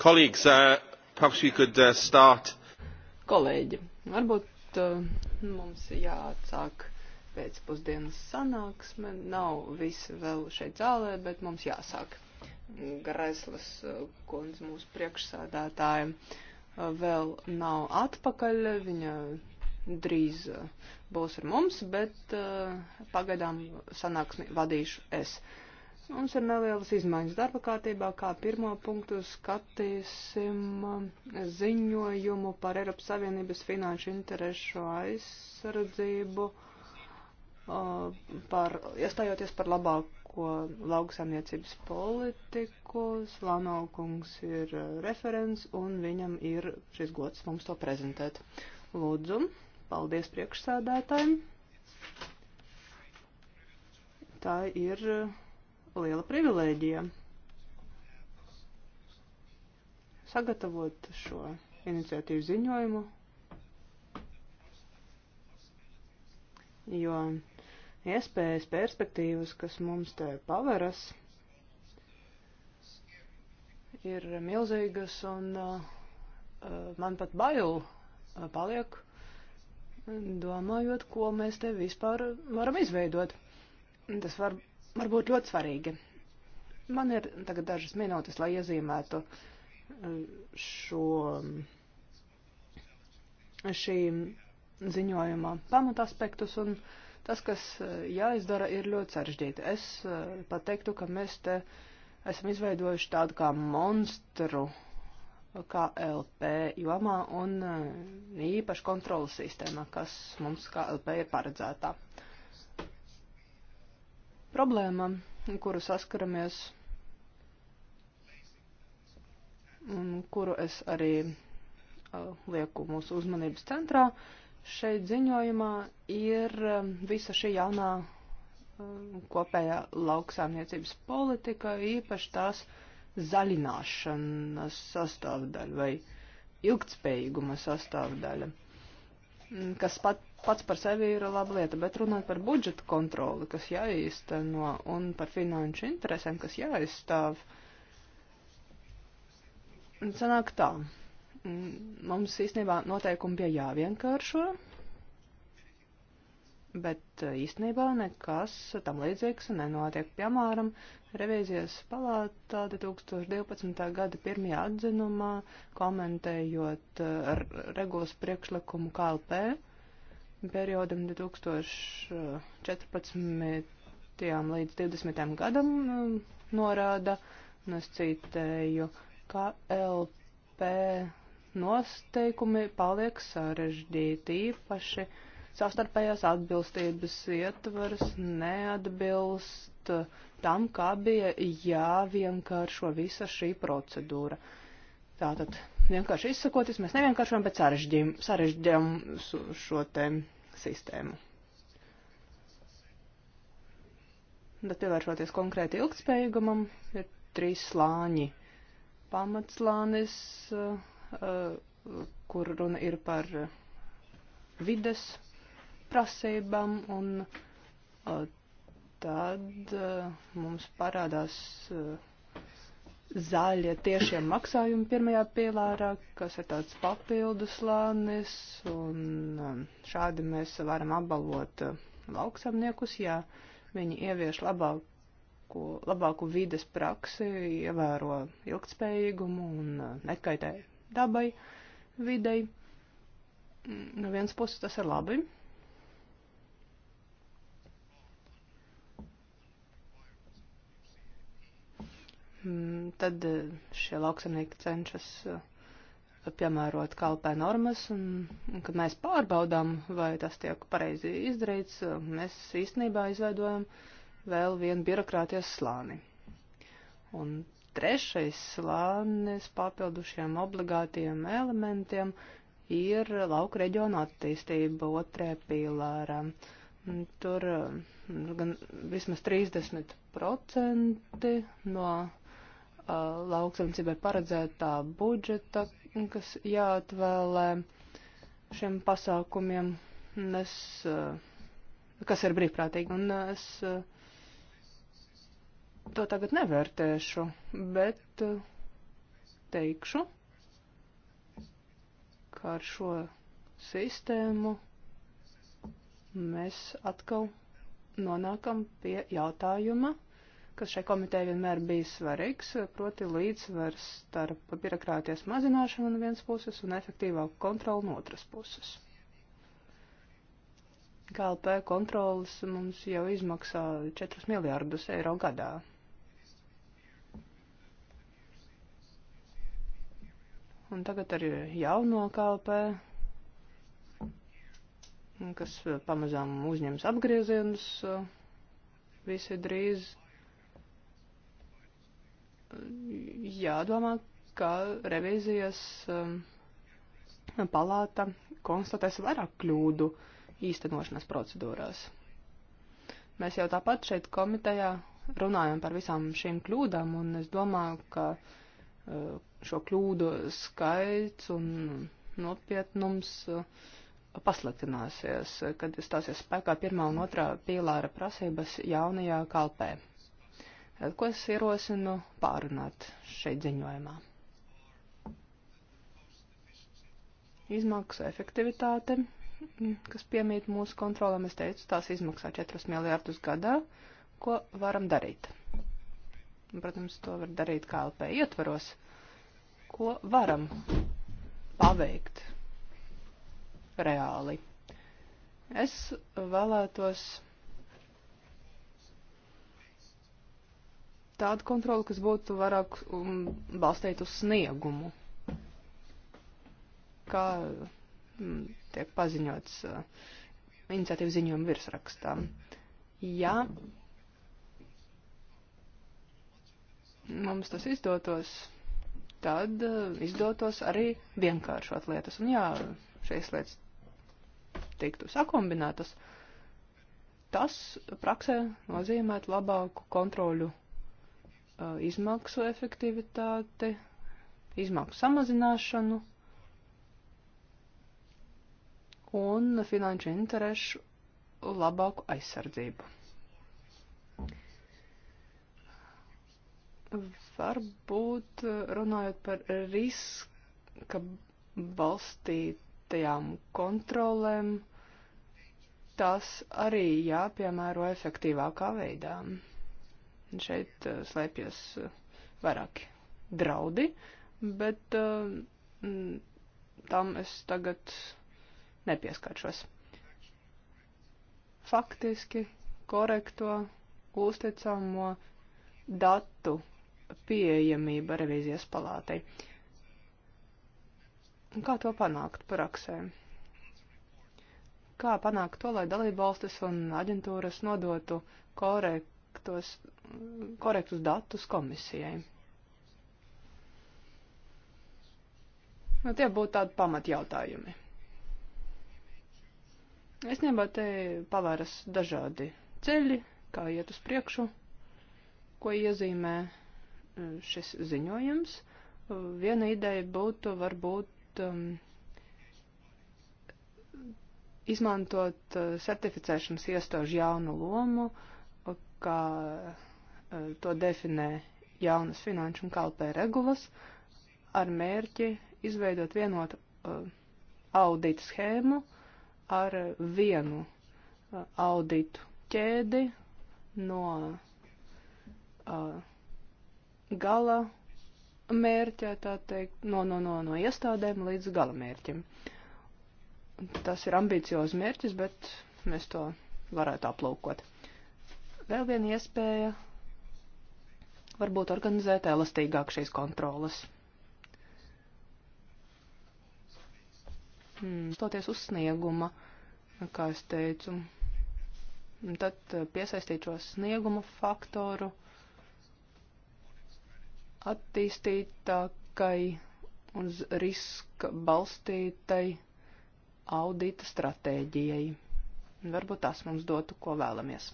Colleagues, uh, perhaps we could uh, start. Kolēģi, varbūt uh, mums jāatsāk pēcpusdienas sanāksme. Nav visi vēl šeit zālē, bet mums jāsāk. Greslas uh, kundze mūsu priekšsādātāja uh, vēl nav atpakaļ. Viņa drīz uh, būs ar mums, bet pagaidām sanāksmi vadīšu es. Uh, Mums ir nelielas izmaiņas darba kārtībā, kā pirmo punktu skatīsim eh, ziņojumu par Eiropas Savienības finanšu interešu aizsardzību, eh, par, iestājoties par labāko lauksaimniecības politiku. Slanaukungs ir eh, referents un viņam ir šis gods mums to prezentēt. Lūdzu, paldies priekšsēdētājiem. Tā ir liela privilēģija sagatavot šo iniciatīvu ziņojumu, jo iespējas, perspektīvas, kas mums te paveras, ir milzīgas un uh, uh man pat bail uh, paliek, domājot, ko mēs te vispār varam izveidot. Tas var var būt ļoti svarīgi. Man ir tagad dažas minūtes, lai iezīmētu eh, šo šī ziņojuma pamataspektus, un tas, kas eh, jāizdara, ir ļoti sarežģīti. Es eh, pateiktu, ka mēs te esam izveidojuši tādu kā monstru KLP jomā un īpaši kontrolas sistēmā, kas mums KLP ir paredzētā. Uh, problēma, kuru saskaramies un kuru es arī lieku mūsu uzmanības centrā šeit ziņojumā, ir visa šī jaunā kopējā lauksāmniecības politika, īpaši tās zaļināšanas sastāvdaļa vai ilgtspējīguma sastāvdaļa, kas pat pats par sevi ir laba lieta, bet runāt par budžeta kontroli, kas jāīsteno, un par finanšu interesēm, kas jāizstāv. Sanāk tā, mm, mums īstenībā noteikumi bija jāvienkāršo, bet eh, īstenībā nekas tam līdzīgs nenotiek. Piemēram, revīzijas palātā 2012. gada pirmajā atzinumā, komentējot eh, regulas priekšlikumu KLP, periodam 2014. līdz 2020. gadam um, norāda, un es citēju, ka LP nosteikumi paliek sarežģīti īpaši. Savstarpējās atbilstības ietvars neatbilst tam, kā bija jāvienkāršo visa šī procedūra. Tātad vienkārši izsakoties, mēs nevienkāršojam, bet sarežģījam šo te sistēmu. Bet pievēršoties konkrēti ilgspējīgumam, ir trīs slāņi. Pamatslānis, eh, eh, kur runa ir par eh, vides prasībām, un tad mums parādās zaļie tiešie maksājumi pirmajā pilārā, kas ir tāds papildus lānis, un šādi mēs varam apbalvot uh, lauksamniekus, ja viņi ievieš labāku, labāku vides praksi, ievēro ilgtspējīgumu un uh, nekaitē dabai, videi. Mm, no vienas puses tas ir labi, Mm, tad eh, šie lauksamnieki cenšas eh, piemērot kalpē normas, un, un kad mēs pārbaudām, vai tas tiek pareizi izdarīts, eh, mēs īstenībā izveidojam vēl vienu birokrātijas slāni. Un trešais slānis papildušiem obligātiem elementiem ir lauka reģiona attīstība otrē pīlārā. Tur gan vismaz 30% no lauksaimniecībai paredzētā budžeta, kas jāatvēlē šiem pasākumiem, es, kas ir brīvprātīgi, un es to tagad nevērtēšu, bet teikšu, ka ar šo sistēmu mēs atkal nonākam pie jautājuma kas šai komitē vienmēr bija svarīgs, proti līdzsvars starp birokrātijas mazināšanu no vienas puses un efektīvāku kontroli no otras puses. KLP kontrolas mums jau izmaksā 4 miljārdus eiro gadā. Un tagad arī jauno KLP, kas pamazām uzņems apgriezienus, visi drīz jādomā, ka revīzijas um, palāta konstatēs vairāk kļūdu īstenošanas procedūrās. Mēs jau tāpat šeit komitejā runājam par visām šīm kļūdām, un es domāju, ka uh, šo kļūdu skaits un nopietnums uh, pasliktināsies, kad stāsies spēkā pirmā un otrā pīlāra prasības jaunajā kalpē. Tad, ko es ierosinu pārunāt šeit ziņojumā? Izmaksu efektivitāte, kas piemīt mūsu kontrolēm, es teicu, tās izmaksā 4 miljārdus gadā, ko varam darīt. Protams, to var darīt KLP ietvaros, ko varam paveikt reāli. Es vēlētos tādu kontroli, kas būtu vairāk um, balstīta uz sniegumu, kā um, tiek paziņots uh, iniciatīvas ziņojuma virsrakstā. Ja mums tas izdotos, tad uh, izdotos arī vienkāršot lietas. Un jā, šīs lietas tiktu sakombinētas. Tas praksē nozīmētu labāku kontroļu Uh, izmaksu efektivitāti, izmaksu samazināšanu un finanšu interesu labāku aizsardzību. Varbūt uh, runājot par riska balstītajām kontrolēm, tas arī jāpiemēro efektīvākā veidā. Un šeit uh, slēpjas uh, vairāki draudi, bet uh, tam es tagad nepieskaršos. Faktiski korekto uzticamo datu pieejamība revīzijas palātei. Kā to panākt praksē? Kā panākt to, lai dalībvalstis un aģentūras nodotu korektos korektus datus komisijai. Nu, tie būtu tādi pamatjautājumi. Es nebā te pavēras dažādi ceļi, kā iet uz priekšu, ko iezīmē e, šis ziņojums. E, viena ideja būtu varbūt um, izmantot certificēšanas iestāžu jaunu lomu, kā E, to definē jaunas finanšu un kalpē regulas ar mērķi izveidot vienotu uh, e, audītu schēmu ar vienu uh, e, audītu ķēdi no uh, gala mērķa, tā teikt, no, no, no, no iestādēm līdz gala mērķim. Tas ir ambiciozs mērķis, bet mēs to varētu aplūkot. Vēl viena iespēja varbūt organizēt elastīgāk šīs kontrolas. Hmm, stoties uz snieguma, kā es teicu, tad eh, piesaistīt šo snieguma faktoru attīstītākai uz riska balstītai audīta stratēģijai. Varbūt tas mums dotu, ko vēlamies.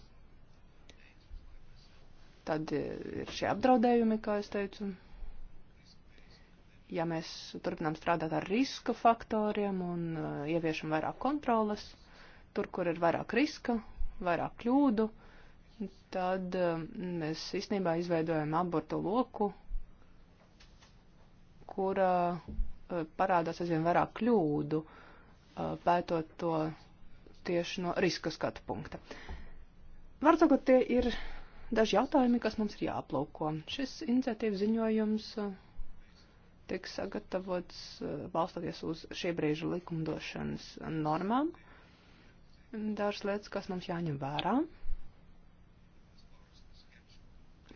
Tad e, ir šie apdraudējumi, kā es teicu. Ja mēs turpinām strādāt ar riska faktoriem un e, ieviešam vairāk kontrolas, tur, kur ir vairāk riska, vairāk kļūdu, tad e, mēs īstenībā izveidojam abortu loku, kura parādās aizvien vairāk kļūdu, pētot to tieši no riska skatu punkta. Var teikt, tie ir daži jautājumi, kas mums ir jāaplūko. Šis iniciatīvas ziņojums uh, tiks sagatavots uh, balstoties uz šī brīža likumdošanas normām. Dažas lietas, kas mums jāņem vērā,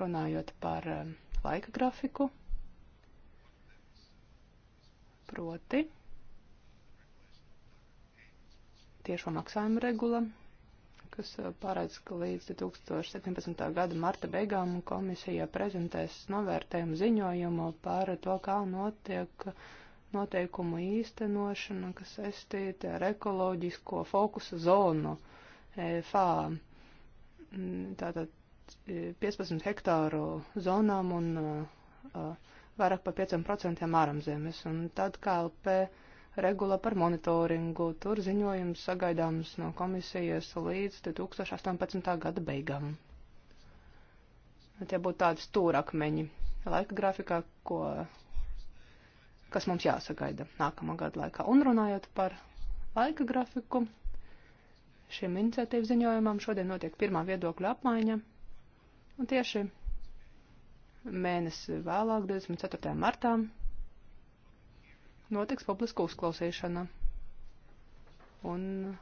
runājot par uh, laika grafiku, proti tiešo maksājumu regula kas eh, paredz, ka līdz 2017. gada marta beigām komisija prezentēs novērtējumu ziņojumu par to, kā notiek noteikumu īstenošana, kas saistīta ar ekoloģisko fokusu zonu e FA. Mm, tātad 15 e, hektāru zonām un uh, vairāk pa 5% ārzemēs. Un tad KLP. Uh, regula par monitoringu. Tur ziņojums sagaidāms no komisijas līdz 2018. gada beigām. Tie būtu tādi stūrakmeņi laika grafikā, ko, kas mums jāsagaida nākamā gada laikā. Un runājot par laika grafiku, šim iniciatīvu ziņojumam šodien notiek pirmā viedokļa apmaiņa. Un tieši mēnesi vēlāk, 24. martā, notiks publiska uzklausīšana. Un eh,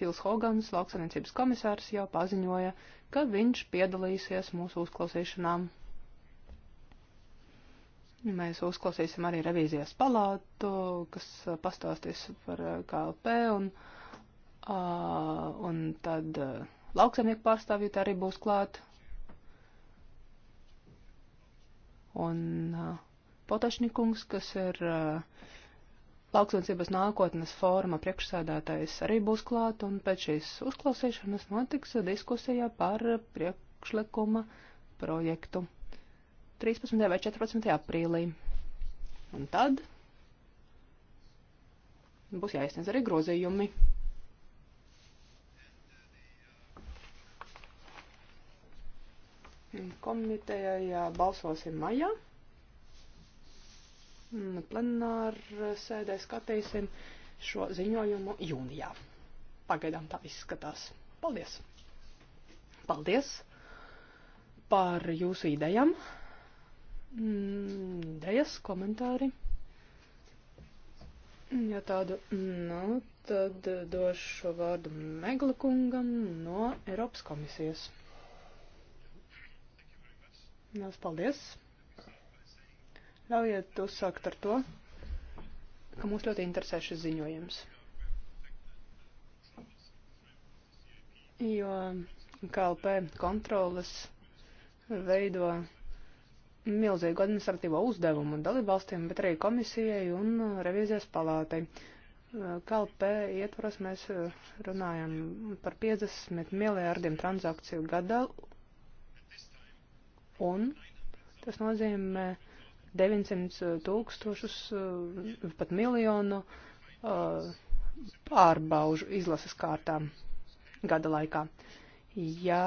Fils Hogans, lauksaimniecības komisārs, jau paziņoja, ka viņš piedalīsies mūsu uzklausīšanām. Mēs uzklausīsim arī revīzijas palātu, kas eh, pastāstīs par eh, KLP un, un tad lauksaimnieku pārstāvji arī būs klāt. Un Potašnikungs, kas ir uh, Lauksvencības nākotnes fóruma priekšsēdētājs arī būs klāt, un pēc šīs uzklausīšanas notiks diskusija par priekšlikuma projektu 13. vai 14. aprīlī. Un tad būs jāiesniedz arī grozījumi. Komitejā balsosim maijā. Mm, plenāra sēdē skatīsim šo ziņojumu jūnijā. Pagaidām tā izskatās. Paldies! Paldies par jūsu idejām, mm, idejas, komentāri. Ja tādu, nu, tad došu vārdu Megla kungam no Eiropas komisijas. Mēs paldies! Ļaujiet uzsākt ar to, ka mūs ļoti interesē šis ziņojums. Jo KLP kontrolas veido milzīgu administratīvo uzdevumu dalībvalstīm, bet arī komisijai un revīzijas palātai. KLP ietvaros mēs runājam par 50 miljārdiem transakciju gadā, un tas nozīmē 900 eh, tūkstošus, eh, pat miljonu eh, pārbaužu izlases kārtām gada laikā. Ja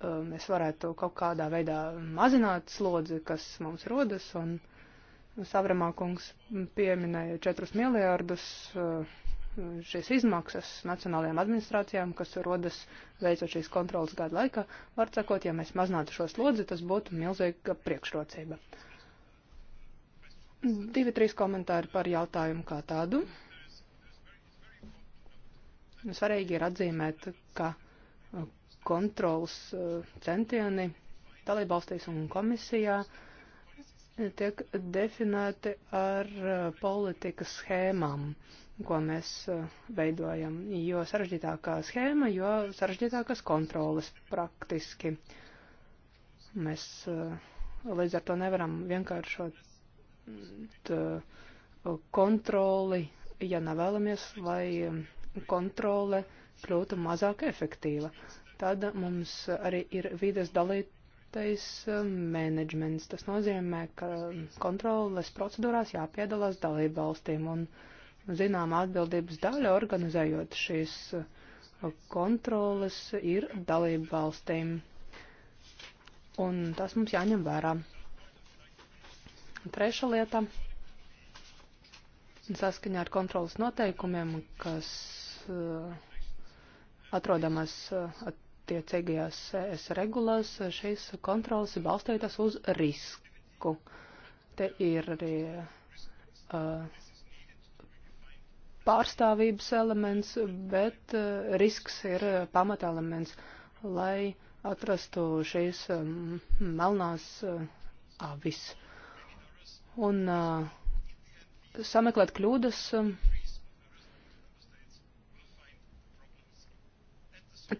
mēs varētu kaut kādā veidā mazināt slodzi, kas mums rodas, un Savramā kungs pieminēja 4 miljārdus šīs izmaksas nacionālajām administrācijām, kas rodas veicot šīs kontrolas gadu laikā, var sakot, ja mēs mazinātu šo slodzi, tas būtu milzīga priekšrocība. Uh, Divi, trīs komentāri par jautājumu kā tādu. Svarīgi ir atzīmēt, ka uh, kontrols uh, centieni dalībvalstīs un komisijā uh, tiek definēti ar politikas schēmām, ko mēs veidojam. Jo sarežģītākā schēma, jo sarežģītākas kontroles praktiski. Mēs līdz ar to nevaram vienkāršot Eh, kontroli, ja nevēlamies, lai kontrole kļūtu mazāk efektīva. Tad mums arī ir vides dalītais eh, menedžments. Tas nozīmē, ka kontroles procedūrās jāpiedalās dalību valstīm un zinām atbildības daļa organizējot šīs eh, kontroles ir dalību valstīm. Un tas mums jāņem vērā. Un treša lieta - saskaņā ar kontrolas noteikumiem, kas uh, atrodamas uh, attiecīgajās ES regulās, šīs kontrolas ir balstītas uz risku. Te ir arī uh, pārstāvības elements, bet uh, risks ir uh, pamatelements, lai atrastu šīs um, melnās uh, avis. Uh, un uh, sameklēt kļūdas. Um,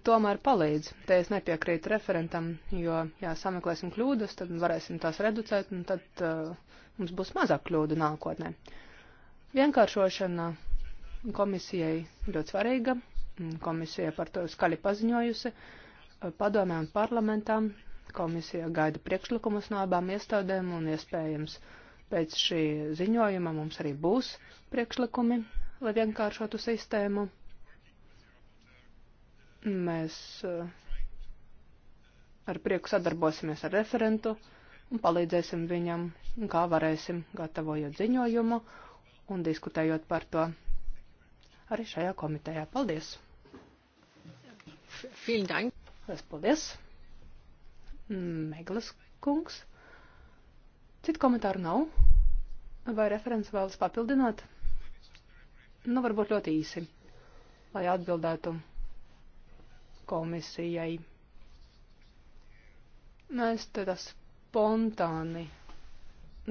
tomēr palīdz. Te es nepiekrītu referentam, jo, ja sameklēsim kļūdas, tad varēsim tās reducēt, un tad uh, mums būs mazāk kļūdu nākotnē. Vienkāršošana komisijai ļoti svarīga. Komisija par to skaļi paziņojusi. Padomēm parlamentām komisija gaida priekšlikumus no abām iestādēm un iespējams. Ja Pēc šī ziņojuma mums arī būs priekšlikumi, lai vienkāršotu sistēmu. Mēs eh, ar prieku sadarbosimies ar referentu un palīdzēsim viņam, kā varēsim, gatavojot ziņojumu un diskutējot par to arī šajā komitejā. Paldies! Vielen Dank! Paldies! Meglas kungs! Citu komentāru nav. Vai referents vēlas papildināt? Nu, varbūt ļoti īsi, lai atbildētu komisijai. Nu, es te tā spontāni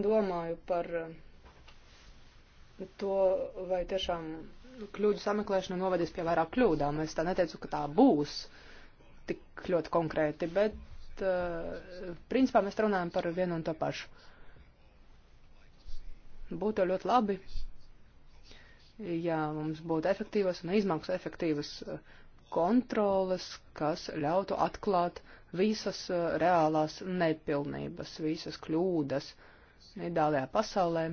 domāju par eh, to, vai tiešām kļūdu sameklēšana novedīs pie vairāk kļūdām. Es tā neteicu, ka tā būs tik ļoti konkrēti, bet uh, principā mēs runājam par vienu un to pašu. Būtu ļoti labi, ja mums būtu efektīvas un izmaksu efektīvas uh, kontroles, kas ļautu atklāt visas uh, reālās nepilnības, visas kļūdas ideālajā pasaulē.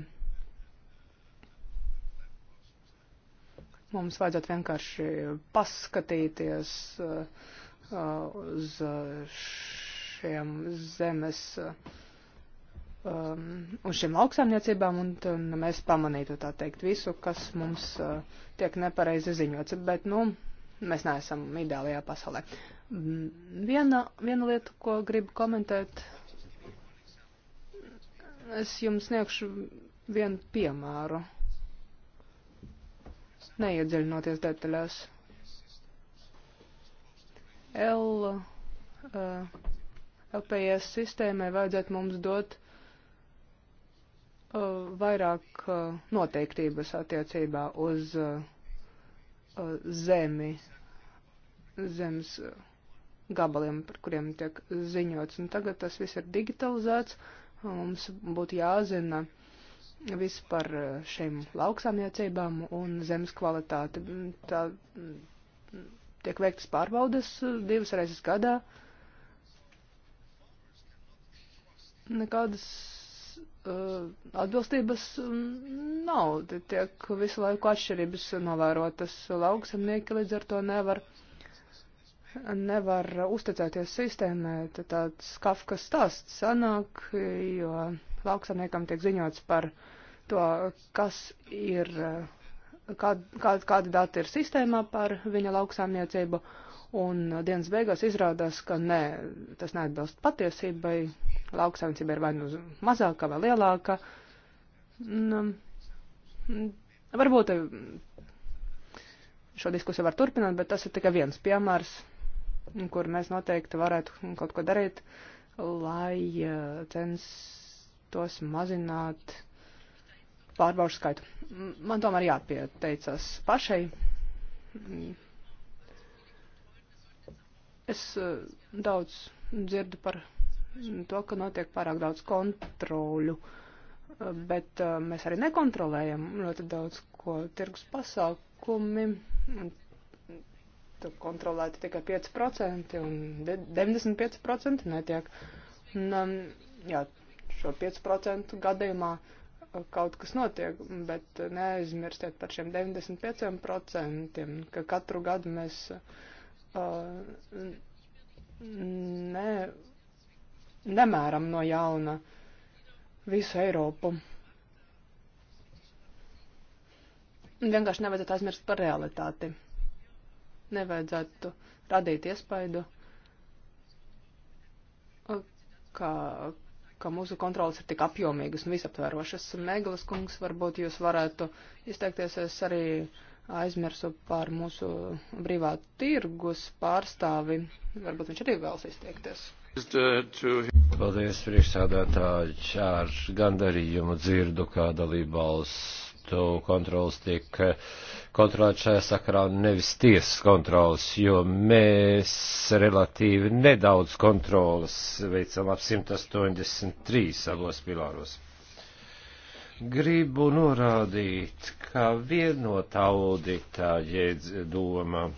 Mums vajadzētu vienkārši paskatīties uh, uh uz šiem zemes uh, um, uz šīm lauksaimniecībām, un, un nu, mēs pamanītu tā teikt visu, kas mums uh, tiek nepareizi ziņots. Bet, nu, mēs neesam ideālajā pasaulē. Mm, viena, viena lieta, ko gribu komentēt, es jums sniegšu vienu piemēru, neiedziļinoties detaļās. L, uh, LPS sistēmai vajadzētu mums dot Uh, vairāk uh, noteiktības attiecībā uz uh, zemi, zemes gabaliem, par kuriem tiek ziņots. Un tagad tas viss ir digitalizēts, mums būtu jāzina viss par šīm lauksamniecībām un zemes kvalitāti. Tā mm, tiek veiktas pārbaudas divas reizes gadā. Nekādas Uh, atbilstības um, nav, tiek visu laiku atšķirības novērotas. Lauksamnieki līdz ar to nevar, nevar uzticēties sistēmai. Tad tāds kafkas stāsts sanāk, jo lauksamniekam tiek ziņots par to, kas ir, uh, kād, kād, kādi dati ir sistēmā par viņa lauksamniecību. Un dienas beigās izrādās, ka nē, tas neatbilst patiesībai, Lauksaimniecība ir vai nu mazāka vai lielāka. Un, um, varbūt um, šo diskusiju var turpināt, bet tas ir tikai viens piemērs, kur mēs noteikti varētu kaut ko darīt, lai uh, censtos mazināt pārbaušu skaitu. Man tomēr jāpieteicas pašai. Mm. Es uh, daudz dzirdu par to, ka notiek pārāk daudz kontroļu, bet eh, mēs arī nekontrolējam ļoti daudz ko tirgus pasākumi. Kontrolēti tikai 5% un 95% netiek. Un, um, jā, šo 5% gadījumā uh, kaut kas notiek, bet neaizmirstiet par šiem 95%, ka katru gadu mēs uh, ne nemēram no jauna visu Eiropu. Vienkārši nevajadzētu aizmirst par realitāti. Nevajadzētu radīt iespaidu, ka, ka mūsu kontrolas ir tik apjomīgas un visaptverošas. Meglas kungs, varbūt jūs varētu izteikties, es arī aizmirsu par mūsu brīvā tirgus pārstāvi. Varbūt viņš arī vēlas izteikties. Uh, Paldies, priekšsādātāji, ar gandarījumu dzirdu, kā dalībvalstu kontrols tiek eh, kontrolēt šajā sakarā nevis tiesas kontrols, jo mēs relatīvi nedaudz kontrolas veicam ap 183 abos pilāros gribu norādīt, ka vienotā auditā jēdz doma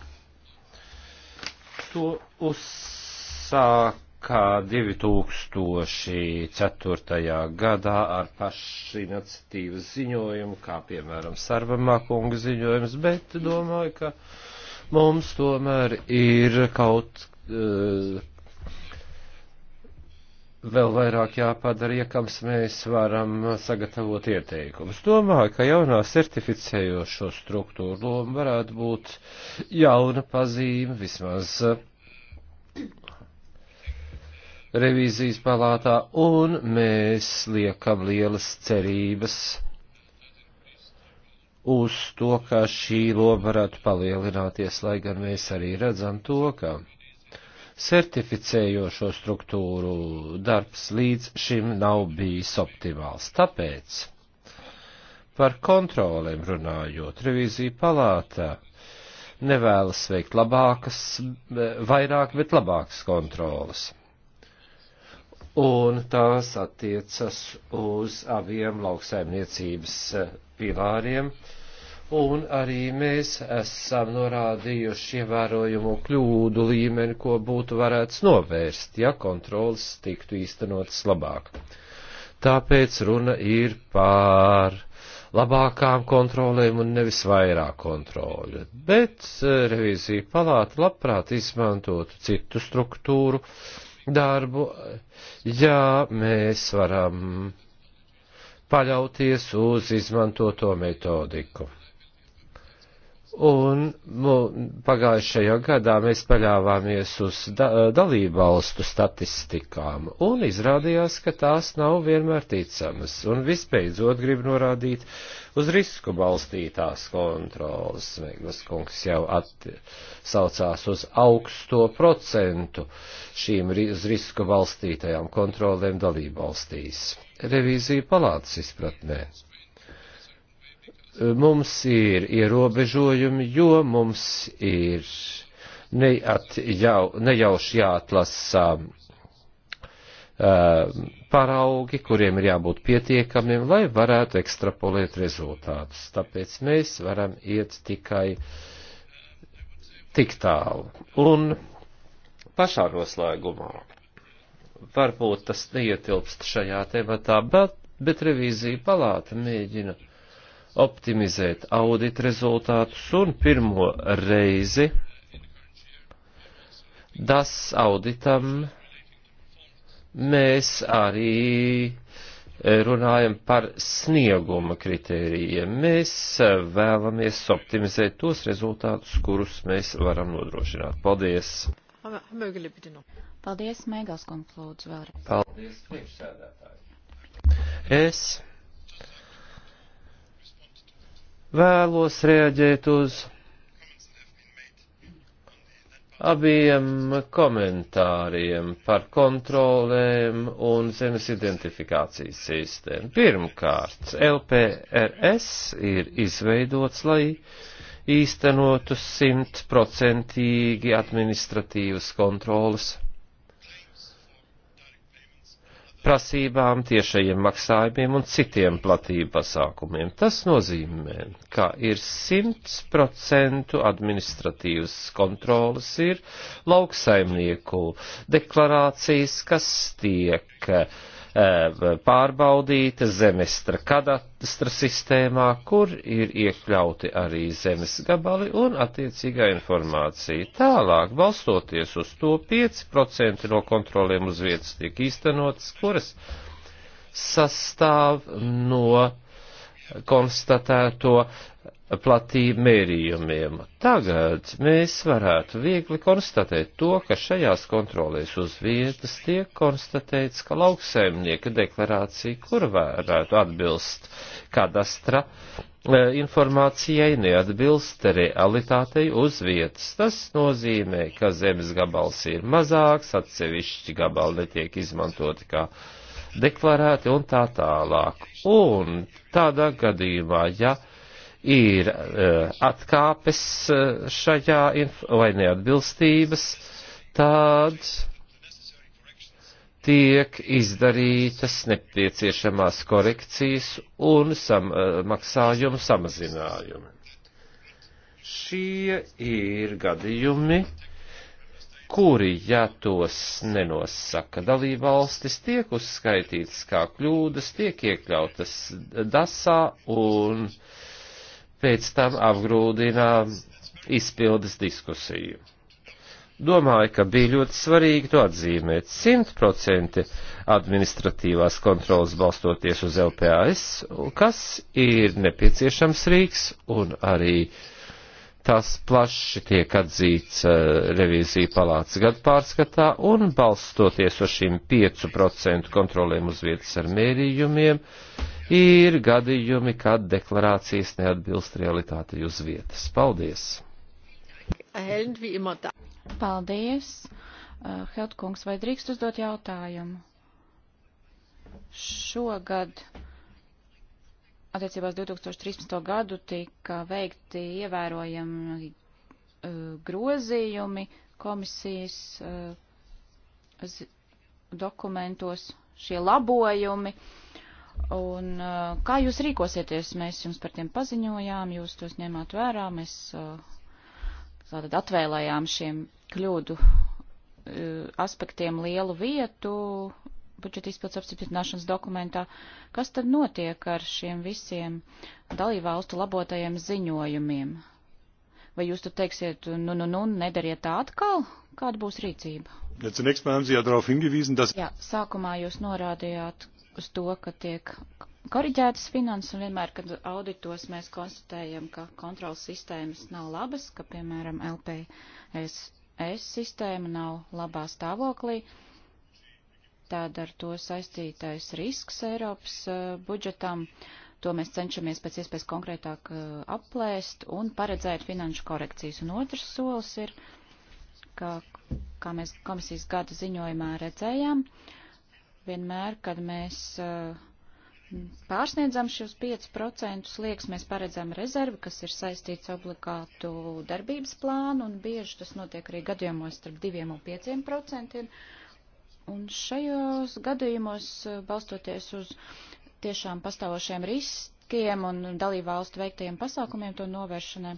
to uzsāk kā 2004. gadā ar pašiniciatīvas ziņojumu, kā piemēram Sarvamā kunga ziņojums, bet domāju, ka mums tomēr ir kaut uh, vēl vairāk jāpadara, ja kams mēs varam sagatavot ieteikumus. Domāju, ka jaunā certificējošo struktūru loma varētu būt jauna pazīme vismaz revīzijas palātā, un mēs liekam lielas cerības uz to, ka šī loma varētu palielināties, lai gan mēs arī redzam to, ka certificējošo struktūru darbs līdz šim nav bijis optimāls. Tāpēc par kontrolēm runājot, revīzija palātā nevēlas veikt labākas, vairāk, bet labākas kontrolas un tās attiecas uz abiem lauksaimniecības eh, pilāriem. Un arī mēs esam norādījuši ievērojumu kļūdu līmeni, ko būtu varēts novērst, ja kontrolas tiktu īstenotas labāk. Tāpēc runa ir par labākām kontrolēm un nevis vairāk kontroļu, bet eh, revīzija palāta labprāt izmantotu citu struktūru, uh, darbu, ja mēs varam paļauties uz izmantoto metodiku. Un mu, pagājušajā gadā mēs paļāvāmies uz da, dalībvalstu statistikām, un izrādījās, ka tās nav vienmēr ticamas. Un visbeidzot gribu norādīt uz risku balstītās kontrolas. Meglas kungs jau atsaucās uz augsto procentu šīm uz risku balstītajām kontrolēm dalībvalstīs. Revīzija palātas izpratnē. Mums ir ierobežojumi, jo mums ir neat, jau, nejauši jāatlasa Eh, paraugi, kuriem ir jābūt pietiekamiem, lai varētu ekstrapolēt rezultātus. Tāpēc mēs varam iet tikai tik tālu. Un pašā noslēgumā varbūt tas neietilpst šajā tematā, bet, bet revīzija palāta mēģina optimizēt audit rezultātus un pirmo reizi DAS auditam mēs arī e, runājam par snieguma kritērijiem. Mēs e, vēlamies optimizēt tos rezultātus, kurus mēs varam nodrošināt. Paldies! Paldies, Mēgals kungs, lūdzu vēlreiz. Paldies, priekšsēdētāji. Es vēlos reaģēt uz abiem komentāriem par kontrolēm un zemes identifikācijas sistēmu. Pirmkārt, LPRS ir izveidots, lai īstenotu simtprocentīgi administratīvas kontrolas prasībām, tiešajiem maksājumiem un citiem platību pasākumiem. Tas nozīmē, ka ir 100% administratīvas kontrolas ir lauksaimnieku deklarācijas, kas tiek uh, Eh, pārbaudīta zemestra kadastra sistēmā, kur ir iekļauti arī zemes gabali un attiecīgā informācija. Tālāk, balstoties uz to, 5% no kontroliem uz vietas tiek īstenotas, kuras sastāv no konstatēto platību mērījumiem. Tagad mēs varētu viegli konstatēt to, ka šajās kontrolēs uz vietas tiek konstatēts, ka lauksaimnieka deklarācija, kur varētu atbilst kadastra e, informācijai, neatbilst realitātei uz vietas. Tas nozīmē, ka zemes gabals ir mazāks, atsevišķi gabali netiek izmantoti kā deklarēti un tā tālāk. Un tādā gadījumā, ja ir uh, atkāpes uh, šajā vai neatbilstības, tad tiek izdarītas nepieciešamās korekcijas un sam, uh, maksājumu samazinājumi. Šie ir gadījumi, kuri, ja tos nenosaka dalībvalstis, tiek uzskaitītas kā kļūdas, tiek iekļautas dasā un uh, pēc tam apgrūdina izpildes diskusiju. Domāju, ka bija ļoti svarīgi to atzīmēt. 100% administratīvās kontrolas balstoties uz LPAS, kas ir nepieciešams rīks un arī tas plaši tiek atzīts eh, revīzija palāca gadu pārskatā un balstoties uz šīm 5% kontrolēm uz vietas ar mērījumiem, uh, ir gadījumi, kad deklarācijas neatbilst realitātei uz vietas. Paldies! Paldies! Eh, Heltkungs, vai drīkst uzdot jautājumu? Šogad attiecībās 2013. gadu tika veikti ievērojami uh, grozījumi komisijas uh, dokumentos, šie labojumi. Uh, Un uh, kā jūs rīkosieties? Mēs jums par tiem paziņojām, jūs tos ņēmāt vērā, mēs uh, tātad atvēlējām šiem kļūdu uh, aspektiem lielu vietu budžeta izpildes apstiprināšanas dokumentā. Kas tad notiek ar šiem visiem dalībvalstu labotajiem ziņojumiem? Vai jūs tad teiksiet, nu, nu, nu, nedariet tā atkal? Kāda būs rīcība? Ja, zunächst mal haben Sie ja darauf hingewiesen, dass... Jā, sākumā jūs norādījāt, uz to, ka tiek koriģētas finanses, un vienmēr, kad auditos mēs konstatējam, ka kontrolas sistēmas nav labas, ka, piemēram, LPSS sistēma nav labā stāvoklī, tad ar to saistītais risks Eiropas uh, budžetam, to mēs cenšamies pēc iespējas konkrētāk uh, aplēst un paredzēt finanšu korekcijas. Un otrs solis ir, ka, kā mēs komisijas gada ziņojumā redzējām, uh, vienmēr, kad mēs uh, pārsniedzam šos 5% slieks, mēs paredzam rezervi, kas ir saistīts obligātu darbības plānu, un bieži tas notiek arī gadījumos starp 2 un 5%. Un šajos gadījumos, uh, balstoties uz tiešām pastāvošiem riskiem un dalībvalstu veiktajiem pasākumiem to novēršanai,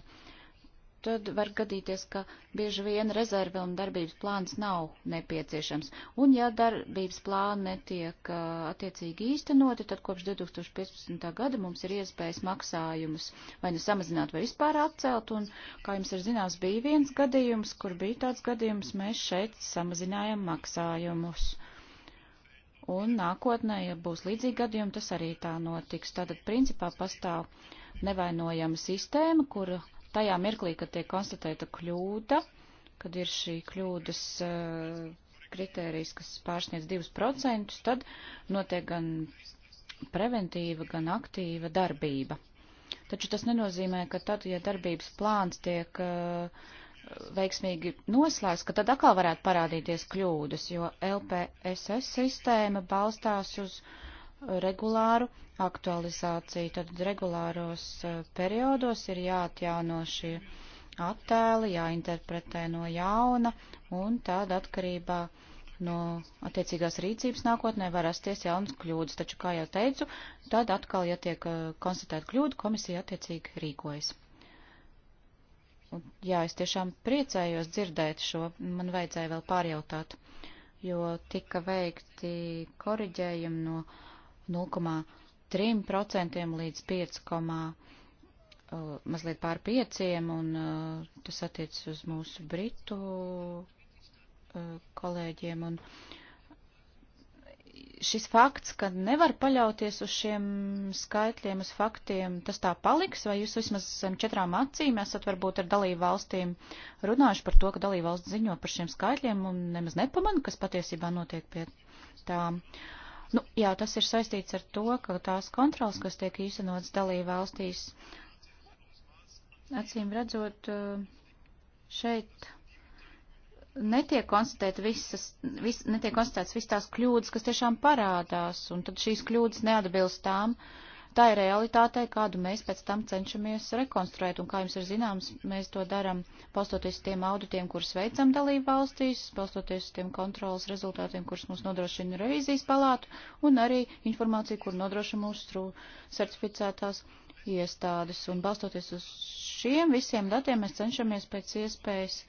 tad var gadīties, ka bieži vien rezerve un darbības plāns nav nepieciešams. Un ja darbības plāna netiek attiecīgi īstenoti, tad kopš 2015. gada mums ir iespējas maksājumus vai nu samazināt vai vispār atcelt. Un, kā jums ir zināms, bija viens gadījums, kur bija tāds gadījums, mēs šeit samazinājam maksājumus. Un nākotnē, ja būs līdzīgi gadījumi, tas arī tā notiks. Tātad, principā, pastāv nevainojama sistēma, kura tajā mirklī, kad tiek konstatēta kļūda, kad ir šī kļūdas eh, kritērijas, kas pārsniedz 2%, tad notiek gan preventīva, gan aktīva darbība. Taču tas nenozīmē, ka tad, ja darbības plāns tiek uh, veiksmīgi noslēgts, ka tad atkal varētu parādīties kļūdas, jo LPSS sistēma balstās uz uh, regulāru aktualizāciju. Tad regulāros eh, periodos ir jāatjauno šie attēli, jāinterpretē no jauna, un tāda atkarībā no attiecīgās rīcības nākotnē var rasties jaunas kļūdas. Taču, kā jau teicu, tad atkal, ja tiek eh, konstatēta kļūda, komisija attiecīgi rīkojas. Un, jā, es tiešām priecājos dzirdēt šo, man vajadzēja vēl pārjautāt, jo tika veikti koriģējumi no uh, 0,3% līdz 5, uh, eh, mazliet pār 5, un uh, tas attiecas uz mūsu britu uh, kolēģiem. Un šis fakts, ka nevar paļauties uz šiem skaitļiem, uz faktiem, tas tā paliks, vai jūs vismaz zem četrām acīm esat varbūt ar dalību valstīm runājuši par to, ka dalību valsts ziņo par šiem skaitļiem un nemaz nepamana, kas patiesībā notiek pie tām. Uh, Nu, jā, tas ir saistīts ar to, ka tās kontrols, kas tiek īstenotas dalība valstīs, acīm redzot, eh, šeit netiek konstatēt visas, vis, netiek konstatēts visas tās kļūdas, kas tiešām parādās, un tad šīs kļūdas neatbilst tām, uh, tā ir realitāte, kādu mēs pēc tam cenšamies rekonstruēt, un kā jums ir zināms, mēs to daram balstoties uz tiem auditiem, kurus veicam dalību valstīs, balstoties uz tiem kontrolas rezultātiem, kurus mums nodrošina revīzijas palātu, un arī informāciju, kur nodrošina mūsu certificētās iestādes, un balstoties uz šiem visiem datiem mēs cenšamies pēc iespējas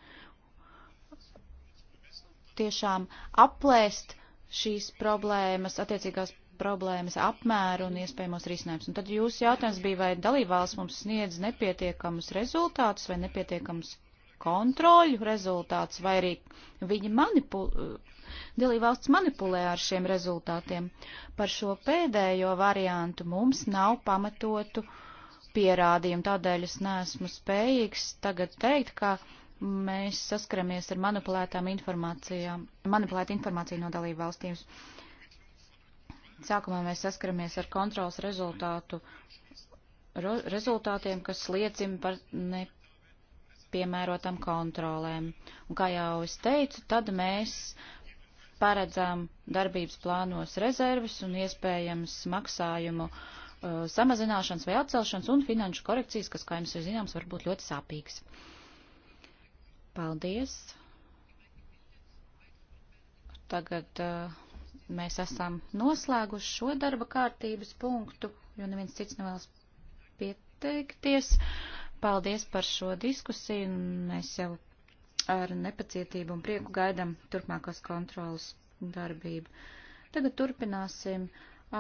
tiešām aplēst šīs problēmas, attiecīgās problēmas apmēru un iespējamos risinājumus. Un tad jūsu jautājums bija, vai dalībvalsts mums sniedz nepietiekamus rezultātus vai nepietiekamus kontroļu rezultātus, vai arī viņi manipulē, dalībvalsts manipulē ar šiem rezultātiem. Par šo pēdējo variantu mums nav pamatotu pierādījumu, tādēļ es neesmu spējīgs tagad teikt, ka mēs saskaramies ar manipulētām informācijām, manipulētu informāciju no dalībvalstīm. valstīm. Sākumā mēs saskaramies ar kontrols rezultātu, ro, rezultātiem, kas liecina par nepiemērotam kontrolēm. Un kā jau es teicu, tad mēs paredzām darbības plānos rezerves un iespējams maksājumu uh, samazināšanas vai atcelšanas un finanšu korekcijas, kas, kā jums ir zināms, var būt ļoti sāpīgs. Paldies! Tagad uh, mēs esam noslēguši šo darba kārtības punktu, jo neviens cits nevēlas pieteikties. Paldies par šo diskusiju, un mēs jau ar nepacietību un prieku gaidam turpmākās kontrolas darbību. Tagad turpināsim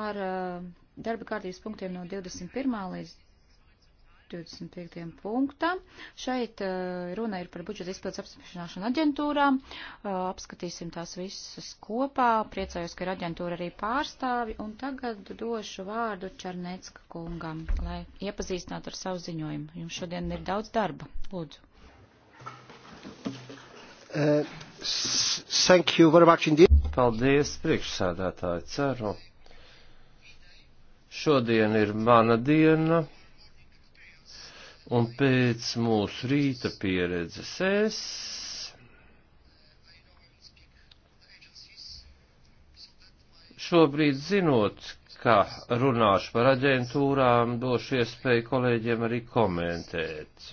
ar uh, darba kārtības punktiem no 21. līdz 25. punktam. Šeit eh, runa ir par budžeta izpildes apstiprināšanu aģentūrām. Eh, apskatīsim tās visas kopā. Priecājos, ka ir aģentūra arī pārstāvi. Un tagad došu vārdu Čarnecka kungam, lai iepazīstinātu ar savu ziņojumu. Jums šodien ir daudz darba. Lūdzu. Uh, thank you very much indeed. Paldies, priekšsādātāji. Ceru. Šodien ir mana diena. Un pēc mūsu rīta pieredzes es šobrīd zinot, ka runāšu par aģentūrām, došu iespēju kolēģiem arī komentēt.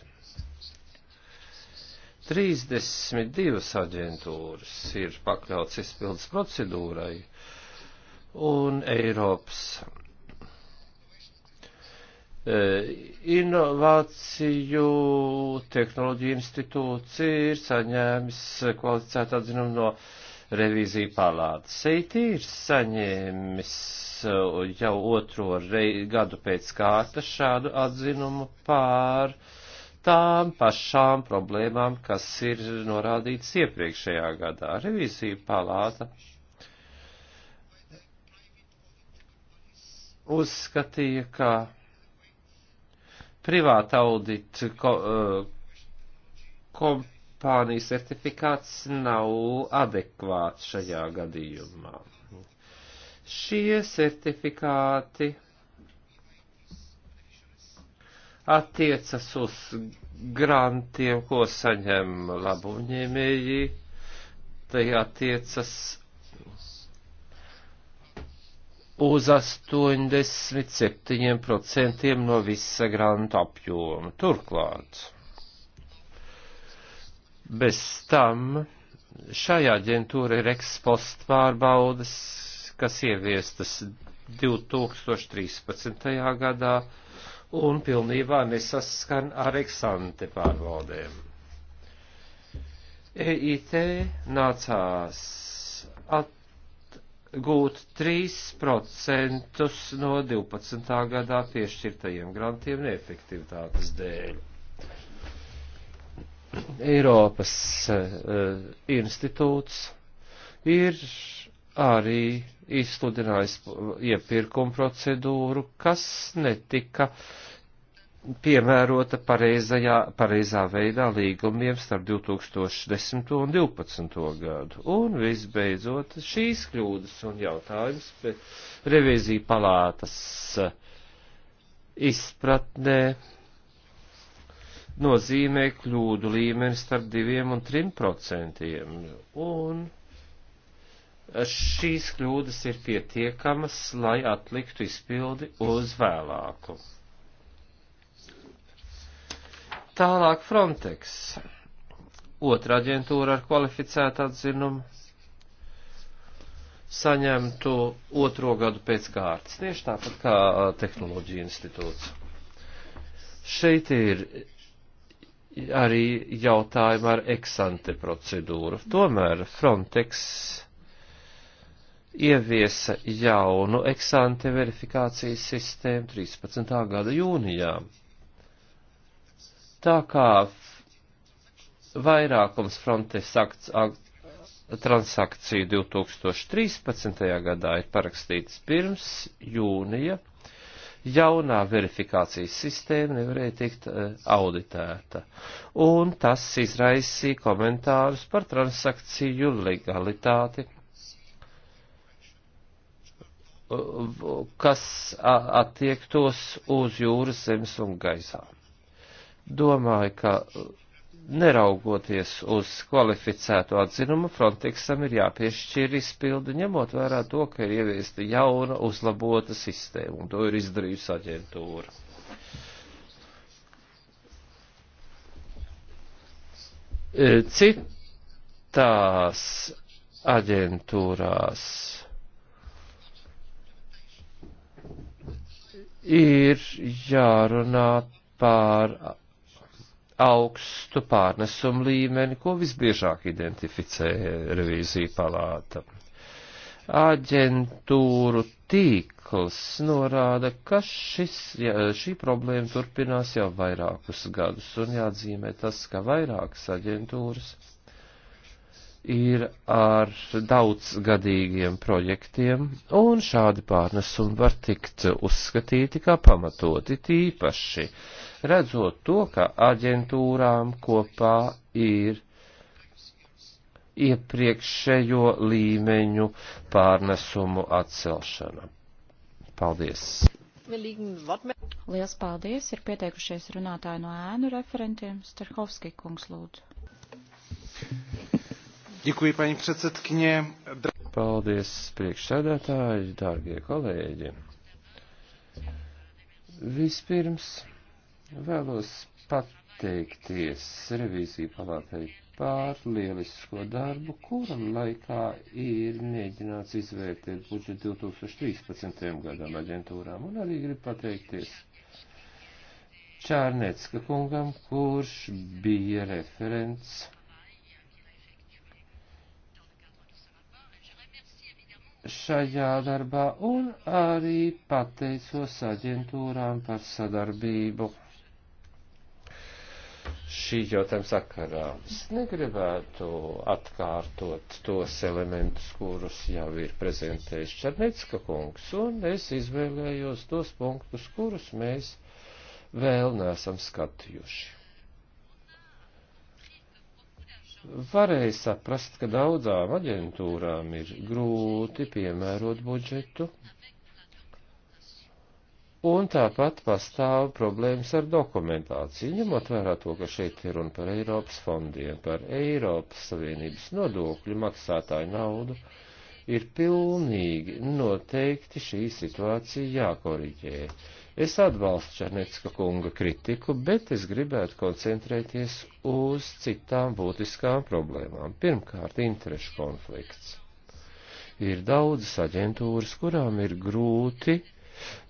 32 aģentūras ir pakļauts izpildes procedūrai, un Eiropas E, Inovāciju tehnoloģiju institūts ir saņēmis kvalificētu atzinumu no revīzija palātas. Seit ir saņēmis e, jau otro rei, gadu pēc kārtas šādu atzinumu pār tām pašām problēmām, kas ir norādīts iepriekšējā gadā. Revīzija palāta uzskatīja, ka privāta audita ko, eh, kompānijas certifikāts nav adekvāts šajā gadījumā. Šie certifikāti attiecas uz grantiem, ko saņem labuņēmēji, tai attiecas uz 87% no visa granta apjoma. Turklāt, bez tam šajā aģentūra ir ekspost pārbaudas, kas ieviestas 2013. gadā un pilnībā nesaskan ar eksante pārbaudēm. EIT nācās at gūt 3% no 12. gadā piešķirtajiem grantiem neefektivitātes dēļ. Eiropas uh, institūts ir arī izsludinājis iepirkuma procedūru, kas netika uh, piemērota pareizajā, pareizā veidā līgumiem starp 2010. un 2012. gadu. Un visbeidzot šīs kļūdas un jautājums revīzija palātas eh, izpratnē nozīmē kļūdu līmeni starp 2 un 3 procentiem. Un šīs kļūdas ir pietiekamas, lai atliktu izpildi uz vēlāku. Tālāk Frontex, otra aģentūra ar kvalificētu atzinumu, saņemtu otro gadu pēc kārtas, tieši tāpat kā tehnoloģija institūts. Šeit ir arī jautājumi ar eksante procedūru. Tomēr Frontex ieviesa jaunu eksante verifikācijas sistēmu 13. gada jūnijām. Tā kā vairākums Frontex akts, akt transakciju 2013. gadā ir parakstīts pirms jūnija, jaunā verifikācijas sistēma nevarēja tikt eh, auditēta. Un tas izraisīja komentārus par transakciju legalitāti, kas attiektos uz jūras, zemes un gaisām domāju, ka neraugoties uz kvalificēto atzinumu, Frontexam ir jāpiešķir izpildi, ņemot vērā to, ka ir ieviesta jauna, uzlabota sistēma, un to ir izdarījusi aģentūra. E, citās aģentūrās ir jārunā pār augstu pārnesumu līmeni, ko visbiežāk identificē revīzija palāta. Aģentūru tīkls norāda, ka šis, ja, šī problēma turpinās jau vairākus gadus, un jāatzīmē tas, ka vairākas aģentūras ir ar daudzgadīgiem projektiem, un šādi pārnesumi var tikt uzskatīti kā pamatoti tīpaši. Uh, redzot to, ka aģentūrām kopā ir iepriekšējo līmeņu pārnesumu atcelšana. Paldies! Lielas paldies! Ir pieteikušies runātāji no ēnu referentiem. Starhovski kungs lūdzu. Děkuji, paní předsedkyně. Paldies, priekšsēdētāji, dārgie kolēģi. Vispirms Vēlos pateikties revīziju palātai par lielisko darbu, kuram laikā ir mēģināts izvērtēt budžetu 2013. gadam aģentūrām, un arī gribu pateikties Čārnecka kungam, kurš bija referents. šajā darbā un arī pateicos aģentūrām par sadarbību šī jautājuma sakarā. Es negribētu atkārtot tos elementus, kurus jau ir prezentējis Černecka kungs, un es izvēlējos tos punktus, kurus mēs vēl neesam skatījuši. Varēja saprast, ka daudzām aģentūrām ir grūti piemērot budžetu, Un tāpat pastāv problēmas ar dokumentāciju, ņemot vērā to, ka šeit ir runa par Eiropas fondiem, par Eiropas Savienības nodokļu maksātāju naudu, ir pilnīgi noteikti šī situācija jākoriģē. Es atbalstu Černecka kunga kritiku, bet es gribētu koncentrēties uz citām būtiskām problēmām. Pirmkārt, interešu konflikts. Ir daudzas aģentūras, kurām ir grūti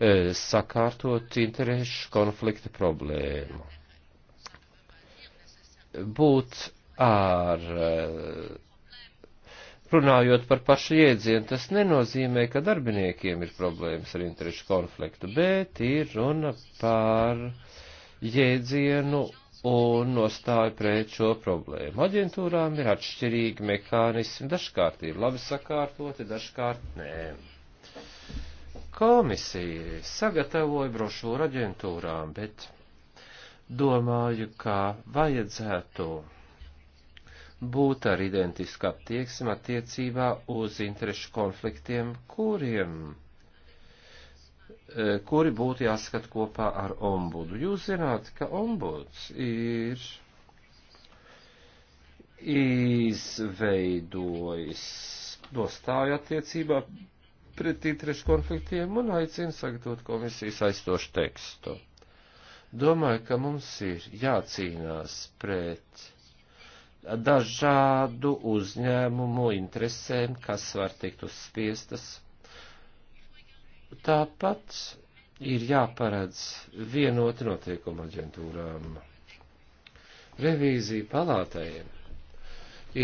E, sakārtot interešu konflikta problēmu. Būt ar e, Runājot par pašu jēdzienu, tas nenozīmē, ka darbiniekiem ir problēmas ar interešu konfliktu, bet ir runa par jēdzienu un nostāju pret šo problēmu. Aģentūrām ir atšķirīgi mehānismi, dažkārt ir labi sakārtoti, dažkārt nē. Komisija sagatavoja brošūru aģentūrām, bet domāju, ka vajadzētu būt ar identisku attieksmi attiecībā uz interešu konfliktiem, kuriem, e, kuri būtu jāskat kopā ar ombudu. Jūs zināt, ka ombuds ir izveidojis nostāju attiecībā pretī trešu konfliktiem un aicina sagatavot komisijas aizstošu tekstu. Domāju, ka mums ir jācīnās pret dažādu uzņēmumu interesēm, kas var tikt uzspiestas. Tāpat ir jāparedz vienoti noteikuma aģentūrām. Revīzija palātējiem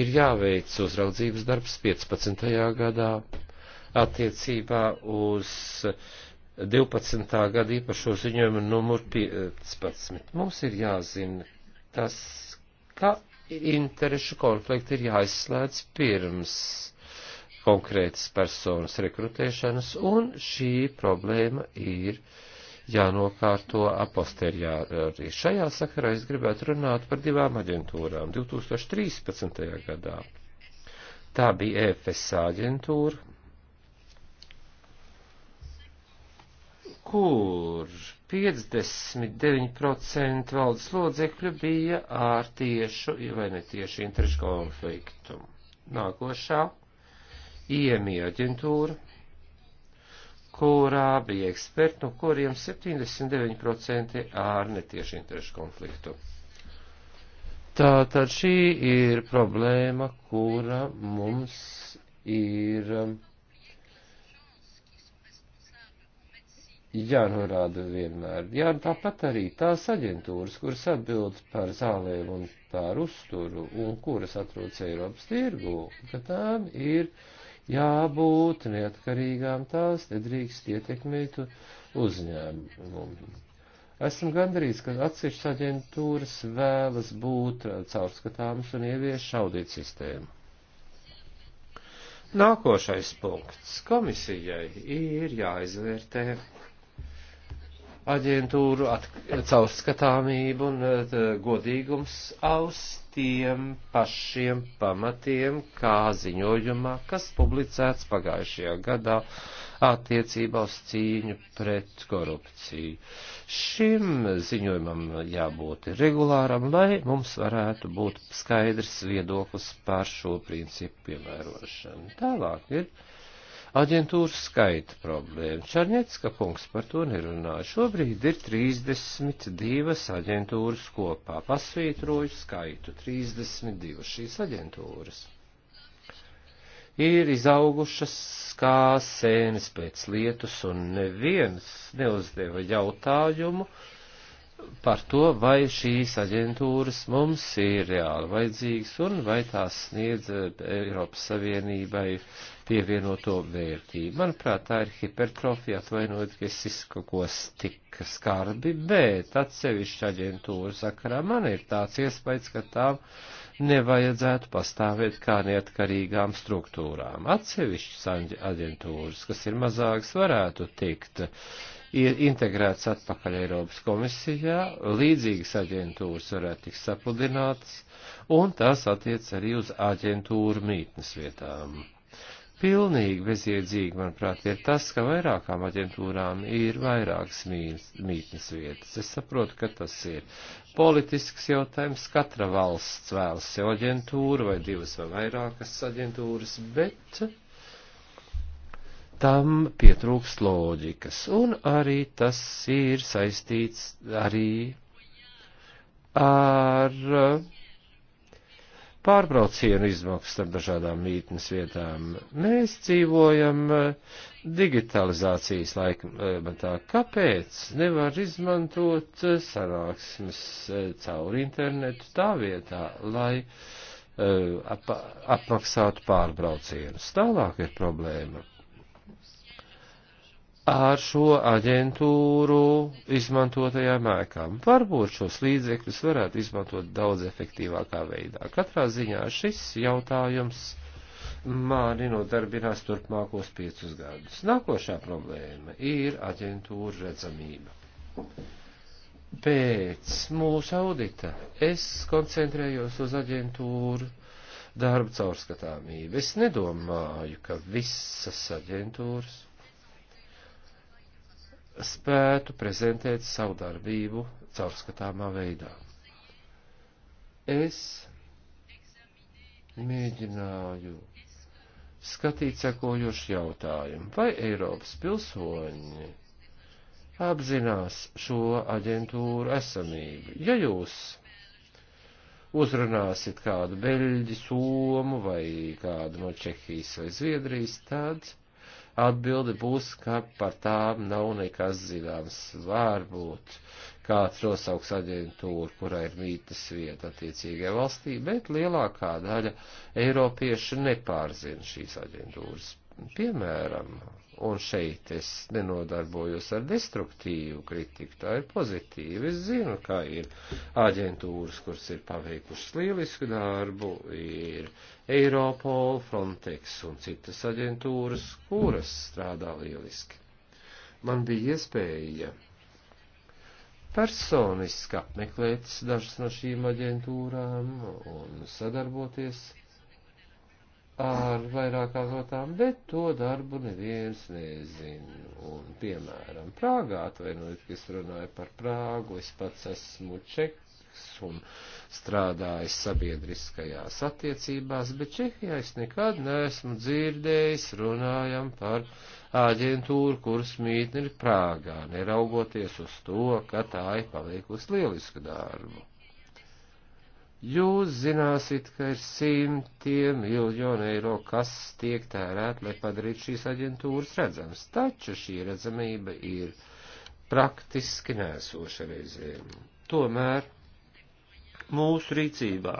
ir jāveic uzraudzības darbs 15. gadā attiecībā uz 12. gada īpašo ziņojumu numur 15. Mums ir jāzina tas, ka interešu konflikti ir jāizslēdz pirms konkrētas personas rekrutēšanas, un šī problēma ir jānokārto aposteriāri. Šajā sakarā es gribētu runāt par divām aģentūrām 2013. gadā. Tā bija EFSA aģentūra, kur 59% valdes lodzekļu bija ar tiešu vai netiešu interešu konfliktu. Nākošā IEMI aģentūra, kurā bija eksperti, no kuriem 79% ar netiešu interešu konfliktu. Tātad šī ir problēma, kura mums ir. Um, jānorāda vienmēr. Jā, tāpat arī tās aģentūras, kuras atbild par zālēm un par uzturu un kuras atrodas Eiropas tirgu, ka tām ir jābūt neatkarīgām tās, nedrīkst ietekmēt uzņēmumu. Esmu gandrīz, ka atsevišķas aģentūras vēlas būt caurskatāmas un ievieš audīt sistēmu. Nākošais punkts. Komisijai ir jāizvērtē aģentūru, caurskatāmību un uh, godīgums aus tiem pašiem pamatiem, kā ziņojumā, kas publicēts pagājušajā gadā attiecībā uz cīņu pret korupciju. Šim ziņojumam jābūt regulāram, lai mums varētu būt skaidrs viedoklis par šo principu piemērošanu. Tālāk ir aģentūru skaita problēma. Čarņecka kungs par to nerunāja. Šobrīd ir 32 aģentūras kopā. Pasvītroju skaitu 32 šīs aģentūras. Ir izaugušas kā sēnes pēc lietus un neviens neuzdeva jautājumu, uh, par to, vai šīs aģentūras mums ir reāli vajadzīgas un vai tās sniedz eh, Eiropas Savienībai pievienoto vērtību. Manuprāt, tā ir hipertrofija, atvainojiet, ka es izskakos tik skarbi, bet atsevišķa aģentūra sakarā man ir tāds iespējas, ka tām nevajadzētu pastāvēt kā neatkarīgām struktūrām. Atsevišķas aģentūras, kas ir mazākas, varētu tikt uh, ir integrēts atpakaļ Eiropas komisijā, līdzīgas aģentūras varētu tikt sapludinātas, un tās attiec arī uz aģentūru mītnes vietām. Pilnīgi bezjēdzīgi, manuprāt, ir tas, ka vairākām aģentūrām ir vairākas mītnes vietas. Es saprotu, ka tas ir politisks jautājums. Katra valsts vēlas sev aģentūru vai divas vai vairākas aģentūras, bet tam pietrūkst loģikas, un arī tas ir saistīts arī ar uh, pārbraucienu izmaksu starp dažādām mītnes vietām. Mēs dzīvojam uh, digitalizācijas laikmetā. Kāpēc nevar izmantot uh, sanāksmes caur internetu tā vietā, lai ap, apmaksātu pārbraucienus? Tālāk ir problēma ar šo aģentūru izmantotajām ēkām. Varbūt šos līdzekļus varētu izmantot daudz efektīvākā veidā. Katrā ziņā šis jautājums mani nodarbinās turpmākos piecus gadus. Nākošā problēma ir aģentūra redzamība. Pēc mūsu audita es koncentrējos uz aģentūru darba caurskatāmību. Es nedomāju, ka visas aģentūras spētu prezentēt savu darbību caurskatāmā veidā. Es mēģināju skatīt sekojošu jautājumu, vai Eiropas pilsoņi apzinās šo aģentūru esamību. Ja jūs uzrunāsit kādu beļģi, somu vai kādu no Čehijas vai Zviedrijas, tad Atbilde būs, ka par tām nav nekas zināms. Varbūt kāds nosauks aģentūru, kurā ir mītnes vieta attiecīgajā valstī, bet lielākā daļa eiropiešu nepārzina šīs aģentūras. Piemēram, Un šeit es nenodarbojos ar destruktīvu kritiku, tā ir pozitīva. Es zinu, ka ir aģentūras, kuras ir paveikušas lielisku darbu, ir Eiropol, Frontex un citas aģentūras, kuras strādā lieliski. Man bija iespēja personiski apmeklēt dažas no šīm aģentūrām un sadarboties ar vairākām notām, bet to darbu neviens nezina. Un, piemēram, Prāgā atvainojiet, ka es runāju par Prāgu, es pats esmu čeks un strādājis sabiedriskajās attiecībās, bet Čehijā es nekad neesmu dzirdējis runājam par aģentūru, kuras mītne ir Prāgā, neraugoties uz to, ka tā ir paveikusi lielisku darbu. Jūs zināsiet, ka ir simtiem miljonu eiro, kas tiek tērēt, lai padarītu šīs aģentūras redzamas, taču šī redzamība ir praktiski nēsoša reizēm. Tomēr mūsu rīcībā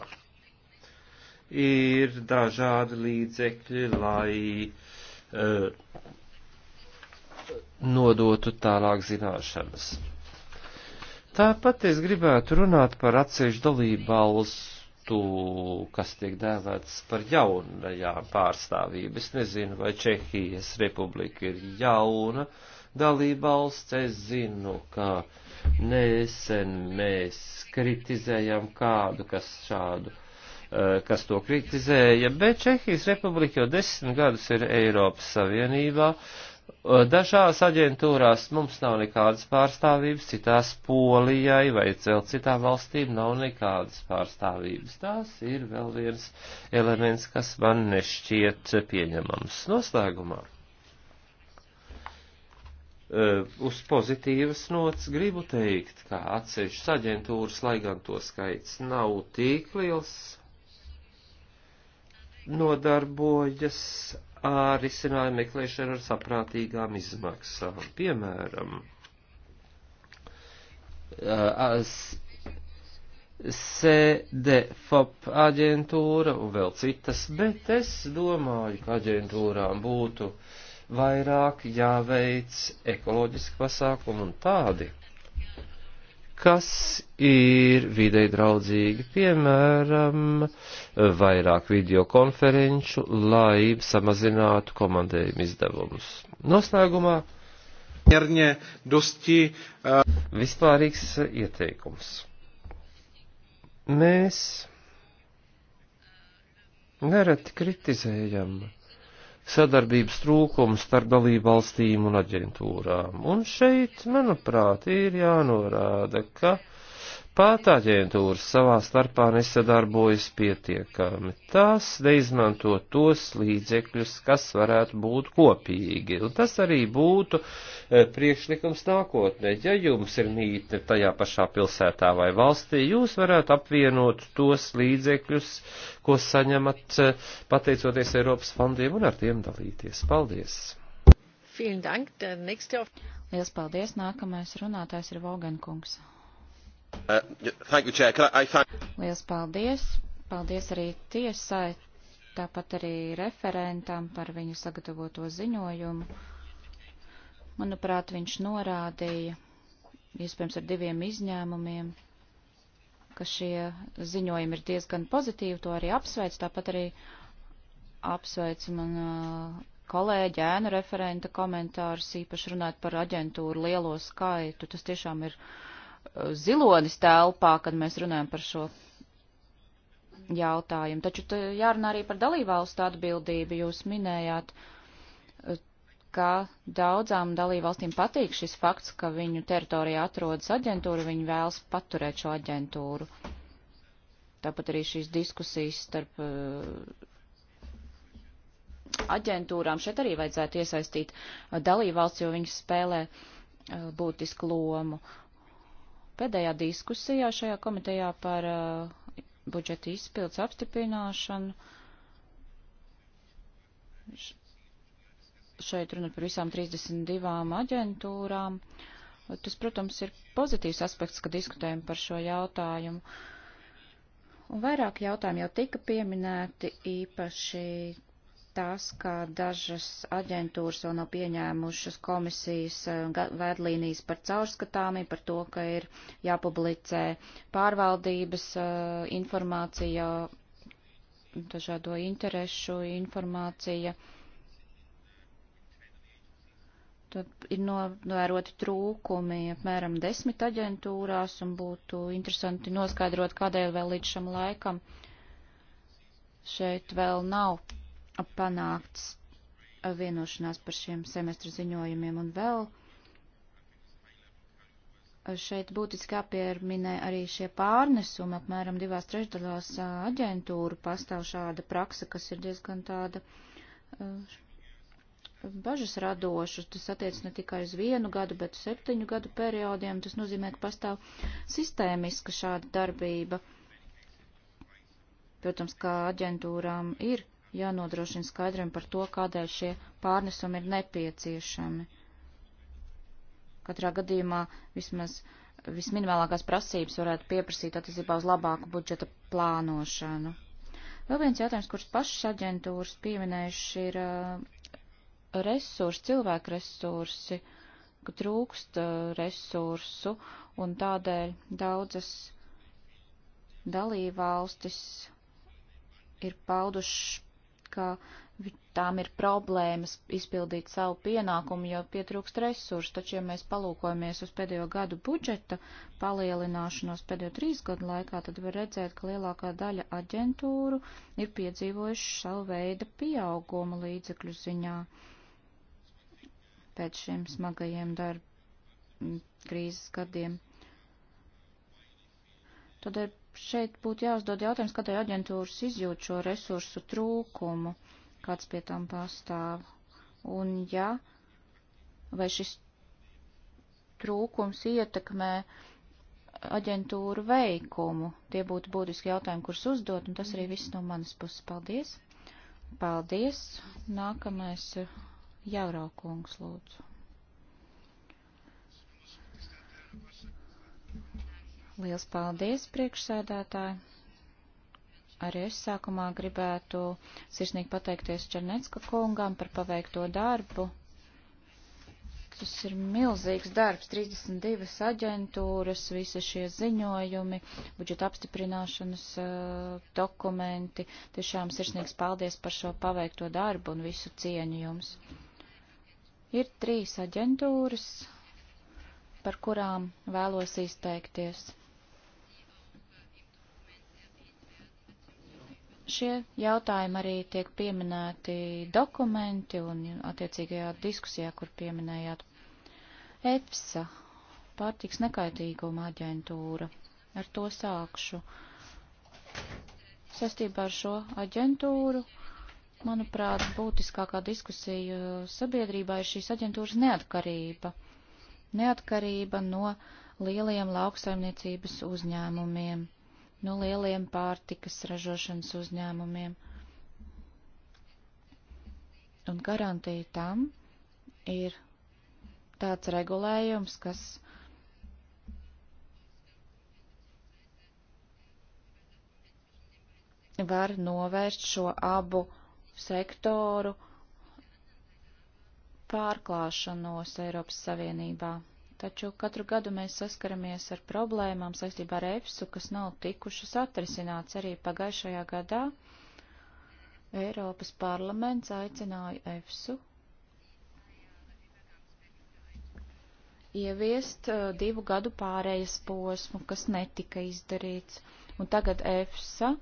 ir dažādi līdzekļi, lai uh, nodotu tālāk zināšanas. Tāpat es gribētu runāt par atsevišķu dalību valstu, kas tiek dēvēts par jaunajām pārstāvību. Es nezinu, vai Čehijas republika ir jauna dalība valsts. Es zinu, ka nesen mēs kritizējam kādu, kas šādu eh, kas to kritizēja, bet Čehijas republika jau desmit gadus ir Eiropas Savienībā, uh, Dažās aģentūrās mums nav nekādas pārstāvības, citās Polijai vai vēl citām valstīm nav nekādas pārstāvības. Tās ir vēl viens elements, kas man nešķiet pieņemams noslēgumā. E, uz pozitīvas nots gribu teikt, ka atsevišķas aģentūras, lai gan to skaits nav tik liels, nodarbojas ar risinājumu meklēšanu ar saprātīgām izmaksām. Piemēram, CDFOP aģentūra un vēl citas, bet es domāju, ka aģentūrām būtu vairāk jāveic ekoloģiski pasākumi un tādi, kas ir videi draudzīgi, piemēram, vairāk videokonferenču, lai samazinātu komandējumu izdevumus. Noslēgumā poměrně dosti. Vispārīgs ieteikums. Mēs nereti kritizējam sadarbības trūkumu starp dalību valstīm un aģentūrām. Un šeit, manuprāt, ir jānorāda, ka Pat aģentūras savā starpā nesadarbojas pietiekami. Tās neizmanto tos līdzekļus, kas varētu būt kopīgi. Un tas arī būtu e, priekšlikums nākotnē. Ja jums ir mītne tajā pašā pilsētā vai valstī, jūs varētu apvienot tos līdzekļus, ko saņemat e, pateicoties Eiropas fondiem un ar tiem dalīties. Paldies! Vielen Dank. Der nächste auf. Liels paldies. Nākamais runātājs ir Vogenkungs. kungs. Uh, thank you, Chair. I, I thank... Liels paldies. Paldies arī tiesai, tāpat arī referentam par viņu sagatavoto ziņojumu. Manuprāt, viņš norādīja, iespējams ar diviem izņēmumiem, ka šie ziņojumi ir diezgan pozitīvi, to arī apsveic, tāpat arī apsveic man uh, kolēģi ēnu referenta komentārus, īpaši runāt par aģentūru lielo skaitu. Tas tiešām ir uh, zilonis telpā, kad mēs runājam par šo jautājumu. Taču jārunā arī par dalībvalstu atbildību. Jūs minējāt, eh, ka daudzām dalībvalstīm patīk šis fakts, ka viņu teritorijā atrodas aģentūra, viņi vēlas paturēt šo aģentūru. Tāpat arī šīs diskusijas starp eh, aģentūrām šeit arī vajadzētu iesaistīt eh, dalībvalsts, jo viņas spēlē būtisku lomu. Uh, Pēdējā diskusijā šajā komitejā par uh, budžeta izpildes apstiprināšanu šeit runa par visām 32 aģentūrām. Tas, protams, ir pozitīvs aspekts, ka diskutējam par šo jautājumu. Un vairāk jautājumu jau tika pieminēti, īpaši tas, ka dažas aģentūras vēl nav pieņēmušas komisijas eh, vēdlīnijas par caurskatāmi, par to, ka ir jāpublicē pārvaldības eh, informācija, dažādo interešu informācija. Tad ir novēroti trūkumi apmēram desmit aģentūrās un būtu interesanti noskaidrot, kādēļ vēl līdz šam laikam šeit vēl nav panākts vienošanās par šiem semestra ziņojumiem un vēl. Šeit būtiski jāpierminē arī šie pārnesumi, apmēram divās trešdaļās aģentūra pastāv šāda praksa, kas ir diezgan tāda bažas radošas. Tas attiec ne tikai uz vienu gadu, bet septiņu gadu periodiem. Tas nozīmē, ka pastāv sistēmiska šāda darbība. Protams, kā aģentūrām ir jānodrošina skaidriem par to, kādēļ šie pārnesumi ir nepieciešami. Katrā gadījumā vismaz visminimālākās prasības varētu pieprasīt attiecībā uz labāku budžeta plānošanu. Vēl viens jautājums, kurš pašas aģentūras pieminējuši, ir uh, resursi, cilvēku resursi, ka trūkst uh, resursu, un tādēļ daudzas dalībvalstis ir paudušas ka tām ir problēmas izpildīt savu pienākumu, jo pietrūkst resursu, taču, ja mēs palūkojamies uz pēdējo gadu budžeta palielināšanos pēdējo trīs gadu laikā, tad var redzēt, ka lielākā daļa aģentūru ir piedzīvojuši savu veidu pieaugumu līdzekļu ziņā pēc šiem smagajiem darba krīzes gadiem. Tad ir šeit būtu jāuzdod jautājums, kādai aģentūras izjūt šo resursu trūkumu, kāds pie tam pastāv. Un ja, vai šis trūkums ietekmē aģentūru veikumu, tie būtu būtiski jautājumi, kurus uzdot, un tas arī viss no manas puses. Paldies! Paldies! Nākamais Jauraukungs lūdzu. Liels paldies, priekšsēdētāji! Arī es sākumā gribētu sirsnīgi pateikties Černecka kungam par paveikto darbu. Tas ir milzīgs darbs, 32 aģentūras, visi šie ziņojumi, budžeta apstiprināšanas uh, dokumenti. Tiešām sirsnīgs paldies par šo paveikto darbu un visu cieņu jums. Ir trīs aģentūras, par kurām vēlos izteikties. Šie jautājumi arī tiek pieminēti dokumenti un attiecīgajā diskusijā, kur pieminējāt EFSA, pārtiks nekaitīguma aģentūra. Ar to sākšu. Sastībā ar šo aģentūru, manuprāt, būtiskākā diskusija sabiedrībā ir šīs aģentūras neatkarība. Neatkarība no lieliem lauksaimniecības uzņēmumiem no lieliem pārtikas ražošanas uzņēmumiem. Un garantīja tam ir tāds regulējums, kas var novērst šo abu sektoru pārklāšanos Eiropas Savienībā taču katru gadu mēs saskaramies ar problēmām saistībā ar EFSU, kas nav tikušas atrisināts arī pagājušajā gadā. Eiropas parlaments aicināja EFSU ieviest uh, divu gadu pārējas posmu, kas netika izdarīts. Un tagad EFSA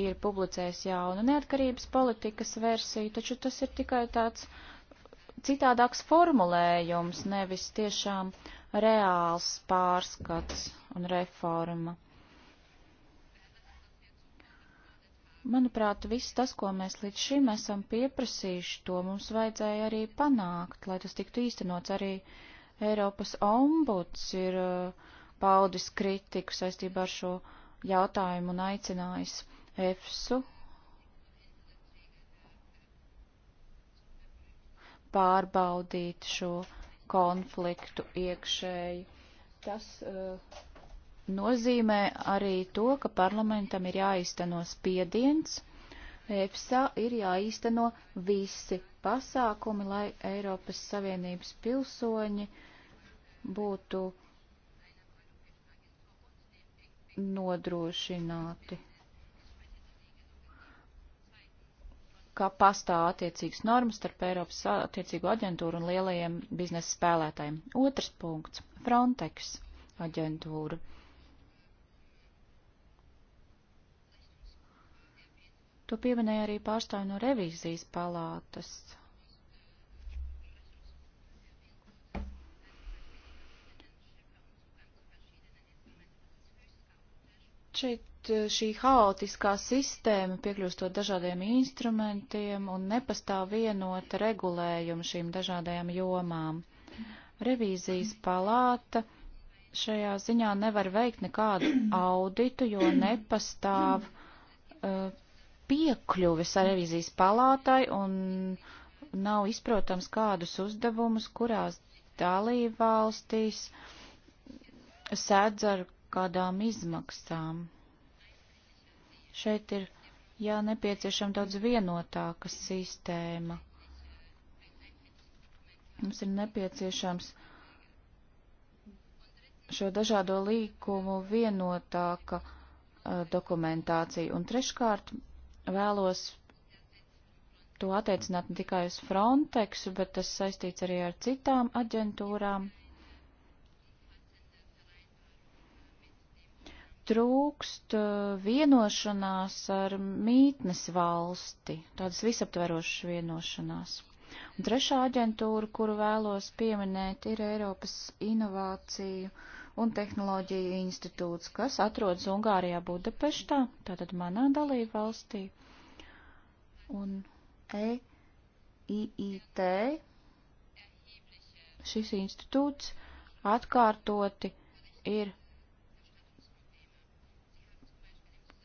ir publicējis jaunu neatkarības politikas versiju, taču tas ir tikai tāds citādāks formulējums, nevis tiešām reāls pārskats un reforma. Manuprāt, viss tas, ko mēs līdz šim esam pieprasījuši, to mums vajadzēja arī panākt, lai tas tiktu īstenots. Arī Eiropas ombuds ir uh, paudis kritiku saistībā ar šo jautājumu un aicinājis EFSU pārbaudīt šo konfliktu iekšēji. Tas uh, nozīmē arī to, ka parlamentam ir jāizteno spiediens, EFSA ir jāīsteno visi pasākumi, lai Eiropas Savienības pilsoņi būtu nodrošināti. ka pastāv attiecīgas normas starp Eiropas attiecīgo aģentūru un lielajiem biznesa spēlētājiem. Otrs punkts - Frontex aģentūra. To pieminēja arī pārstāvi no revīzijas palātas. Šeit Eh, šī haotiskā sistēma, piekļūstot dažādiem instrumentiem un nepastāv vienota regulējuma šīm dažādajām jomām. Revīzijas palāta šajā ziņā nevar veikt nekādu auditu, jo nepastāv uh, eh, piekļuvis ar revīzijas palātai un nav izprotams kādus uzdevumus, kurās dalībvalstīs sēdz ar kādām izmaksām. Šeit ir jā, nepieciešama daudz vienotāka sistēma. Mums ir nepieciešams šo dažādo līkumu vienotāka uh, dokumentācija. Un treškārt vēlos to attiecināt ne tikai uz Frontexu, bet tas saistīts arī ar citām aģentūrām. trūkst uh, vienošanās ar mītnes valsti, tādas visaptverošas vienošanās. Un trešā aģentūra, kuru vēlos pieminēt, ir Eiropas Inovāciju un Tehnoloģiju institūts, kas atrodas Ungārijā Budapeštā, tātad manā dalība valstī. Un EIIT, šis institūts, atkārtoti ir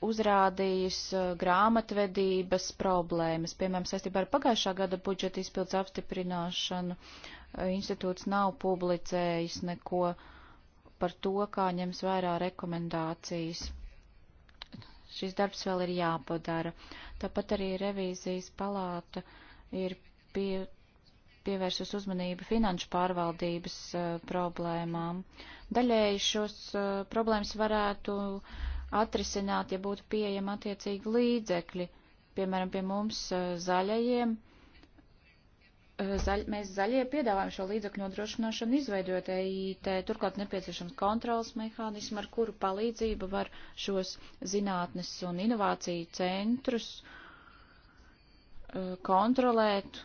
uzrādījis eh, grāmatvedības problēmas. Piemēram, saistībā ar pagājušā gada budžeta izpildes apstiprināšanu eh, institūts nav publicējis neko par to, kā ņems vērā rekomendācijas. Šis darbs vēl ir jāpadara. Tāpat arī revīzijas palāta ir pie, pievērsus uzmanību finanšu pārvaldības uh, problēmām. Daļēji šos uh, problēmas varētu uh, atrisināt, ja būtu pieejama attiecīgi līdzekļi. Piemēram, pie mums eh, zaļajiem. Eh, zaļ, mēs zaļie piedāvājam šo līdzekļu nodrošināšanu izveidot EIT, turklāt nepieciešams kontrols mehānismu, ar kuru palīdzību var šos zinātnes un inovāciju centrus eh, kontrolēt,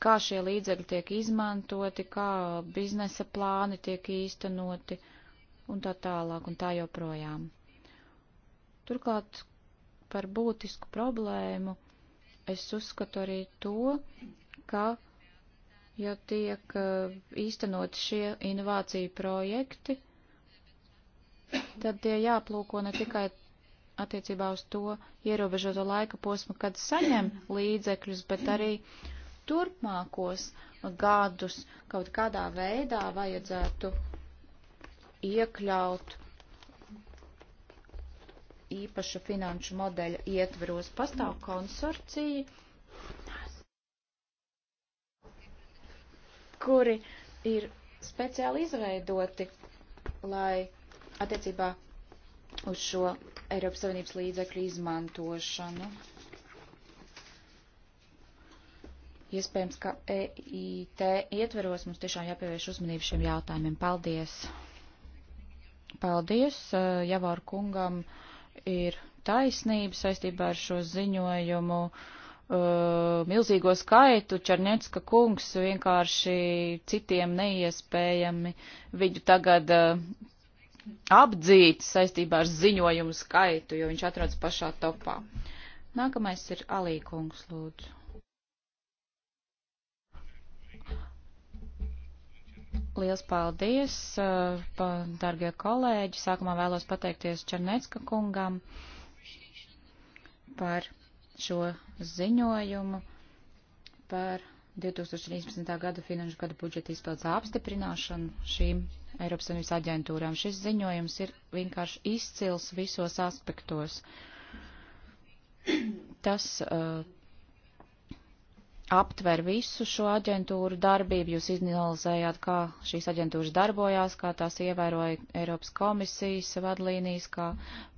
kā šie līdzekļi tiek izmantoti, kā biznesa plāni tiek īstenoti un tā tālāk un tā joprojām. Turklāt par būtisku problēmu es uzskatu arī to, ka ja tiek eh, īstenot šie inovāciju projekti, tad tie jāplūko ne tikai attiecībā uz to ierobežoto laika posmu, kad saņem līdzekļus, bet arī turpmākos gadus kaut kādā veidā vajadzētu iekļaut īpaša finanšu modeļa ietveros pastāv konsorcija, kuri ir speciāli izveidoti, lai attiecībā uz šo Eiropas Savienības līdzekļu izmantošanu. Iespējams, ka EIT ietveros mums tiešām jāpievērš uzmanību šiem jautājumiem. Paldies! Paldies eh, Javor kungam! ir taisnība saistībā ar šo ziņojumu. Uh, milzīgo skaitu Čarnecka kungs vienkārši citiem neiespējami viņu tagad uh, apdzīt saistībā ar ziņojumu skaitu, jo viņš atrodas pašā topā. Nākamais ir Alī kungs, lūdzu. Liels paldies, uh, dargie kolēģi. Sākumā vēlos pateikties Černecka kungam par šo ziņojumu par 2013. gada finanšu gada budžeta izpildes apstiprināšanu šīm Eiropas Savienības aģentūrām. Šis ziņojums ir vienkārši izcils visos aspektos. Tas uh, aptver visu šo aģentūru darbību. Jūs izanalizējāt, kā šīs aģentūras darbojās, kā tās ievēroja Eiropas komisijas vadlīnijas, kā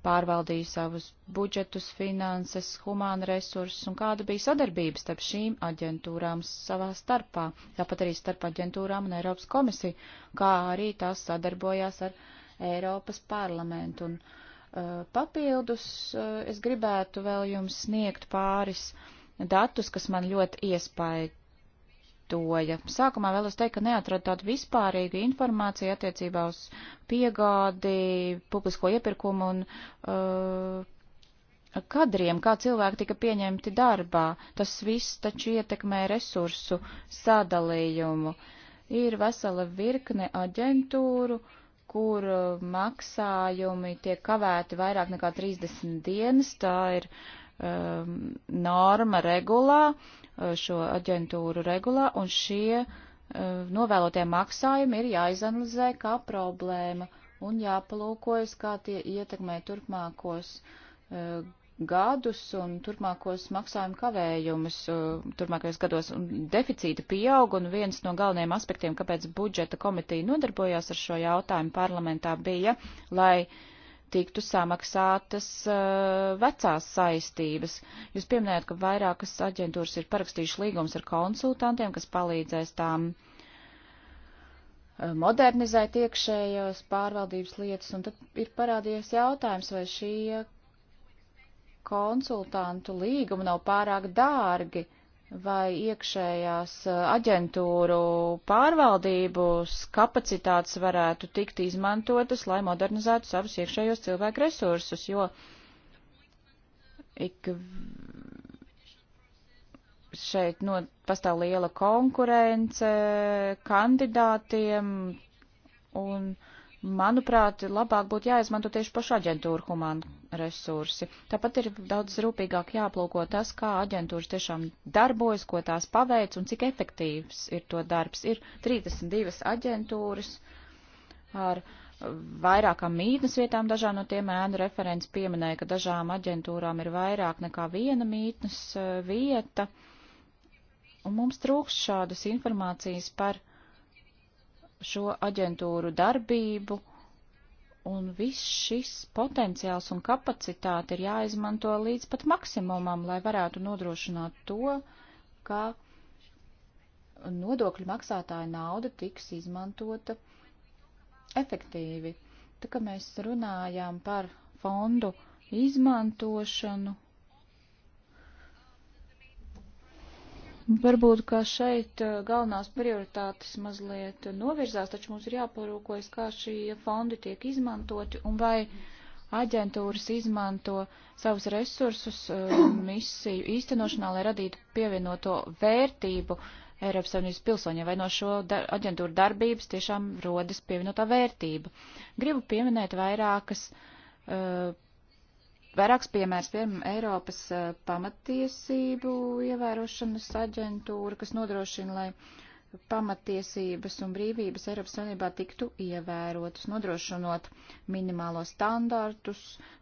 pārvaldīja savus budžetus, finanses, humāna resursus un kāda bija sadarbība starp šīm aģentūrām savā starpā, tāpat arī starp aģentūrām un Eiropas komisiju, kā arī tās sadarbojās ar Eiropas parlamentu. Un, uh, papildus uh, es gribētu vēl jums sniegt pāris uh, datus, kas man ļoti iespaidoja. Sākumā vēlos teikt, ka neatradu tādu vispārīgu informāciju attiecībā uz piegādi, publisko iepirkumu un uh, kadriem, kā cilvēki tika pieņemti darbā. Tas viss taču ietekmē resursu sadalījumu. Ir vesela virkne aģentūru, kur uh, maksājumi tiek kavēti vairāk nekā 30 dienas. Tā ir uh, um, norma regulā, uh, šo aģentūru regulā, un šie um, novēlotie maksājumi ir jāizanalizē kā problēma un jāpalūkojas, kā tie ietekmē turpmākos uh, gadus un turpmākos maksājumu kavējumus uh, turpmākajos gados un deficīta pieaug, un viens no galvenajiem aspektiem, kāpēc budžeta komiteja nodarbojās ar šo jautājumu parlamentā, bija, lai uh, tiktu samaksātas uh, vecās saistības. Jūs pieminējat, ka vairākas aģentūras ir parakstījušas līgumus ar konsultantiem, kas palīdzēs tām eh, modernizēt iekšējos pārvaldības lietas, un tad ir parādījies jautājums, vai šie konsultantu līgumi nav pārāk dārgi. Uh, vai iekšējās eh, aģentūru pārvaldības kapacitātes varētu tikt izmantotas, lai modernizētu savus iekšējos cilvēku resursus, jo ik šeit no, pastāv liela konkurence kandidātiem un. Uh, Manuprāt, labāk būtu jāizmanto tieši pašu aģentūru humānu resursi. Tāpat ir daudz rūpīgāk jāplūko tas, kā aģentūras tiešām darbojas, ko tās paveic un cik efektīvs ir to darbs. Ir 32 aģentūras ar vairākām mītnes vietām, dažām no tiem ēnu referents pieminēja, ka dažām aģentūrām ir vairāk nekā viena mītnes eh, vieta, un mums trūkst šādas informācijas par šo aģentūru darbību, un viss šis potenciāls un kapacitāte ir jāizmanto līdz pat maksimumam, lai varētu nodrošināt to, ka nodokļu maksātāja nauda tiks izmantota efektīvi. Tā kā mēs runājām par fondu izmantošanu, Varbūt, ka šeit eh, galvenās prioritātes mazliet novirzās, taču mums ir jāparūkojas, kā šie fondi tiek izmantoti un vai aģentūras izmanto savus resursus eh, misiju īstenošanā, lai radītu pievienoto vērtību Eiropas Savienības pilsoņiem, vai no šo dar aģentūru darbības tiešām rodas pievienotā vērtība. Gribu pieminēt vairākas uh, Vairāks piemērs, piemēram, Eiropas eh, pamatiesību ievērošanas aģentūra, kas nodrošina, lai pamatiesības un brīvības Eiropas Savienībā tiktu ievērotas, nodrošinot minimālo standartus,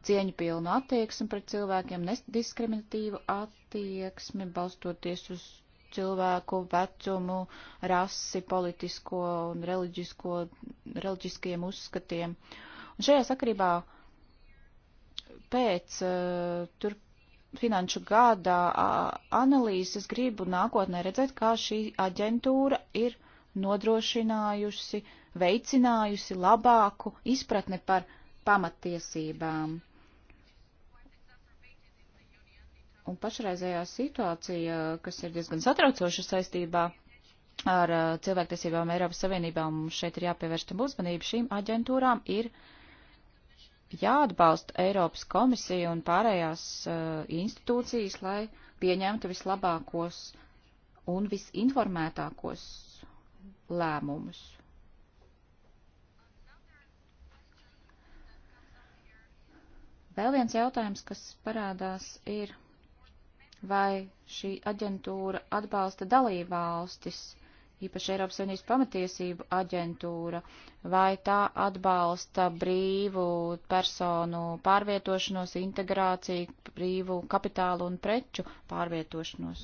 cieņu pilnu attieksmi pret cilvēkiem, nediskriminatīvu attieksmi, balstoties uz cilvēku vecumu, rasi, politisko un reliģiskajiem uzskatiem. Un šajā sakarībā uh, pēc eh, tur finanšu gada analīzes gribu nākotnē redzēt, kā šī aģentūra ir nodrošinājusi, veicinājusi labāku izpratni par pamatiesībām. Un pašreizējā situācija, kas ir diezgan satraucoša saistībā ar eh, cilvēktiesībām Eiropas Savienībā, mums šeit ir jāpievērš tam uzmanību, šīm aģentūrām ir uh, jāatbalsta Eiropas komisija un pārējās uh, institūcijas, lai pieņemtu vislabākos un visinformētākos lēmumus. Vēl viens jautājums, kas parādās, ir, vai šī aģentūra atbalsta dalībvalstis īpaši Eiropas Savienības pamatiesību aģentūra, vai tā atbalsta brīvu personu pārvietošanos, integrāciju, brīvu kapitālu un preču pārvietošanos.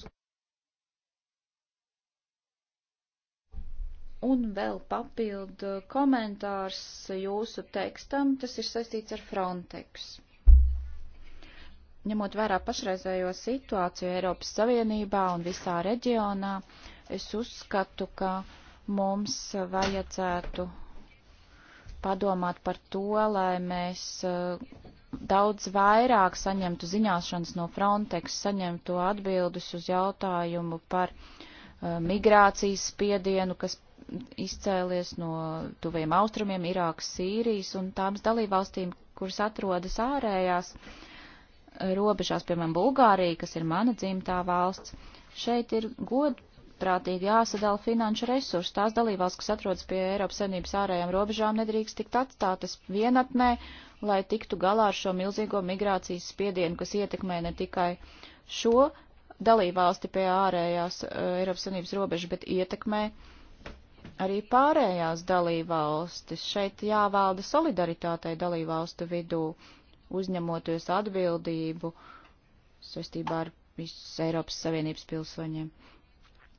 Un vēl papildu komentārs jūsu tekstam, tas ir saistīts ar Frontex. Ņemot vērā pašreizējo situāciju Eiropas Savienībā un visā reģionā, uh, Es uzskatu, ka mums vajadzētu padomāt par to, lai mēs eh, daudz vairāk saņemtu ziņāšanas no Frontex, saņemtu atbildes uz jautājumu par eh, migrācijas spiedienu, kas izcēlies no tuviem austrumiem, Irākas, Sīrijas un tām dalībvalstīm, kuras atrodas ārējās eh, robežās, piemēram, Bulgārija, kas ir mana dzimtā valsts. Šeit ir god prātīgi jāsadala finanšu resursi. Tās dalībās, kas atrodas pie Eiropas Savienības ārējām robežām, nedrīkst tikt atstātas vienatnē, lai tiktu galā ar šo milzīgo migrācijas spiedienu, kas ietekmē ne tikai šo dalībvalsti pie ārējās eh, Eiropas Savienības robežas, bet ietekmē arī pārējās dalībvalstis. Šeit jāvalda solidaritātei dalībvalstu vidū, uzņemoties atbildību saistībā ar visas Eiropas Savienības pilsoņiem.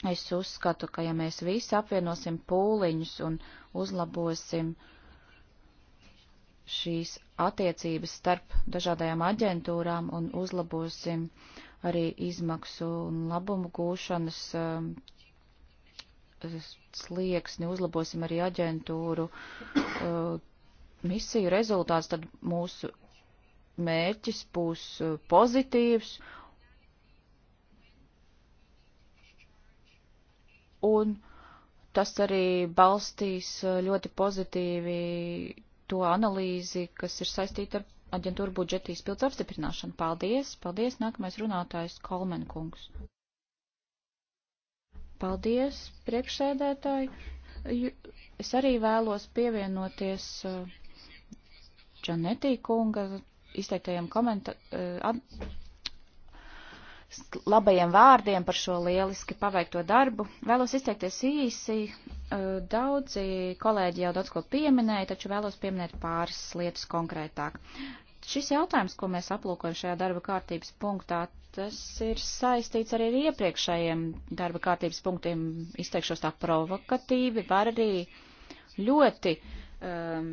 Es uzskatu, ka ja mēs visi apvienosim pūliņus un uzlabosim šīs attiecības starp dažādajām aģentūrām un uzlabosim arī izmaksu un labumu gūšanas um, slieksni, uzlabosim arī aģentūru um, misiju rezultāts, tad mūsu mērķis būs uh, pozitīvs un tas arī balstīs uh, ļoti pozitīvi to analīzi, kas ir saistīta ar aģentūra budžeta izpildes apstiprināšanu. Paldies, paldies, nākamais runātājs Kolmen kungs. Paldies, priekšsēdētāji. Es arī vēlos pievienoties Čanetī uh, kunga izteiktajiem komentāriem uh, labajiem vārdiem par šo lieliski paveikto darbu. Vēlos izteikties īsi. Daudzi kolēģi jau daudz ko pieminēja, taču vēlos pieminēt pāris lietas konkrētāk. Šis jautājums, ko mēs aplūkojam šajā darba kārtības punktā, tas ir saistīts arī ar iepriekšējiem darba kārtības punktiem. Izteikšos tā provokatīvi, var arī ļoti um,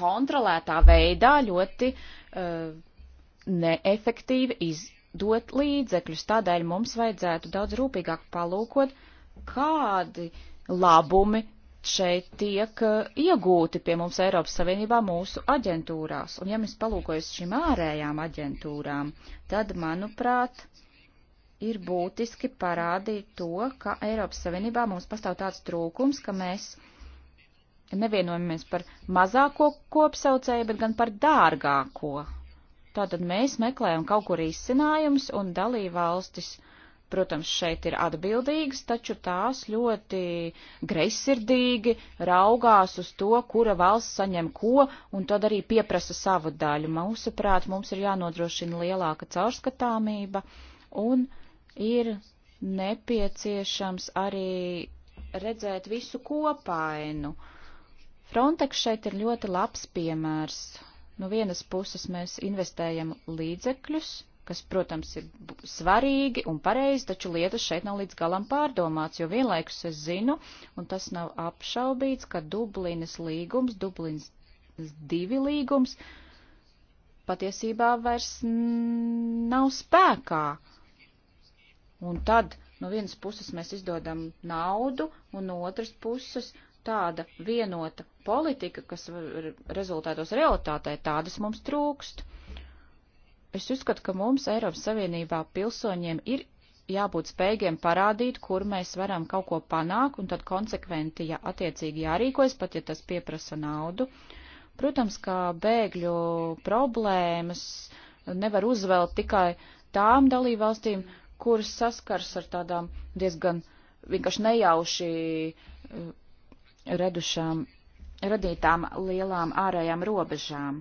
kontrolētā veidā, ļoti uh, neefektīvi iz, dot līdzekļus. Tādēļ mums vajadzētu daudz rūpīgāk palūkot, kādi labumi šeit tiek eh, iegūti pie mums Eiropas Savienībā mūsu aģentūrās. Un ja mēs palūkojas šīm ārējām aģentūrām, tad, manuprāt, ir būtiski parādīt to, ka Eiropas Savienībā mums pastāv tāds trūkums, ka mēs nevienojamies par mazāko kopsaucēju, bet gan par dārgāko Tātad mēs meklējam kaut kur izcinājumus, un dalībvalstis, protams, šeit ir atbildīgas, taču tās ļoti greizsirdīgi raugās uz to, kura valsts saņem ko, un tad arī pieprasa savu daļu. Mūsuprāt, mums ir jānodrošina lielāka caurskatāmība, un ir nepieciešams arī redzēt visu kopainu. Frontex šeit ir ļoti labs piemērs. No vienas puses mēs investējam līdzekļus, kas, protams, ir svarīgi un pareizi, taču lietas šeit nav līdz galam pārdomāts, jo vienlaikus es zinu, un tas nav apšaubīts, ka Dublinas līgums, Dublinas divi līgums patiesībā vairs nav spēkā. Un tad no vienas puses mēs izdodam naudu, un no otras puses tāda vienota politika, kas rezultātos realitātei, tādas mums trūkst. Es uzskatu, ka mums Eiropas Savienībā pilsoņiem ir jābūt spējīgiem parādīt, kur mēs varam kaut ko panākt, un tad konsekventi ja attiecīgi jārīkojas, pat ja tas pieprasa naudu. Protams, ka bēgļu problēmas nevar uzvelt tikai tām dalībvalstīm, kuras saskars ar tādām diezgan vienkārši nejauši radušām, radītām lielām ārējām robežām.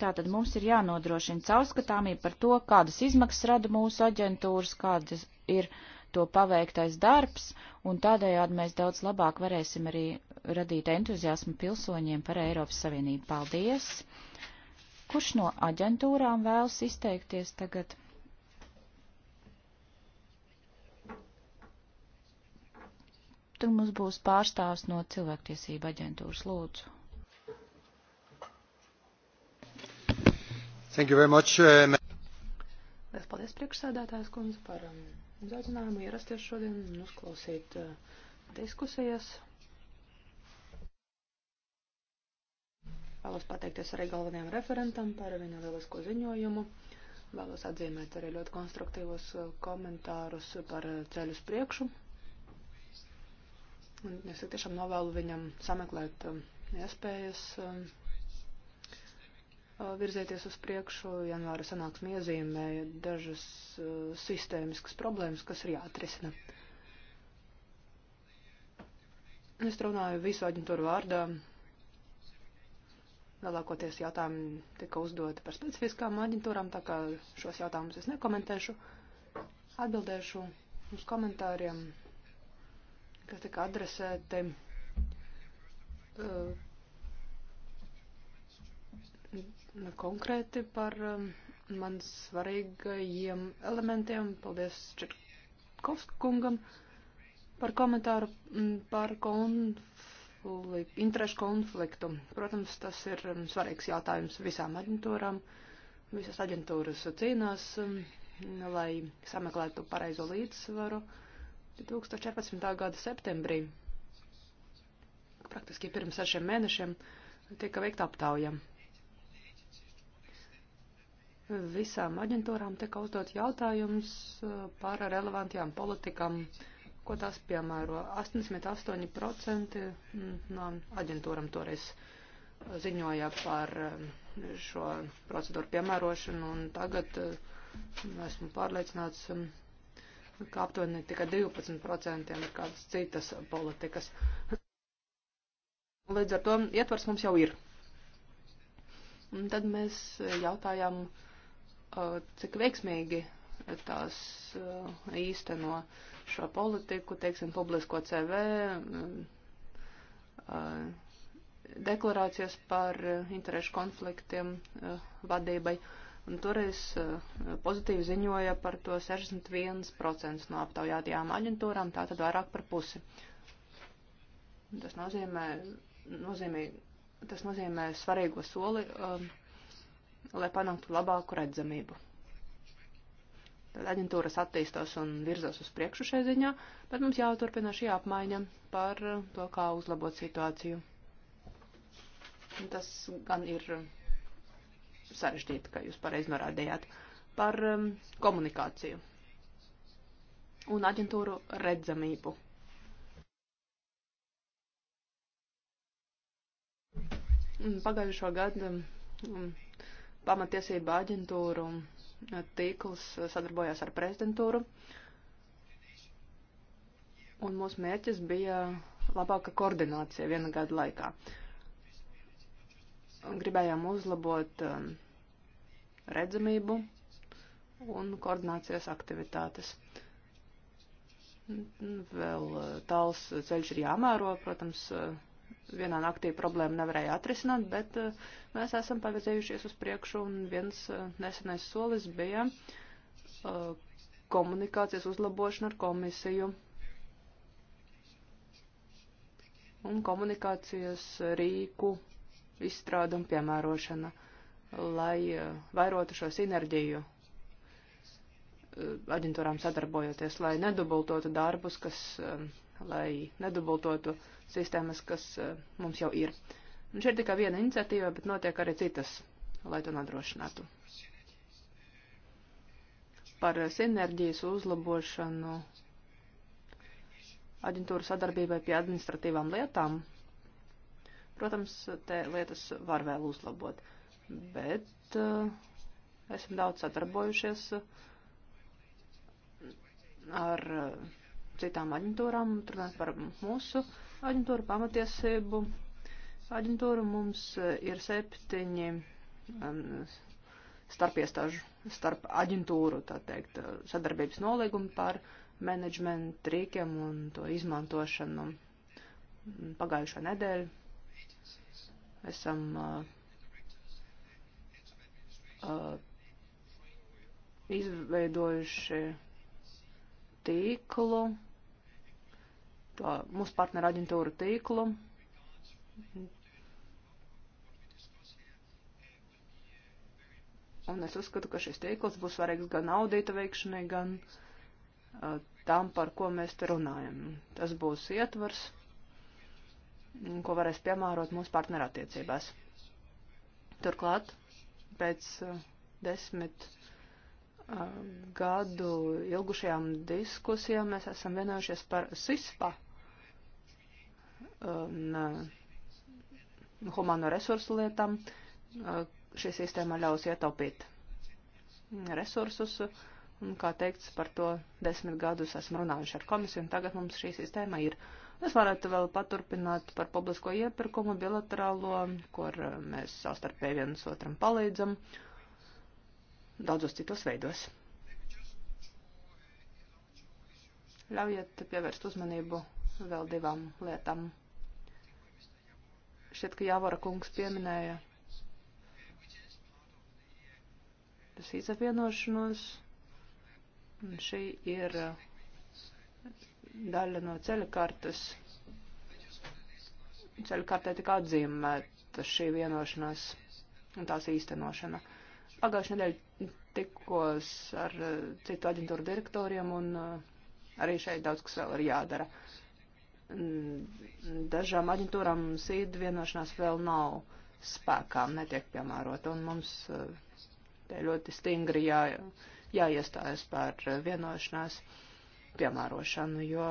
Tātad mums ir jānodrošina caurskatāmība par to, kādas izmaksas rada mūsu aģentūras, kādas ir to paveiktais darbs, un tādējādi mēs daudz labāk varēsim arī radīt entuziasmu pilsoņiem par Eiropas Savienību. Paldies! Kurš no aģentūrām vēlas izteikties tagad? Tad mums būs pārstāvs no cilvēktiesība aģentūras lūdzu. Thank you very much. Uh, Liels paldies priekšsēdētājs kundze par um, uzaicinājumu ierasties šodien un uzklausīt uh, diskusijas. Vēlos pateikties arī galvenajam referentam par viņa lielisko ziņojumu. Vēlos atzīmēt arī ļoti konstruktīvos uh, komentārus par uh, ceļus priekšu Un es tiešām novēlu viņam sameklēt um, iespējas um, uh, virzēties uz priekšu. Janvāra sanāksme iezīmēja dažas uh, sistēmiskas problēmas, kas ir jāatrisina. Es runāju visu aģentūru vārdā. Lielākoties jautājumi tika uzdoti par specifiskām aģentūrām, tā kā šos jautājumus es nekomentēšu. Atbildēšu uz komentāriem kas tika adresēti uh, konkrēti par um, man svarīgajiem elementiem. Paldies Čirkovskungam par komentāru mm, par konflikt, interešu konfliktu. Protams, tas ir um, svarīgs jautājums visām aģentūrām. Visas aģentūras cīnās, um, lai sameklētu pareizo līdzsvaru. Uh, 2014. gada septembrī, praktiski pirms sešiem mēnešiem, tika veikta aptauja. Visām aģentūrām tika uzdot jautājums uh, par relevantajām politikām, ko tās piemēro. 88% mm, no aģentūram toreiz uh, ziņoja par uh, šo procedūru piemērošanu, un tagad esmu pārliecināts, um, ka aptuveni tikai 12% ir kādas citas politikas. Līdz ar to ietvars mums jau ir. Un tad mēs jautājām, uh, cik veiksmīgi tās uh, īsteno šo politiku, teiksim, publisko CV, um, uh, deklarācijas par interešu konfliktiem vadībai. Uh, un toreiz eh, pozitīvi ziņoja par to 61% no aptaujātajām aģentūrām, tātad vairāk par pusi. Tas nozīmē, nozīmē, tas nozīmē svarīgo soli, um, lai panāktu labāku redzamību. Tad aģentūras attīstās un virzās uz priekšu šai ziņā, bet mums jāturpina šī apmaiņa par to, kā uzlabot situāciju. Tas gan ir sarežģīta, kā jūs pareizi norādījāt, par um, komunikāciju un aģentūru redzamību. Pagājušo gadu um, um pamatiesība aģentūru um, tīkls sadarbojās ar prezidentūru, un mūsu mērķis bija labāka koordinācija viena gada laikā. Gribējām uzlabot um, redzamību un koordinācijas aktivitātes. Vēl e, tāls ceļš ir jāmēro, protams, e, vienā naktī problēmu nevarēja atrisināt, bet e, mēs esam pavirzējušies uz priekšu un viens nesenais solis bija komunikācijas uzlabošana ar komisiju. Un komunikācijas rīku izstrāda un piemērošana. Uh, lai eh, vairotu šo sinerģiju eh, aģentūrām sadarbojoties, lai nedubultotu darbus, kas, eh, lai nedubultotu sistēmas, kas mums jau ir. Un šeit ir tikai viena iniciatīva, bet notiek arī citas, lai to nodrošinātu. Par sinerģijas uzlabošanu aģentūru sadarbībai pie administratīvām lietām. Protams, te lietas var vēl uzlabot. Uh, bet uh, esam daudz sadarbojušies eh, ar uh, citām aģentūrām, runāt par mūsu aģentūru pamatiesību. Aģentūra mums ir septiņi um, starp iestāžu, starp aģentūru, tā teikt, sadarbības nolīgumi par menedžmentu trīkiem un to izmantošanu pagājušo nedēļu. Esam uh, izveidojuši tīklu, tā, mūsu partneru aģentūru tīklu. Un es uzskatu, ka šis tīkls būs svarīgs gan audīta veikšanai, gan uh, tam, par ko mēs te runājam. Tas būs ietvars, ko varēs piemērot mūsu partnerattiecībās. Turklāt pēc eh, desmit ehm, gadu ilgušajām diskusijām mēs esam vienojušies par SISPA un ehm, eh, humano resursu lietām. Eh, šī sistēma ļaus ietaupīt resursus, un, kā teikts, par to desmit gadus esmu runājuši ar komisiju, un tagad mums šī sistēma ir. Uh, Es varētu vēl paturpināt par publisko iepirkumu bilaterālo, kur mēs savstarpēji viens otram palīdzam daudzos citos veidos. Ļaujiet pievērst uzmanību vēl divām lietām. Šķiet, ka Jāvara kungs pieminēja tas izapvienošanos. Un šī ir uh, daļa no ceļkartas. Ceļkartē tika atzīmēta šī vienošanās un tās īstenošana. Pagājušajā nedēļā tikos ar eh, citu aģentūru direktoriem un eh, arī šeit daudz kas vēl ir jādara. Mm, dažām aģentūrām sīd vienošanās vēl nav spēkā, netiek piemērota, un mums eh, te ļoti stingri jā, jāiestājas par vienošanās. Uh, piemērošanu, jo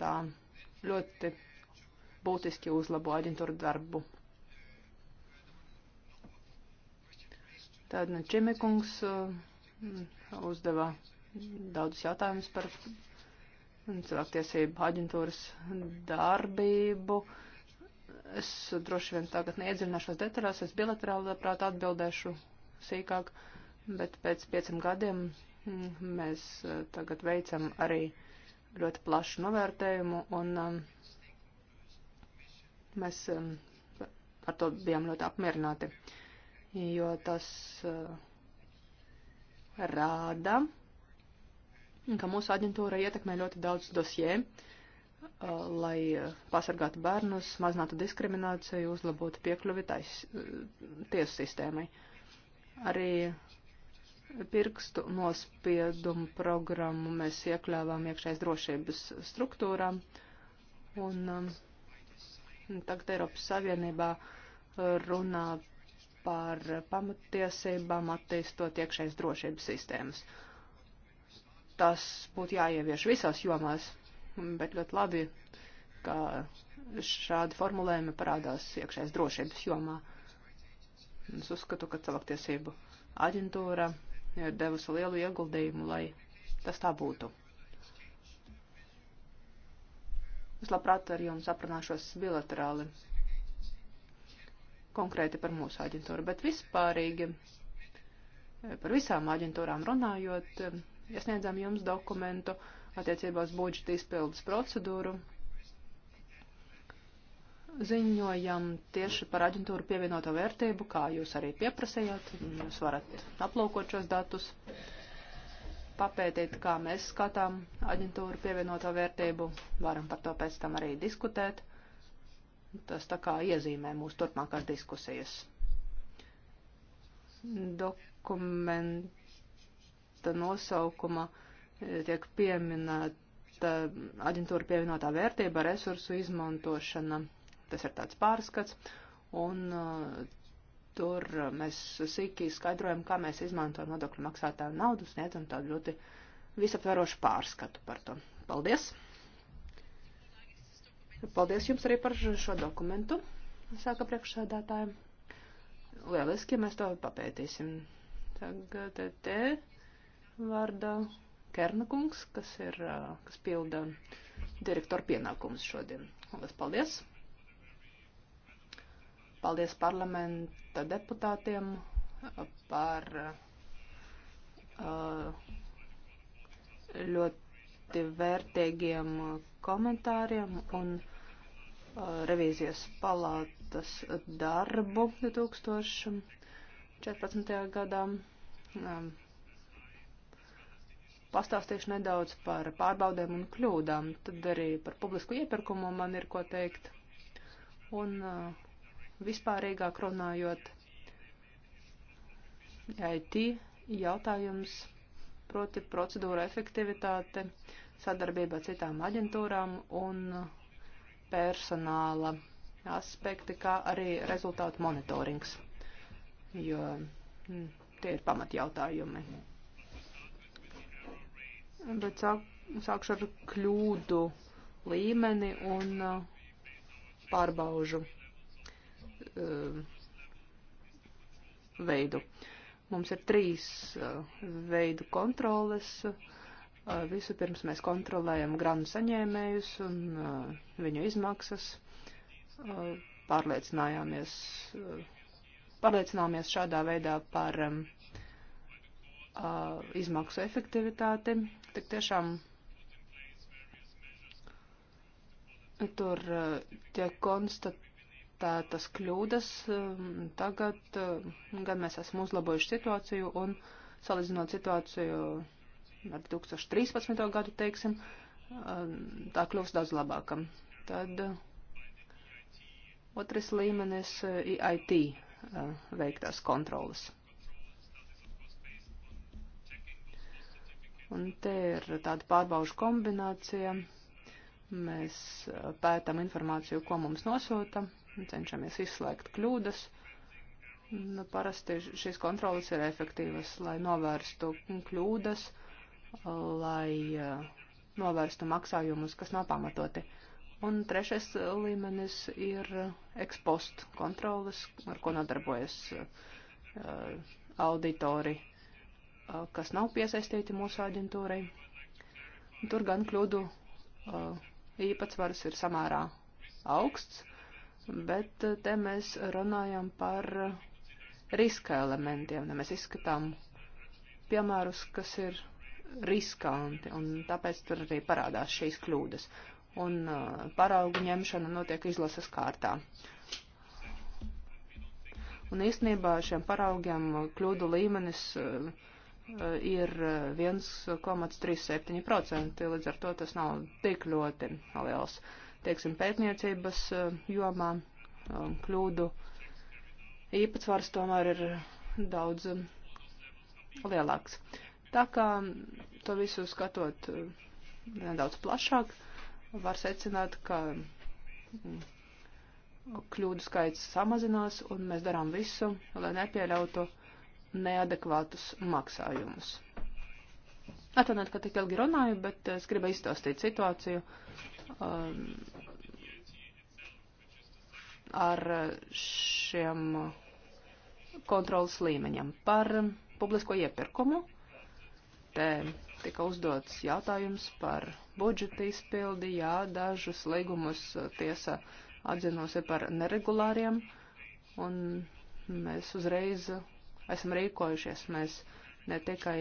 tā ļoti būtiski uzlabo aģentūru darbu. Tad nu, Čimekungs uh, mm, uzdeva daudzus jautājumus par mm, cilvēktiesību aģentūras darbību. Es droši vien tagad neiedzināšos detaļās, es bilaterāli labprāt atbildēšu sīkāk, bet pēc pieciem gadiem Mēs eh, tagad veicam arī ļoti plašu novērtējumu un um, mēs um, ar to bijām ļoti apmierināti, jo tas eh, rāda, ka mūsu aģentūra ietekmē ļoti daudz dosjē, eh, lai pasargātu bērnus, mazinātu diskrimināciju, uzlabotu piekļuvi tais, tiesu sistēmai. Arī pirkstu nospiedumu programmu mēs iekļāvām iekšējas drošības struktūrā. Un um, tagad Eiropas Savienībā runā par pamatiesībām attīstot iekšējas drošības sistēmas. Tas būtu jāievieš visās jomās, bet ļoti labi, ka šādi formulējumi parādās iekšējas drošības jomā. Es uzskatu, ka cilvēktiesību aģentūra ir devusi lielu ieguldījumu, lai tas tā būtu. Es labprāt ar jums aprunāšos bilaterāli konkrēti par mūsu aģentūru, bet vispārīgi eh, par visām aģentūrām runājot, eh, iesniedzām jums dokumentu attiecībā uz budžeta izpildes procedūru ziņojam tieši par aģentūru pievienoto vērtību, kā jūs arī pieprasījāt. Jūs varat aplaukot šos datus, papētīt, kā mēs skatām aģentūru pievienoto vērtību. Varam par to pēc tam arī diskutēt. Tas tā kā iezīmē mūsu turpmākās diskusijas. Dokumenta nosaukuma tiek pieminēta aģentūra pievienotā vērtība, resursu izmantošana Tas ir tāds pārskats, un uh, tur mēs sīki skaidrojam, kā mēs izmantojam nodokļu maksātāju naudu, sniedzam tādu ļoti visaptverošu pārskatu par to. Paldies! Paldies jums arī par šo dokumentu, sāka priekšsēdētājiem. Lieliski, mēs to papētīsim. Tagad te vārdā Kernakungs, kas ir, uh, kas pilda direktora pienākumus šodien. Lielas paldies! Paldies parlamenta deputātiem uh, par uh, ļoti vērtīgiem komentāriem un uh, revīzijas palātas darbu 2014. gadā. Um, pastāstīšu nedaudz par pārbaudēm un kļūdām, tad arī par publisku iepirkumu man ir ko teikt. Un uh, vispārīgāk runājot, IT jautājums, proti procedūra efektivitāte, sadarbība citām aģentūrām un personāla aspekti, kā arī rezultātu monitorings, jo mm, tie ir pamatjautājumi. Bet sāk, sākšu ar kļūdu līmeni un uh, pārbaužu Uh, veidu. Mums ir trīs uh, veidu kontroles. Uh, Vispirms mēs kontrolējam grandu saņēmējus un viņu izmaksas. Pārliecinājāmies, pārliecināmies šādā veidā par um, izmaksu efektivitāti. Tik tiešām tur tiek konstatēts tādas kļūdas. Um, tagad um, gan mēs esam uzlabojuši situāciju un salīdzinot situāciju ar 2013. gadu, teiksim, um, tā kļūst daudz labākam. Tad uh, otrs līmenis uh, IT uh, veiktās kontrolas. Un te ir tāda pārbaužu kombinācija. Mēs pētām informāciju, ko mums nosūta cenšamies izslēgt kļūdas. Nu, parasti šīs kontrolas ir efektīvas, lai novērstu kļūdas, lai eh, novērstu maksājumus, kas nav pamatoti. Un trešais līmenis ir ekspost kontrolas, ar ko nodarbojas eh, auditori, eh, kas nav piesaistīti mūsu aģentūrai. Tur gan kļūdu īpatsvars ir samērā augsts, bet eh, te mēs runājam par eh, riska elementiem, ne mēs izskatām piemērus, kas ir riskanti, un tāpēc tur arī parādās šīs kļūdas. Un uh, paraugu ņemšana notiek izlases kārtā. Un īstenībā šiem paraugiem kļūdu līmenis uh, ir 1,37%, līdz ar to tas nav tik ļoti liels. Uh, teiksim, pētniecības eh, jomā um, kļūdu īpatsvars tomēr ir daudz um, lielāks. Tā kā um, to visu skatot nedaudz plašāk, var secināt, ka kļūdu skaits samazinās un mēs darām visu, lai nepieļautu neadekvātus maksājumus. Atvainojiet, ka tik ilgi runāju, bet eh, es gribu izstāstīt situāciju, Um, ar šiem kontrolas līmeņiem. Par publisko iepirkumu te tika uzdots jautājums par budžeta izpildi. Jā, dažus līgumus tiesa atzinusi par neregulāriem, un mēs uzreiz esam rīkojušies. Mēs ne tikai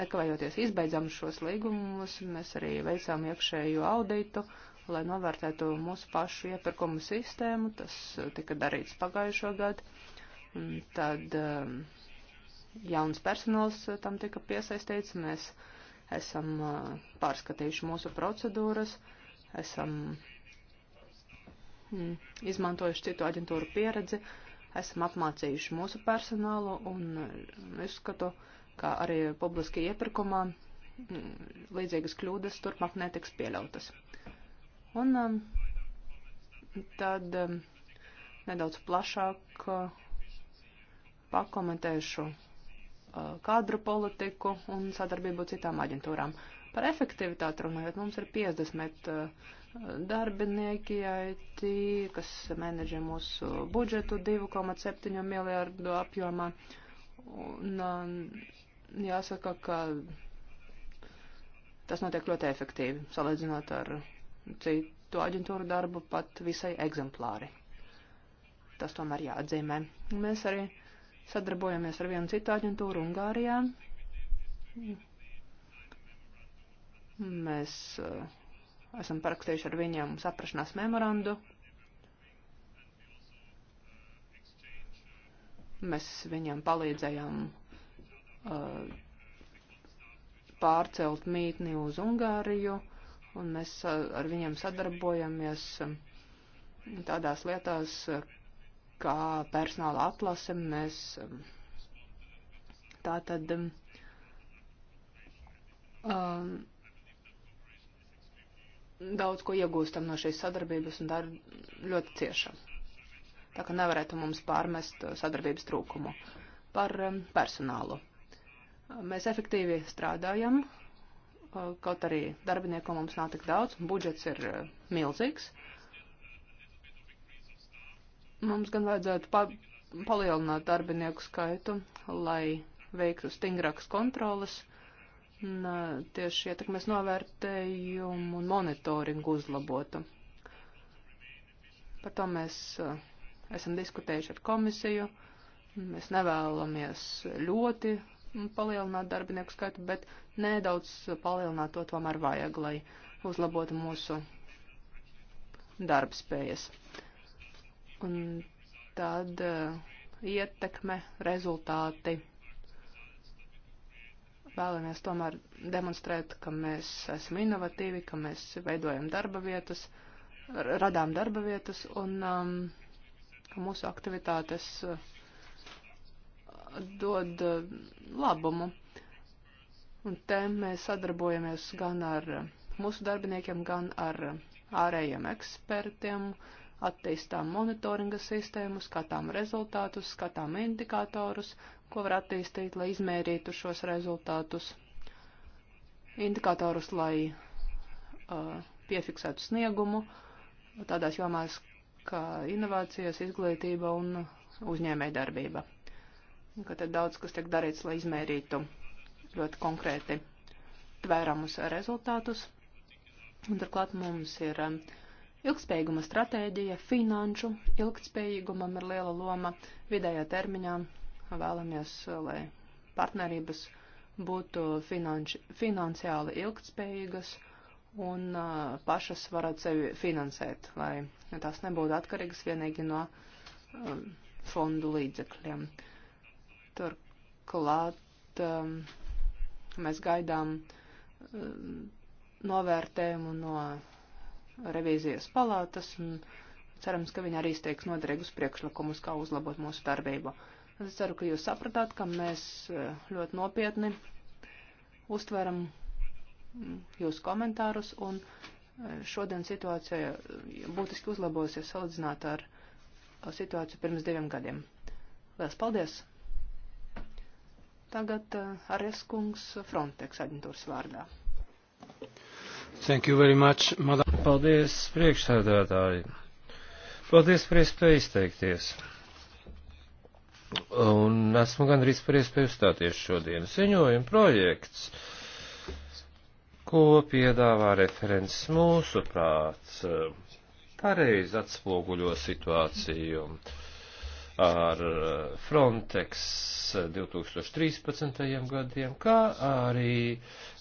nekavējoties izbeidzam šos līgumus, mēs arī veicām iekšēju auditu, lai novērtētu mūsu pašu iepirkumu sistēmu. Tas uh, tika darīts pagājušo gadu. Tad um, jauns personāls uh, tam tika piesaistīts. Mēs esam uh, pārskatījuši mūsu procedūras, esam mm, izmantojuši citu aģentūru pieredzi, esam apmācījuši mūsu personālu un izskatu, ka kā arī publiski iepirkumā mm, līdzīgas kļūdas turpmāk netiks pieļautas. Un um, tad um, nedaudz plašāk uh, pakomentēšu uh, kadru politiku un sadarbību citām aģentūrām. Par efektivitāti runājot, mums ir 50 uh, darbinieki, IT, kas menedžē mūsu budžetu 2,7 miljārdu apjomā. Un um, jāsaka, ka tas notiek ļoti efektīvi, salīdzinot ar citu aģentūru darbu, pat visai eksemplāri. Tas tomēr jāatzīmē. Mēs arī sadarbojamies ar vienu citu aģentūru Ungārijā. Mēs uh, esam parakstījuši ar viņiem saprašanās memorandu. Mēs viņiem palīdzējām Uh, pārcelt mītni uz Ungāriju, un mēs uh, ar viņiem sadarbojamies um, tādās lietās, uh, kā personāla atlase. Mēs um, tā tad um, um, daudz ko iegūstam no šīs sadarbības, un tā ir ļoti cieša. Tā ka nevarētu mums pārmest sadarbības trūkumu par personālu. Mēs efektīvi strādājam, kaut arī darbinieku mums nav tik daudz, budžets ir eh, milzīgs. Mums gan vajadzētu pa palielināt darbinieku skaitu, lai veiktu stingrākas kontrolas, un eh, tieši ietekmes novērtējumu un monitoringu uzlabotu. Par to mēs eh, esam diskutējuši ar komisiju. Mēs nevēlamies ļoti Nu, palielināt darbinieku skaitu, bet nedaudz palielināt to tomēr vajag, lai uzlabotu mūsu darbspējas. Un tad uh, ietekme, rezultāti. Vēlamies tomēr demonstrēt, ka mēs esam inovatīvi, ka mēs veidojam darba vietas, radām darba vietas un um, ka mūsu aktivitātes uh, dod eh, labumu. Un te mēs sadarbojamies gan ar eh, mūsu darbiniekiem, gan ar eh, ārējiem ekspertiem, attīstām monitoringa sistēmu, skatām rezultātus, skatām indikatorus, ko var attīstīt, lai izmērītu šos rezultātus, indikatorus, lai uh, piefiksētu sniegumu tādās jomās kā inovācijas, izglītība un uzņēmējdarbība ka tad daudz kas tiek darīts, lai izmērītu ļoti konkrēti tvēramus rezultātus. Un turklāt mums ir um, ilgspējīguma stratēģija, finanšu ilgspējīgumam ir liela loma vidējā termiņā. Vēlamies, uh, lai partnerības būtu finanši, finansiāli ilgspējīgas un uh, pašas varat sevi finansēt, lai tās nebūtu atkarīgas vienīgi no um, fondu līdzekļiem. Uh, Turklāt um, mēs gaidām um, novērtējumu no revīzijas palātas un cerams, ka viņi arī izteiks noderīgus priekšlikumus, kā uzlabot mūsu darbību. Es ceru, ka jūs sapratāt, ka mēs uh, ļoti nopietni uztveram mm, jūsu komentārus, un uh, šodien situācija uh, būtiski uzlabosies salīdzināt ar situāciju pirms diviem gadiem. Lielas paldies! Tagad eh, Areskungs Frontex aģentūras vārdā. Thank you very much, madam. Paldies, priekšsēdētāji. Paldies par iespēju izteikties. Un esmu gandrīz par iespēju uzstāties šodien. Ziņojuma projekts, ko piedāvā referents mūsu prāts, pareizi atspoguļo situāciju. Mm ar eh, Frontex 2013. Eh, gadiem, kā arī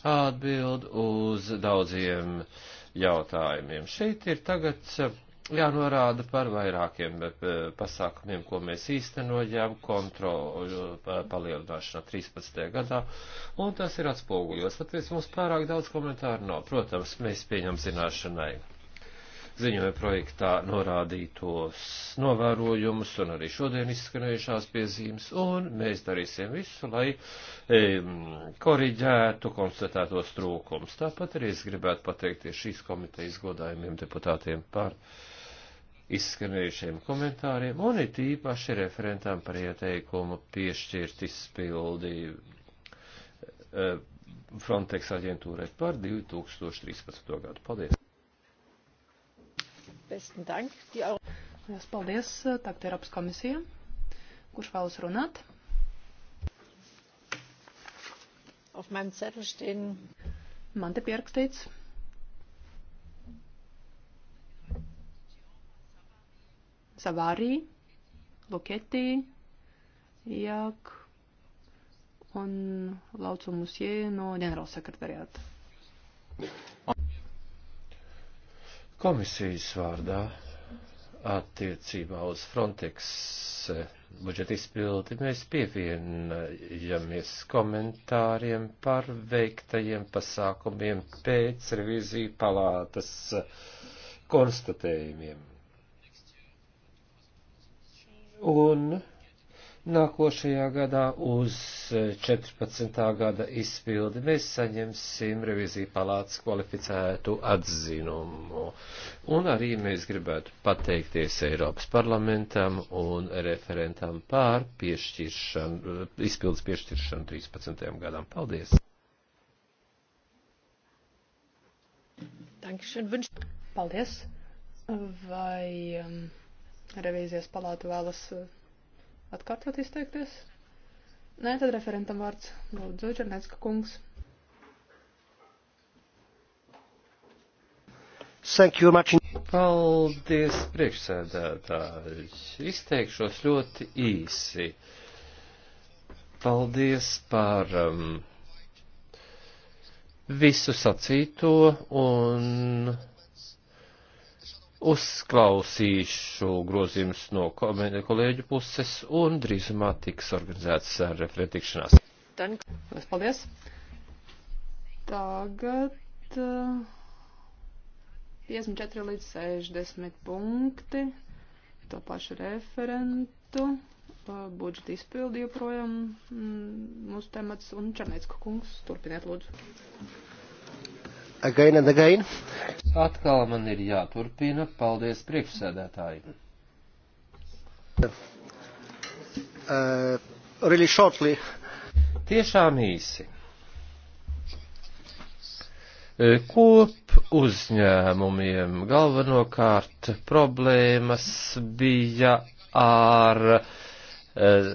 atbild uz daudziem jautājumiem. Šeit ir tagad eh, jānorāda par vairākiem pasākumiem, ko mēs īstenojām kontrolu palielināšanā 13. gadā, un tas ir atspoguļos, tāpēc mums pārāk daudz komentāru nav. Protams, mēs pieņem zināšanai ziņojuma projektā norādītos novērojumus un arī šodien izskanējušās piezīmes, un mēs darīsim visu, lai e, koriģētu konstatētos trūkums. Tāpat arī es gribētu pateikties šīs komitejas godājumiem deputātiem par izskanējušiem komentāriem, un it īpaši referentām par ieteikumu piešķirt izpildi e, Frontex aģentūrai par 2013. gadu. Paldies! Besten Dank. Lielas paldies. Eh, tagad Eiropas komisija. Kurš vēlas runāt? Auf meinem Zettel stehen. Man te pierakstīts. Savārī, Loketī, Jāk un Laucu Musie no ģenerālsekretariāta komisijas vārdā attiecībā uz Frontex eh, budžeta izpildi mēs pievienojamies komentāriem par veiktajiem pasākumiem pēc reviziju palātas eh, konstatējumiem. Un nākošajā gadā uz 14. Eh, gada izpildi mēs saņemsim reviziju palātas kvalificētu atzinumu. Un arī mēs gribētu pateikties Eiropas parlamentam un referentam pār piešķiršanu, eh, izpildes piešķiršanu 13. gadam. Paldies! Paldies! Vai um, revīzijas palāta vēlas uh, atkārtot izteikties? Nē, tad referentam vārds. Lūdzu, Černecka kungs. Thank you much. Paldies, priekšsēdētāji. Izteikšos ļoti īsi. Paldies par um, visu sacīto un uzklausīšu grozījumus no kolēģu puses un drīzumā tiks organizēts referentikšanās. Paldies, paldies. Tagad 54 eh, līdz 60 punkti, to pašu referentu, budžeta izpildi joprojām mm, mūsu temats un Černēcka kungs, turpiniet lūdzu again and again. Atkal man ir jāturpina. Paldies priekšsēdētāji. Uh, really shortly. Tiešām īsi. Uh, kop uzņēmumiem galvenokārt problēmas bija ar uh,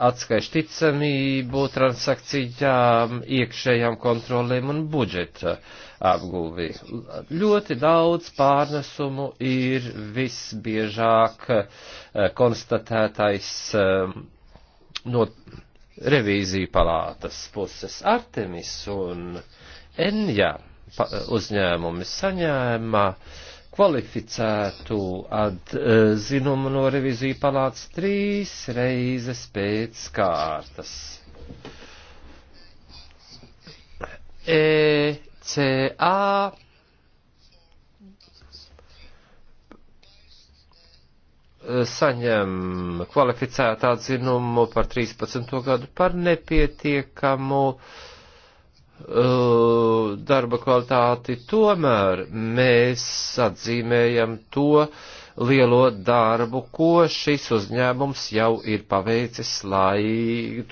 atskaišu ticamību transakcijām, iekšējām kontrolēm un budžeta apgulvi. Ļoti daudz pārnesumu ir visbiežāk eh, konstatētais eh, no revīziju palātas puses Artemis un Enja uzņēmumi saņēma uh, kvalificētu atzinumu no reviziju palāts trīs reizes pēc kārtas. ECA saņem kvalificētu atzinumu par 13. gadu par nepietiekamu uh, Uh, darba kvalitāti, tomēr mēs atzīmējam to lielo darbu, ko šis uzņēmums jau ir paveicis, lai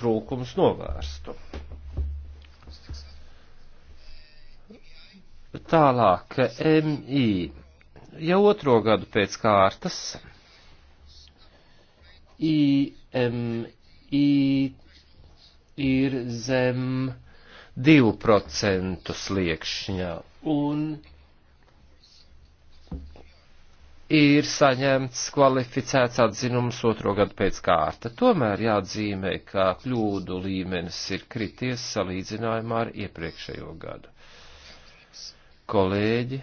trūkums novērstu. Tālāk, MI. Jau otro gadu pēc kārtas IMI ir zem 2% sliekšņā un ir saņemts kvalificēts atzinums otro gadu pēc kārta. Tomēr jāatzīmē, ka kļūdu līmenis ir krities salīdzinājumā ar iepriekšējo gadu. Kolēģi,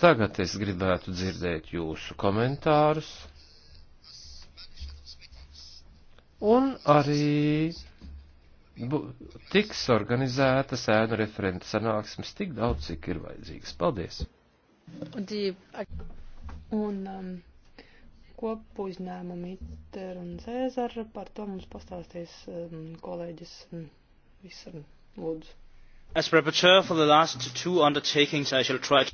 tagad es gribētu dzirdēt jūsu komentārus. Un arī bu, tiks organizēta sēnu referenta sanāksmes tik daudz, cik ir vajadzīgs. Paldies! Un um, kopu uzņēmumi ITER un Cēzara, par to mums pastāstīs um, kolēģis um, Visam Lūdzu. As rapporteur for the last two undertakings, I shall try to...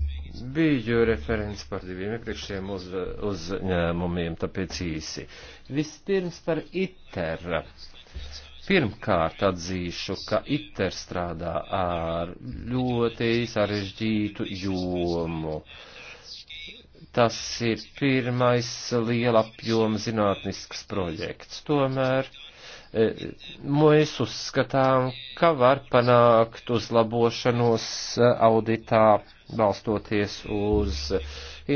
Biju referents par diviem iepriekšējiem uz, uzņēmumiem, tāpēc īsi. Vispirms par ITER. Pirmkārt atzīšu, ka ITER strādā ar ļoti sarežģītu jomu. Tas ir pirmais liela apjoma zinātnisks projekts. Tomēr E, mēs uzskatām, ka var panākt uzlabošanos auditā, balstoties uz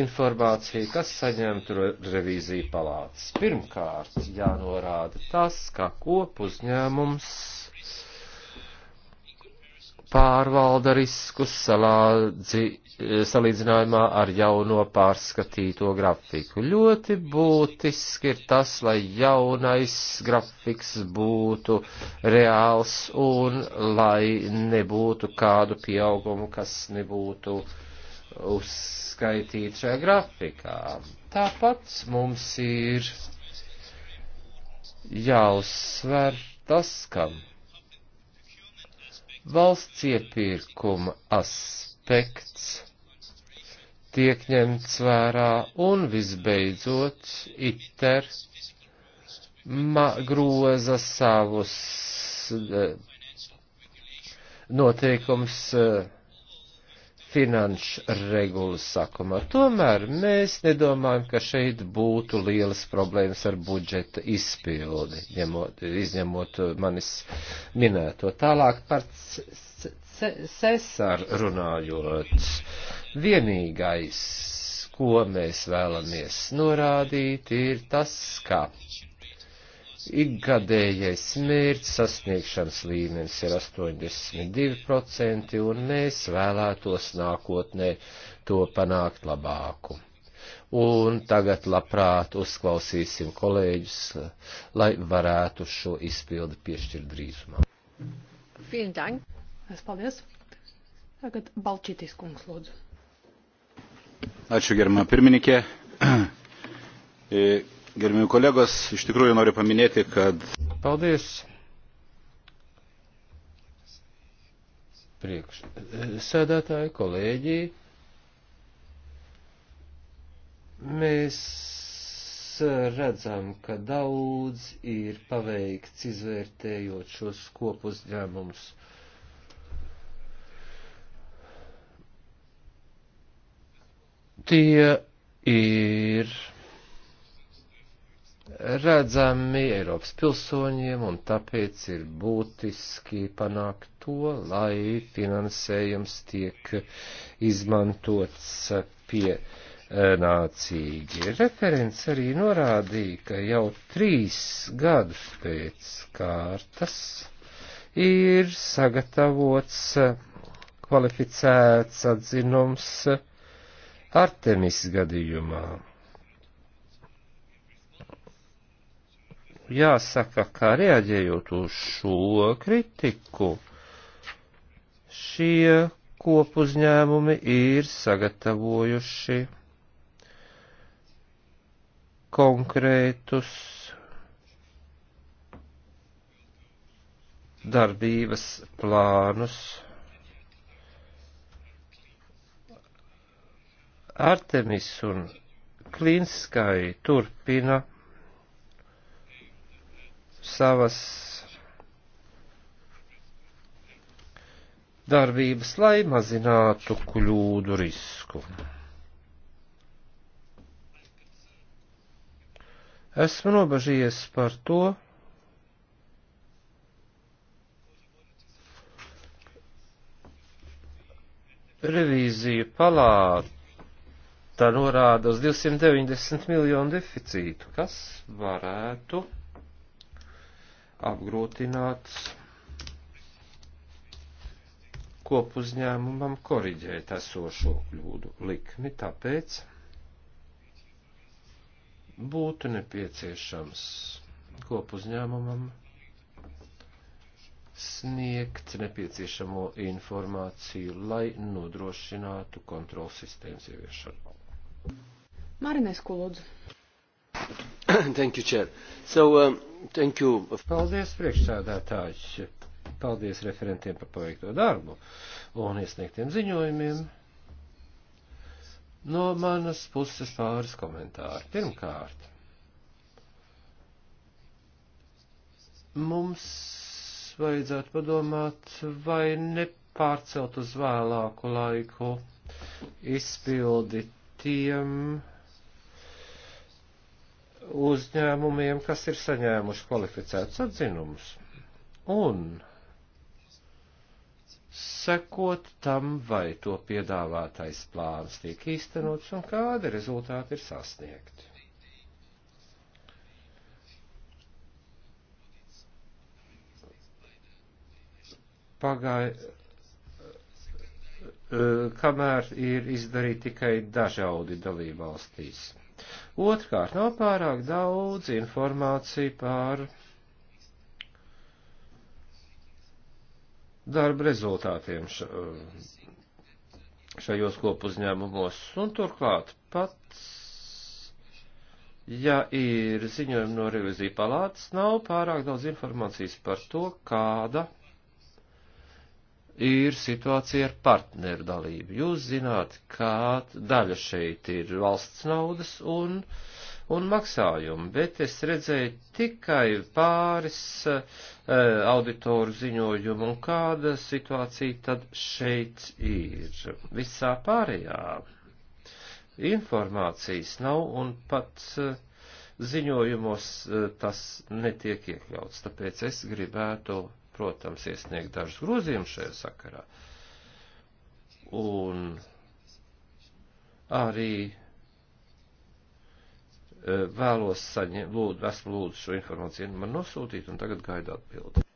informāciju, kas saņemtu revīziju palātas. Pirmkārt, jānorāda tas, ka kopuzņēmums pārvalda riskus salādzi, salīdzinājumā ar jauno pārskatīto grafiku. Ļoti būtiski ir tas, lai jaunais grafiks būtu reāls un lai nebūtu kādu pieaugumu, kas nebūtu uzskaitīts šajā grafikā. Tāpat mums ir jāuzsver tas, kam Valsts iepirkuma aspekts tiek ņemts vērā un visbeidzot ITER groza savus eh, noteikums uh, finanšu regulas sakumā. Tomēr mēs nedomājam, ka šeit būtu lielas problēmas ar budžeta izpildi, ņemot, izņemot manis minēto. Tālāk par Cesaru runājot. Vienīgais, ko mēs vēlamies norādīt, ir tas, ka Ikgadējais mērķis sasniegšanas līmenis ir 82%, un mēs vēlētos nākotnē to panākt labāku. Un tagad labprāt uzklausīsim kolēģus, lai varētu šo izpildi piešķirt drīzumā. Vielen Dank. Es paldies. Tagad Balčītis kungs lūdzu. Ačiū, germā pirmininkē. E, Gerbimi kolegos, iš tikrųjų noriu paminėti, kad. Paldies. Priekš. Sēdētāji, kolēģi, mēs redzam, ka daudz ir paveikts izvērtējot šos kopus ņēmumus. Tie ir redzami Eiropas pilsoņiem, un tāpēc ir būtiski panākt to, lai finansējums tiek izmantots pie eh, nācīgi. Referents arī norādīja, ka jau trīs gadus pēc kārtas ir sagatavots eh, kvalificēts atzinums Artemis gadījumā. jāsaka, ka reaģējot uz šo kritiku, šie kopuzņēmumi ir sagatavojuši konkrētus darbības plānus Artemis un Klinskai turpina savas darbības, lai mazinātu kļūdu risku. Esmu nobažījies par to, revīzija palāta norāda uz 290 miljonu deficītu, kas varētu apgrūtināts kopuzņēmumam koriģēt esošo kļūdu likmi, tāpēc būtu nepieciešams kopuzņēmumam sniegt nepieciešamo informāciju, lai nodrošinātu kontrols sistēmas ieviešanu. Marinēs Kolodzu. Thank you, Chair. So, um, thank you. Paldies, priekšsādātāji. Paldies referentiem par paveikto darbu un iesniegtiem ziņojumiem. No manas puses pāris komentāri. Pirmkārt, mums vajadzētu padomāt, vai nepārcelt uz vēlāku laiku izpildi tiem uzņēmumiem, kas ir saņēmuši kvalificētus atzinumus. Un sekot tam, vai to piedāvātais plāns tiek īstenots un kādi rezultāti ir sasniegti. Pagāja, eh, kamēr ir izdarīti tikai dažādi dalībvalstīs. Otrkārt, nav pārāk daudz informācija par darba rezultātiem um, šajos kopuzņēmumos. Un turklāt pats, ja ir ziņojumi no revizija palātas, nav pārāk daudz informācijas par to, kāda ir situācija ar partneru dalību. Jūs zināt, kā daļa šeit ir valsts naudas un, un maksājumi, bet es redzēju tikai pāris uh, auditoru ziņojumu un kāda situācija tad šeit ir. Visā pārējā informācijas nav un pat uh, eh, ziņojumos uh, tas netiek iekļauts, tāpēc es gribētu protams, iesniegt dažus grozījumus šajā sakarā. Un arī e, vēlos saņemt, lūdzu, esmu lūdzu šo informāciju man nosūtīt un tagad gaidu atbildi.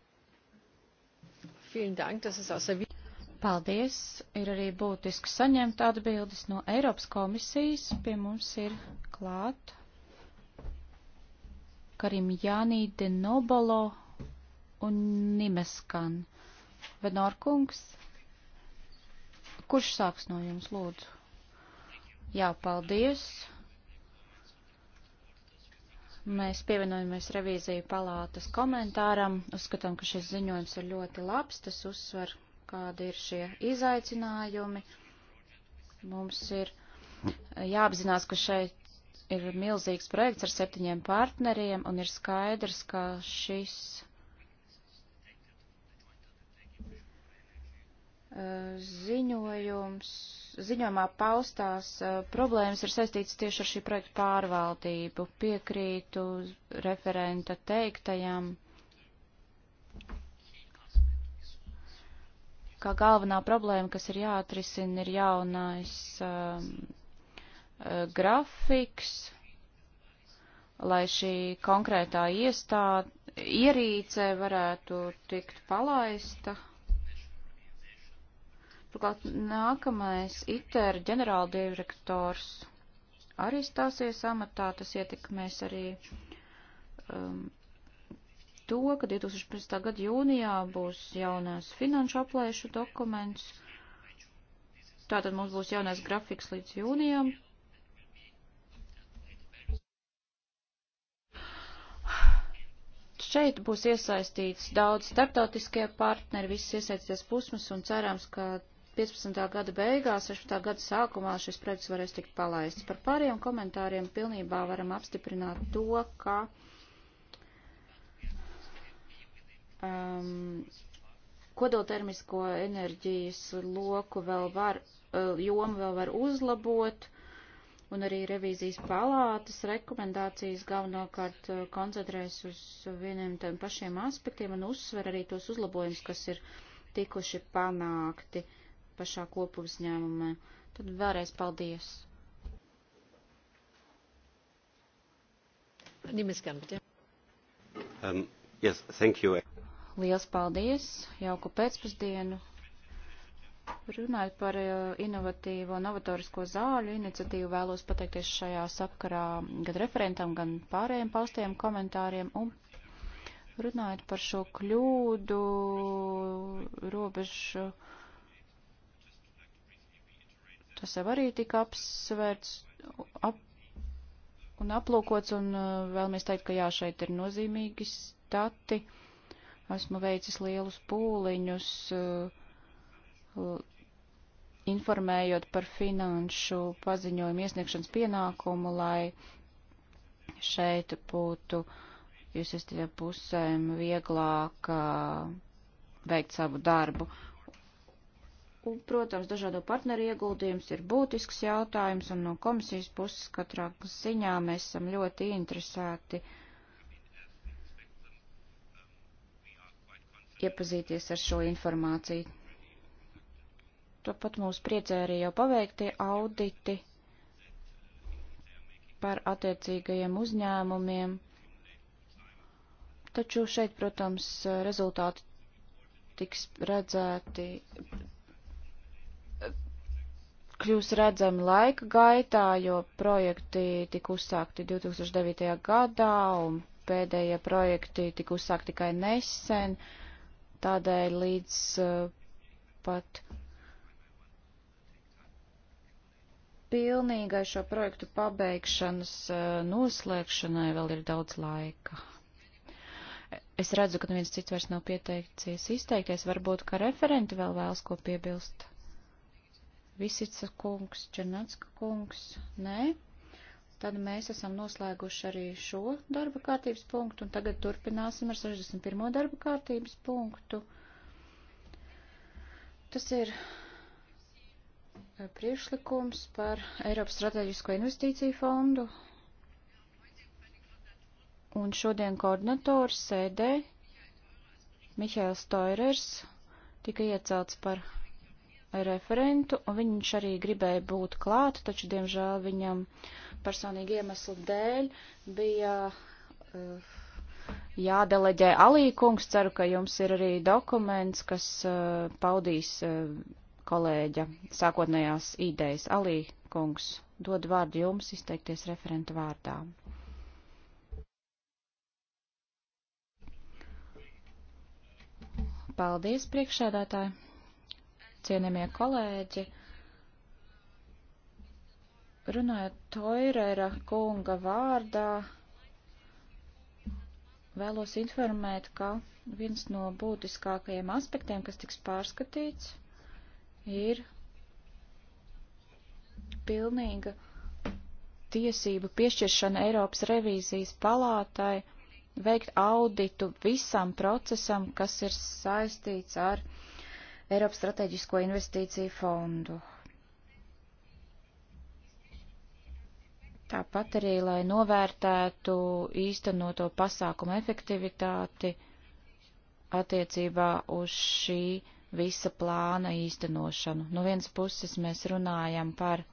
Paldies, ir arī būtiski saņemt atbildes no Eiropas komisijas, pie mums ir klāt Karim Jānī de Nobolo un Nimeskan. Venārkungs, kurš sāks no jums, lūdzu? Jā, paldies. Mēs pievienojamies revīziju palātas komentāram, uzskatām, ka šis ziņojums ir ļoti labs, tas uzsver, kādi ir šie izaicinājumi. Mums ir jāapzinās, ka šeit ir milzīgs projekts ar septiņiem partneriem, un ir skaidrs, ka šis ziņojums, ziņojumā paustās eh, problēmas ir saistītas tieši ar šī projekta pārvaldību. Piekrītu referenta teiktajam, kā galvenā problēma, kas ir jāatrisina, ir jaunais um, grafiks, lai šī konkrētā iestā, ierīce varētu tikt palaista. Turklāt nākamais ITER ģenerāldirektors arī stāsies amatā, tas ietekmēs arī um, to, ka 2015. gada jūnijā būs jaunās finanšu aplēšu dokuments. Tātad mums būs jaunais grafiks līdz jūnijam. Šeit būs iesaistīts daudz starptautiskie partneri, visas iesaistīties pusmas un cerams, ka 15. gada beigās, 16. gada sākumā šis projekts varēs tikt palaists. Par pāriem komentāriem pilnībā varam apstiprināt to, ka um, kodoltermisko enerģijas loku vēl var, uh, jomu vēl var uzlabot, un arī revīzijas palātas rekomendācijas galvenokārt uh, koncentrēs uz vieniem tiem pašiem aspektiem un uzsver arī tos uzlabojumus, kas ir tikuši panākti. Uh, pašā kopu uzņēmumā. Tad vēlreiz paldies. Um, yes, thank you. Liels paldies, jauku pēcpusdienu. Runājot par uh, inovatīvo, novatorisko zāļu iniciatīvu, vēlos pateikties šajā sakarā gan referentam, gan pārējiem paustajiem komentāriem. Un runājot par šo kļūdu robežu kas jau arī tika apsvērts ap, un aplūkots, un uh, vēlamies teikt, ka jā, šeit ir nozīmīgi stati. Esmu veicis lielus pūliņus, uh, informējot par finanšu paziņojumu iesniegšanas pienākumu, lai šeit būtu jūs esat pusēm vieglāk uh, veikt savu darbu. Un, protams, dažādo partneru ieguldījums ir būtisks jautājums, un no komisijas puses katrā ziņā mēs esam ļoti interesēti iepazīties ar šo informāciju. Tāpat mūs priecē arī jau paveiktie auditi par attiecīgajiem uzņēmumiem. Taču šeit, protams, rezultāti tiks redzēti kļūs redzami laika gaitā, jo projekti tika uzsākti 2009. gadā un pēdējie projekti tika uzsākti tikai nesen, tādēļ līdz uh, pat pilnīgai šo projektu pabeigšanas uh, noslēgšanai vēl ir daudz laika. Es redzu, ka neviens cits vairs nav pieteicies izteikties, varbūt, ka referenti vēl vēlas ko piebilst. Visica kungs, Černacka kungs, nē. Tad mēs esam noslēguši arī šo darba kārtības punktu, un tagad turpināsim ar 61. darba kārtības punktu. Tas ir eh, priekšlikums par Eiropas strateģisko investīciju fondu, un šodien koordinators sēdē Mihails Toirers tika iecelts par referentu, un viņš arī gribēja būt klāt, taču, diemžēl, viņam personīgi iemeslu dēļ bija uh, jādeleģē Alīkungs. Ceru, ka jums ir arī dokuments, kas uh, paudīs uh, kolēģa sākotnējās idejas. Alīkungs, dod vārdu jums izteikties referentu vārdā. Paldies, priekšsēdētāji! cienījamie kolēģi. Runājot Toirera kunga vārdā, vēlos informēt, ka viens no būtiskākajiem aspektiem, kas tiks pārskatīts, ir pilnīga tiesību piešķiršana Eiropas revīzijas palātai veikt auditu visam procesam, kas ir saistīts ar Eiropas Strateģisko investīciju fondu. Tāpat arī, lai novērtētu īstenoto pasākumu efektivitāti attiecībā uz šī visa plāna īstenošanu. No vienas puses mēs runājam par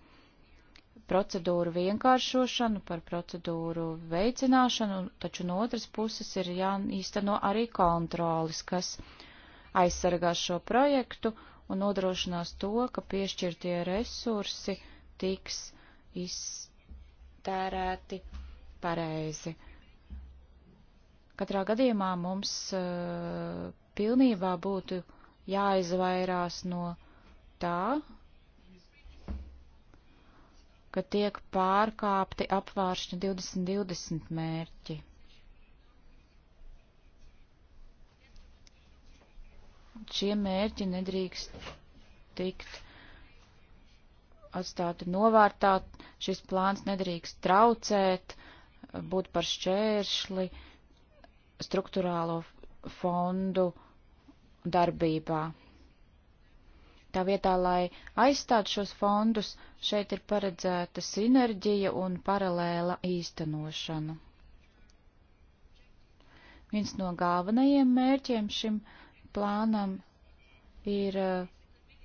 procedūru vienkāršošanu, par procedūru veicināšanu, taču no otras puses ir jāīsteno arī kontrolis, kas aizsargās šo projektu un nodrošinās to, ka piešķirtie resursi tiks iztērēti pareizi. Katrā gadījumā mums uh, pilnībā būtu jāizvairās no tā, ka tiek pārkāpti apvāršņa 2020 mērķi. šie mērķi nedrīkst tikt atstāti novārtā, šis plāns nedrīkst traucēt, būt par šķēršli struktūrālo fondu darbībā. Tā vietā, lai aizstātu šos fondus, šeit ir paredzēta sinerģija un paralēla īstenošana. Viens no galvenajiem mērķiem šim plānam ir eh,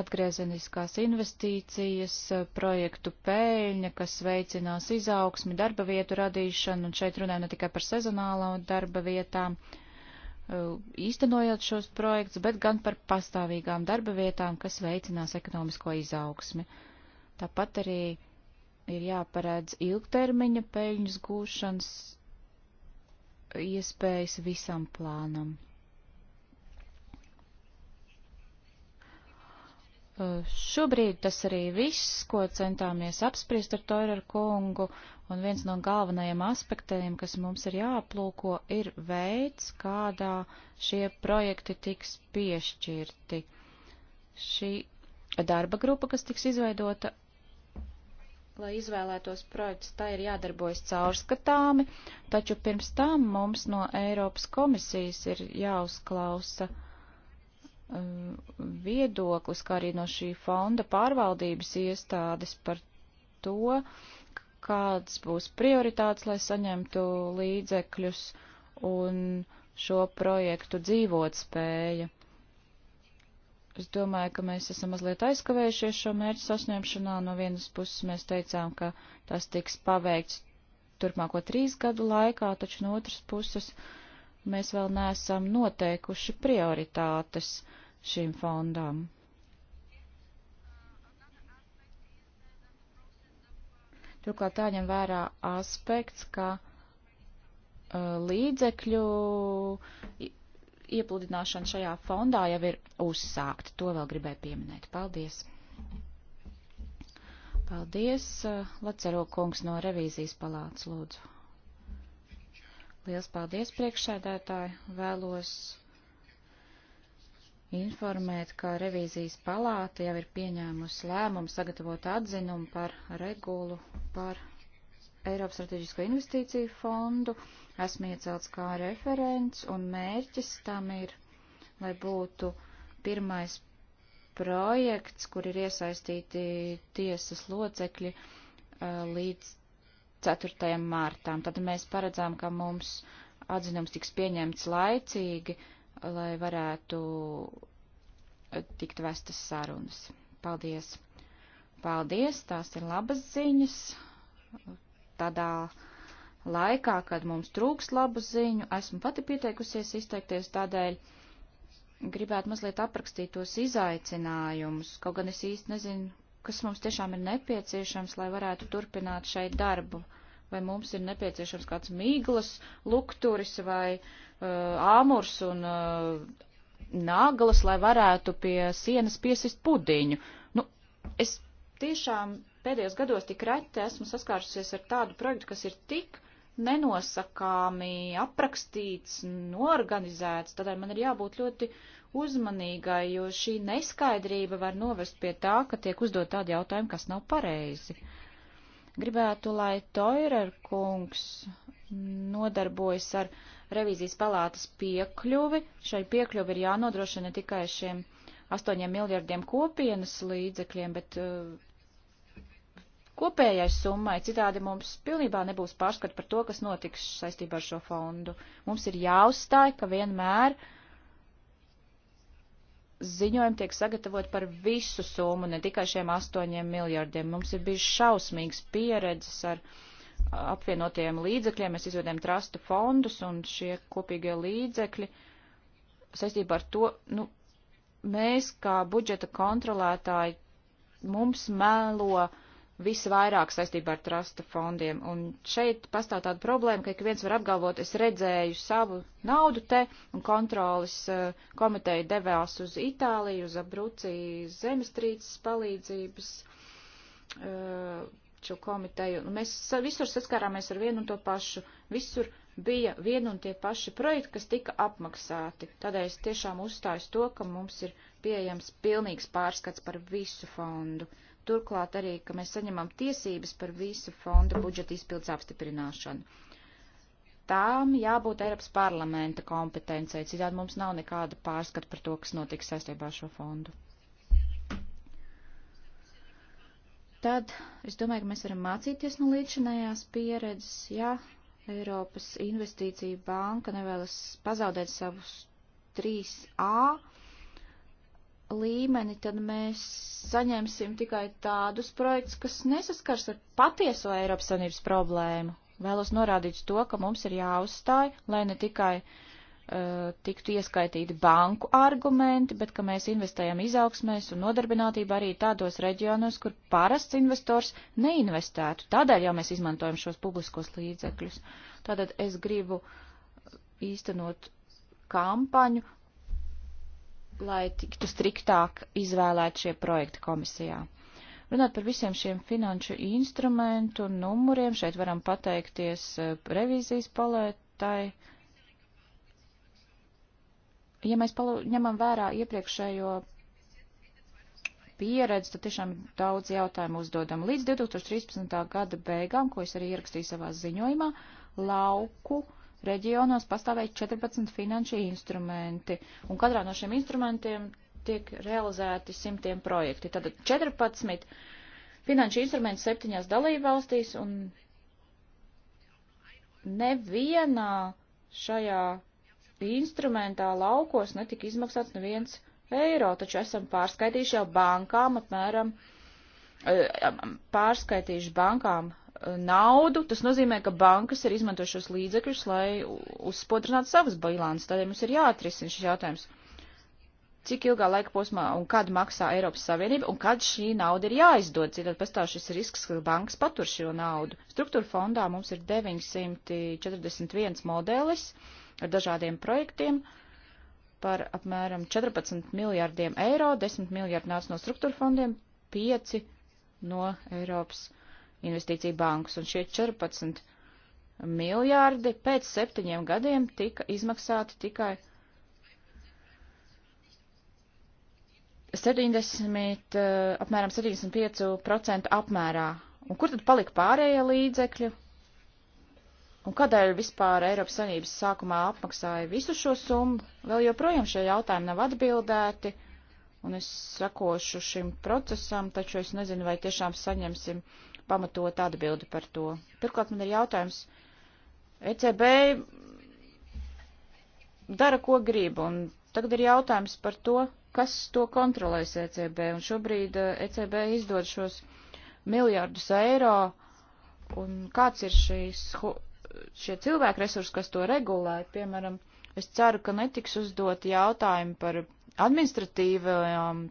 atgriezeniskās investīcijas, eh, projektu pēļņa, kas veicinās izaugsmi, darba vietu radīšanu, un šeit runājam ne tikai par sezonālo darba vietām, eh, īstenojot šos projektus, bet gan par pastāvīgām darba vietām, kas veicinās ekonomisko izaugsmi. Tāpat arī ir jāparedz ilgtermiņa peļņas gūšanas iespējas visam plānam. Eh, šobrīd tas arī viss, ko centāmies apspriest ar Toirer kungu, un viens no galvenajiem aspektiem, kas mums ir jāaplūko, ir veids, kādā šie projekti tiks piešķirti. Šī darba grupa, kas tiks izveidota, lai izvēlētos projekts, tā ir jādarbojas caurskatāmi, taču pirms tam mums no Eiropas komisijas ir jāuzklausa Uh, viedoklis, kā arī no šī fonda pārvaldības iestādes par to, kāds būs prioritāts, lai saņemtu līdzekļus un šo projektu dzīvot spēja. Es domāju, ka mēs esam mazliet aizkavējušies šo mērķu sasniegšanā. No vienas puses mēs teicām, ka tas tiks paveikts turpmāko trīs gadu laikā, taču no otras puses uh, mēs vēl neesam noteikuši prioritātes šīm fondām. Turklāt jāņem vērā aspekts, ka uh, līdzekļu iepludināšana šajā fondā jau ir uzsākta. To vēl gribēju pieminēt. Paldies! Paldies, uh, Lacero kungs no revīzijas palāca lūdzu. Liels paldies priekšsēdētāji. Vēlos informēt, ka revīzijas palāta jau ir pieņēmusi lēmumu sagatavot atzinumu par regulu par Eiropas strateģisko investīciju fondu. Esmu iecelts kā referents un mērķis tam ir, lai būtu pirmais projekts, kur ir iesaistīti tiesas locekļi eh, līdz 4. mārtām. Tad mēs paredzām, ka mums atzinums tiks pieņemts laicīgi, lai varētu tikt vestas sarunas. Paldies! Paldies! Tās ir labas ziņas. Tādā laikā, kad mums trūks labu ziņu, esmu pati pieteikusies izteikties tādēļ. Gribētu mazliet aprakstīt tos izaicinājumus, kaut gan es īsti nezinu, kas mums tiešām ir nepieciešams, lai varētu turpināt šeit darbu. Vai mums ir nepieciešams kāds mīglas, lukturis vai uh, āmurs un uh, naglas, lai varētu pie sienas piesist pudiņu. Nu, es tiešām pēdējos gados tik reti esmu saskārusies ar tādu projektu, kas ir tik nenosakāmi aprakstīts, norganizēts, tādēļ man ir jābūt ļoti uzmanīgai, jo šī neskaidrība var novest pie tā, ka tiek uzdot tādi jautājumi, kas nav pareizi. Gribētu, lai Toirer kungs nodarbojas ar revīzijas palātas piekļuvi. Šai piekļuvi ir jānodrošina ne tikai šiem astoņiem miljardiem kopienas līdzekļiem, bet uh, kopējai summai. Citādi mums pilnībā nebūs pārskata par to, kas notiks saistībā ar šo fondu. Mums ir jāuzstāj, ka vienmēr uh, ziņojumi tiek sagatavot par visu summu, ne tikai šiem astoņiem miljardiem. Mums ir bijis šausmīgs pieredzes ar apvienotajiem līdzekļiem, mēs izvedām trasta fondus un šie kopīgie līdzekļi saistībā ar to, nu, mēs kā budžeta kontrolētāji, mums mēlo uh, visvairāk saistībā ar trusta fondiem. Un šeit pastāv tāda problēma, ka ik viens var apgalvot, es redzēju savu naudu te, un kontrolas eh, komiteja devās uz Itāliju, uz Abrucī zemestrīces palīdzības eh, šo komiteju. Mēs visur saskārāmies ar vienu un to pašu. Visur bija vienu un tie paši projekti, kas tika apmaksāti. Tādēļ es tiešām uzstāju to, ka mums ir pieejams pilnīgs pārskats par visu fondu. Uh, turklāt arī, ka mēs saņemam tiesības par visu fonda budžeta izpildes apstiprināšanu. Tām jābūt Eiropas parlamenta kompetencei, citādi mums nav nekāda pārskata par to, kas notiks saistībā ar šo fondu. Tad es domāju, ka mēs varam mācīties no līdzinājās pieredzes, ja Eiropas investīcija banka nevēlas pazaudēt savus 3A līmeni, tad mēs saņemsim tikai tādus projektus, kas nesaskars ar patieso Eiropas Savienības problēmu. Vēlos norādīt to, ka mums ir jāuzstāj, lai ne tikai uh, tiktu ieskaitīti banku argumenti, bet ka mēs investējam izaugsmēs un nodarbinātību arī tādos reģionos, kur parasts investors neinvestētu. Tādēļ jau mēs izmantojam šos publiskos līdzekļus. Tātad es gribu īstenot kampaņu, lai tiktu striktāk izvēlēt šie projekti komisijā. Runāt par visiem šiem finanšu instrumentu numuriem, šeit varam pateikties eh, revīzijas palētai. Ja mēs palu, ņemam vērā iepriekšējo pieredzi, tad tiešām daudz jautājumu uzdodam. Līdz 2013. gada beigām, ko es arī ierakstīju savā ziņojumā, lauku uh, reģionos pastāvēja 14 finanšu instrumenti, un katrā no šiem instrumentiem tiek realizēti simtiem projekti. Tad 14 finanšu instrumenti septiņās dalībvalstīs, un nevienā šajā instrumentā laukos netika izmaksāts neviens eiro, taču esam pārskaitījuši jau bankām apmēram, eh, pārskaitījuši bankām naudu, tas nozīmē, ka bankas ir izmantojušos līdzekļus, lai uzspodrinātu savas bilances. Tādēļ mums ir jāatrisina šis jautājums. Cik ilgā laika posmā un kad maksā Eiropas Savienība un kad šī nauda ir jāizdod, citādi pastāv šis risks, ka bankas patur šo naudu. Struktūra fondā mums ir 941 modelis ar dažādiem projektiem par apmēram 14 miljārdiem eiro, 10 miljārdi nāca no struktūra fondiem, 5 no Eiropas Savienības investīciju bankas, un šie 14 miljārdi pēc septiņiem gadiem tika izmaksāti tikai 70, eh, apmēram 75% apmērā. Un kur tad palika pārējie līdzekļi? Un kādēļ vispār Eiropas Savienības sākumā apmaksāja visu šo summu? Vēl joprojām šie jautājumi nav atbildēti, un es sakošu šim procesam, taču es nezinu, vai tiešām saņemsim uh, pamatot atbildi par to. Pirmkārt, man ir jautājums. ECB dara, ko grib, un tagad ir jautājums par to, kas to kontrolēs ECB, un šobrīd uh, ECB izdod šos miljārdus eiro, un kāds ir šīs, šie cilvēku resursi, kas to regulē, piemēram, es ceru, ka netiks uzdot jautājumi par administratīvajām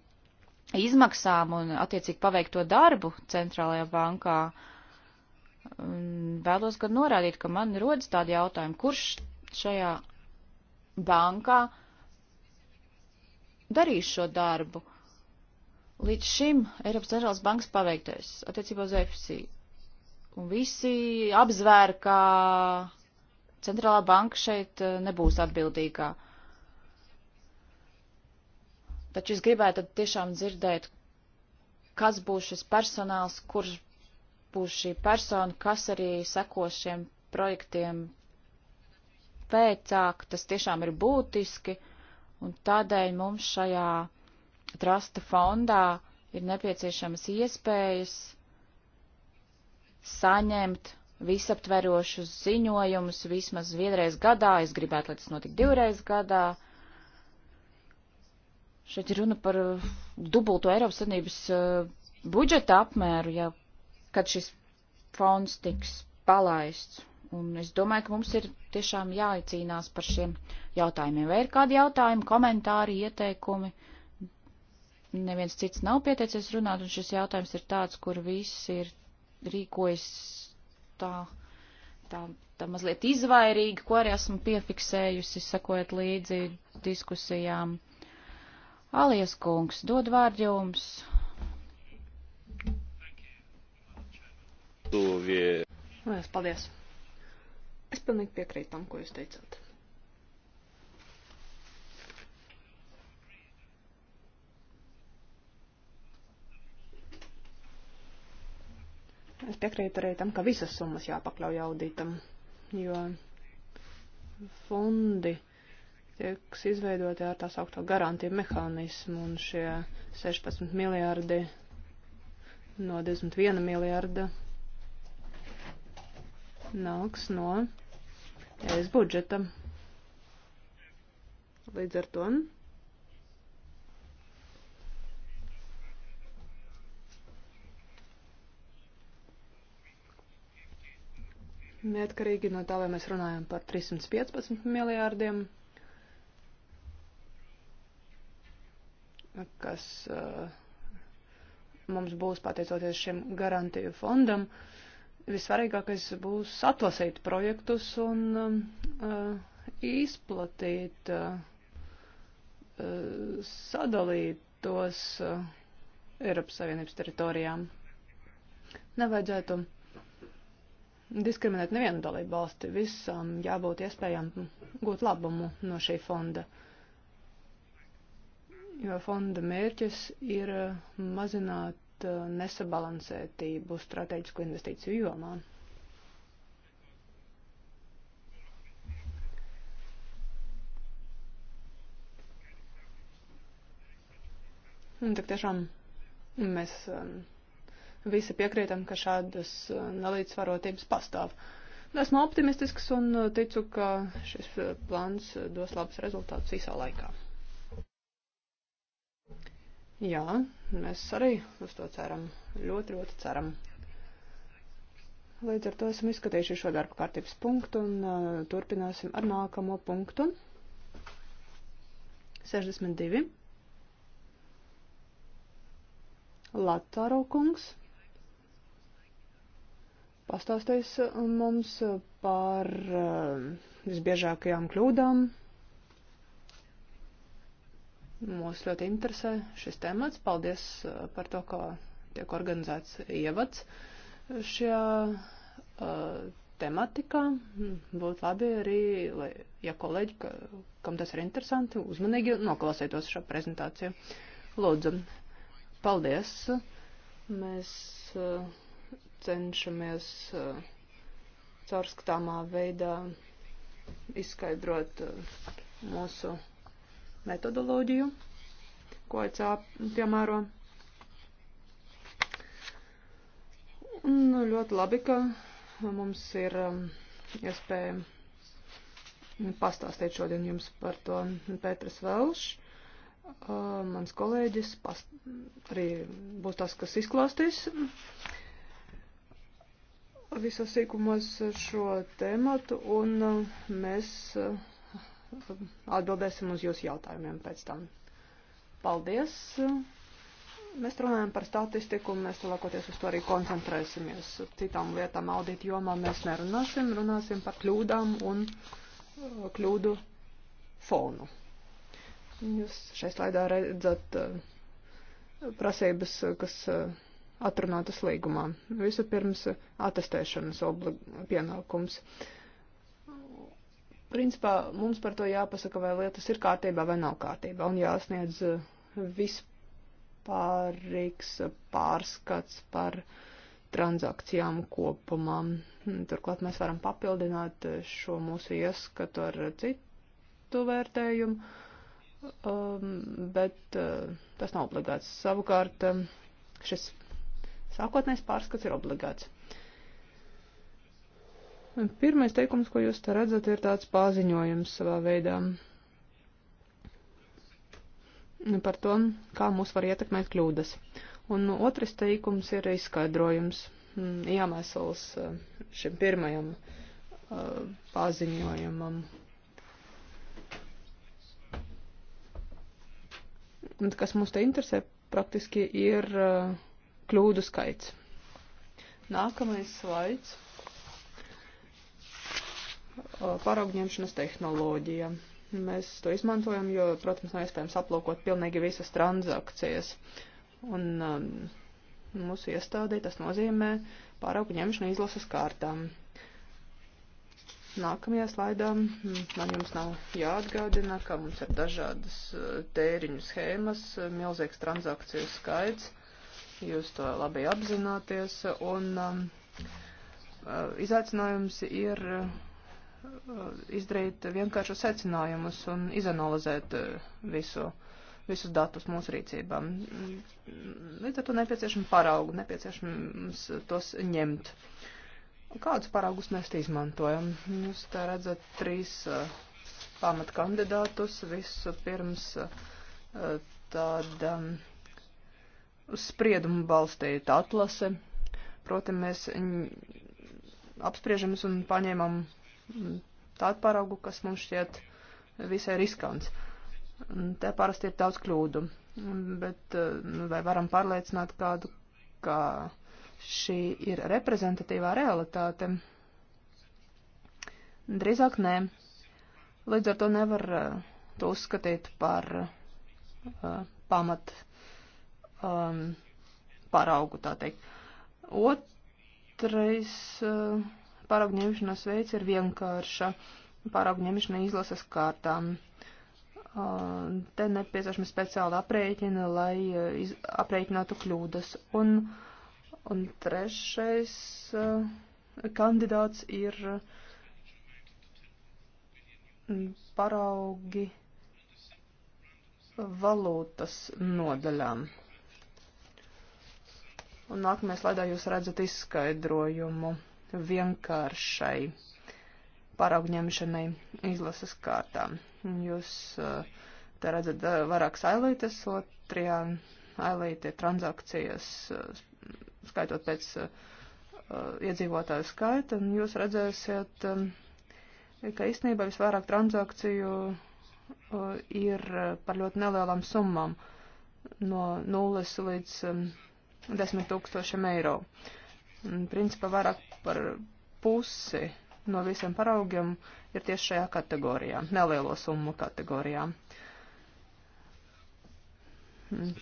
izmaksām un attiecīgi paveikto darbu centrālajā bankā. Un vēlos gan norādīt, ka man rodas tādi jautājumi, kurš šajā bankā darīs šo darbu. Līdz šim Eiropas centrālās bankas paveiktais attiecībā uz EFSI. Un visi apzvēra, ka centrālā banka šeit eh, nebūs atbildīgā. Uh, Taču es gribētu tiešām dzirdēt, kas būs šis personāls, kurš būs šī persona, kas arī sekos šiem projektiem pēcāk. Tas tiešām ir būtiski, un tādēļ mums šajā trasta fondā ir nepieciešamas iespējas saņemt visaptverošus ziņojumus vismaz vienreiz gadā. Es gribētu, lai tas notika divreiz gadā. Uh, Šeit ir runa par uh, dubulto Eiropas Savienības uh, budžeta apmēru, ja, kad šis fonds tiks palaists. Un es domāju, ka mums ir tiešām jāicīnās par šiem jautājumiem. Vai ir kādi jautājumi, komentāri, ieteikumi? Neviens cits nav pieteicies runāt, un šis jautājums ir tāds, kur viss ir rīkojas tā, tā, tā mazliet izvairīgi, ko arī esmu piefiksējusi, sakojot līdzi diskusijām. Alies kungs, dod vārdu jums. Lielas paldies. Es pilnīgi piekrītu tam, ko jūs teicāt. Es piekrītu arī tam, ka visas summas jāpakļauj audītam, jo fondi tieks izveidoti ar tā saukto garantiju mehānismu un šie 16 miljārdi no 21 miljārda nāks no ES budžeta. Līdz ar to neatkarīgi no tā, vai mēs runājam par 315 miljārdiem kas mums būs pateicoties šim garantiju fondam. Visvarīgākais būs atlasīt projektus un uh, izplatīt, uh, sadalīt tos uh, Eiropas Savienības teritorijām. Nevajadzētu diskriminēt nevienu dalību valsti. Visām jābūt iespējām gūt labumu no šī fonda. Uh, jo fonda mērķis ir uh, mazināt uh, nesabalansētību strateģisku investīciju jomā. Un tik tiešām mēs um, visi piekrītam, ka šādas uh, nelīdzsvarotības pastāv. Esmu optimistisks un ticu, ka šis plāns dos labus rezultātus īsā laikā. Jā, mēs arī uz to ceram. Ļoti, ļoti ceram. Līdz ar to esam izskatījuši šo darba kārtības punktu un uh, turpināsim ar nākamo punktu. 62. Latāro kungs pastāstīs mums par uh, visbiežākajām kļūdām Mūs ļoti interesē šis temats. Paldies uh, par to, ka tiek organizēts ievads šajā uh, tematikā. Būtu labi arī, lai, ja kolēģi, ka, kam tas ir interesanti, uzmanīgi noklausītos šo prezentāciju. Lūdzu, paldies. Mēs uh, cenšamies uh, caurskatāmā veidā izskaidrot uh, mūsu metodoloģiju, ko ECA piemēro. Un ļoti labi, ka mums ir um, iespēja pastāstīt šodien jums par to Pēters Velš. Uh, mans kolēģis past... arī būs tas, kas izklāstīs visos sīkumos šo tēmatu, un uh, mēs uh, atbildēsim uz jūsu jautājumiem pēc tam. Paldies! Mēs runājam par statistiku, un mēs lielākoties uz to arī koncentrēsimies. Citām lietām audīt jomā mēs nerunāsim, runāsim par kļūdām un uh, kļūdu fonu. Jūs šeit slaidā redzat uh, prasības, kas uh, atrunātas līgumā. Visu pirms atestēšanas pienākums. Uh, Principā mums par to jāpasaka, vai lietas ir kārtībā vai nav kārtībā, un jāsniedz uh, vispārīgs pārskats par transakcijām kopumā. Hm, turklāt mēs varam papildināt uh, šo mūsu ieskatu ar citu vērtējumu, um, bet uh, tas nav obligāts. Savukārt um, šis sākotnējs pārskats ir obligāts. Pirmais teikums, ko jūs te redzat, ir tāds paziņojums savā veidā par to, kā mūs var ietekmēt kļūdas. Un otrs teikums ir izskaidrojums, jāmēsls mm, eh, šim pirmajam eh, paziņojumam. Un kas mums te interesē, praktiski ir eh, kļūdu skaits. Nākamais slaids paraugņemšanas tehnoloģija. Mēs to izmantojam, jo, protams, nav iespējams aplūkot pilnīgi visas transakcijas. Un um, mūsu iestādē tas nozīmē paraugņemšanu izlases kārtām. Nākamajā slaidā mm, man jums nav jāatgādina, ka mums ir dažādas uh, tēriņu schēmas, uh, milzīgs transakciju skaits, jūs to labi apzināties, un um, uh, izaicinājums ir. Uh, Uh, izdarīt vienkāršu secinājumus un izanalizēt uh, visu, visus datus mūsu rīcībā. Līdz ar to nepieciešama parauga, nepieciešams tos ņemt. Kādus paraugus mēs izmantojam? Jūs tā redzat trīs uh, pamatkandidātus. Visu pirms tāda uz um, spriedumu balstīta atlase. Proti mēs apspriežamies un paņēmam tādu paraugu, kas mums šķiet visai riskants. Te parasti ir daudz kļūdu, bet nu, vai varam pārliecināt kādu, ka šī ir reprezentatīvā realitāte? Drīzāk nē. Līdz ar to nevar eh, to uzskatīt par uh, pamat um, paraugu, tā teikt. Otrais. Uh, pāraugņemšanas veids ir vienkārša pāraugņemšana izlases kārtām. Uh, te nepieciešami speciāli aprēķini, lai uh, iz, aprēķinātu kļūdas. Un, un trešais uh, kandidāts ir paraugi valūtas nodaļām. Un nākamajā slaidā jūs redzat izskaidrojumu vienkāršai paraugņemšanai izlases kārtā. Jūs eh, te redzat eh, vairākas ailītes, otrajā ailīte ir transakcijas eh, skaitot pēc iedzīvotāju skaita, un jūs redzēsiet, ka īstenībā visvairāk transakciju ir par ļoti nelielām summām no nulles līdz desmit tūkstošiem eiro. Uh, Principā vairāk par pusi no visiem paraugiem ir tieši šajā kategorijā, nelielo summu kategorijā.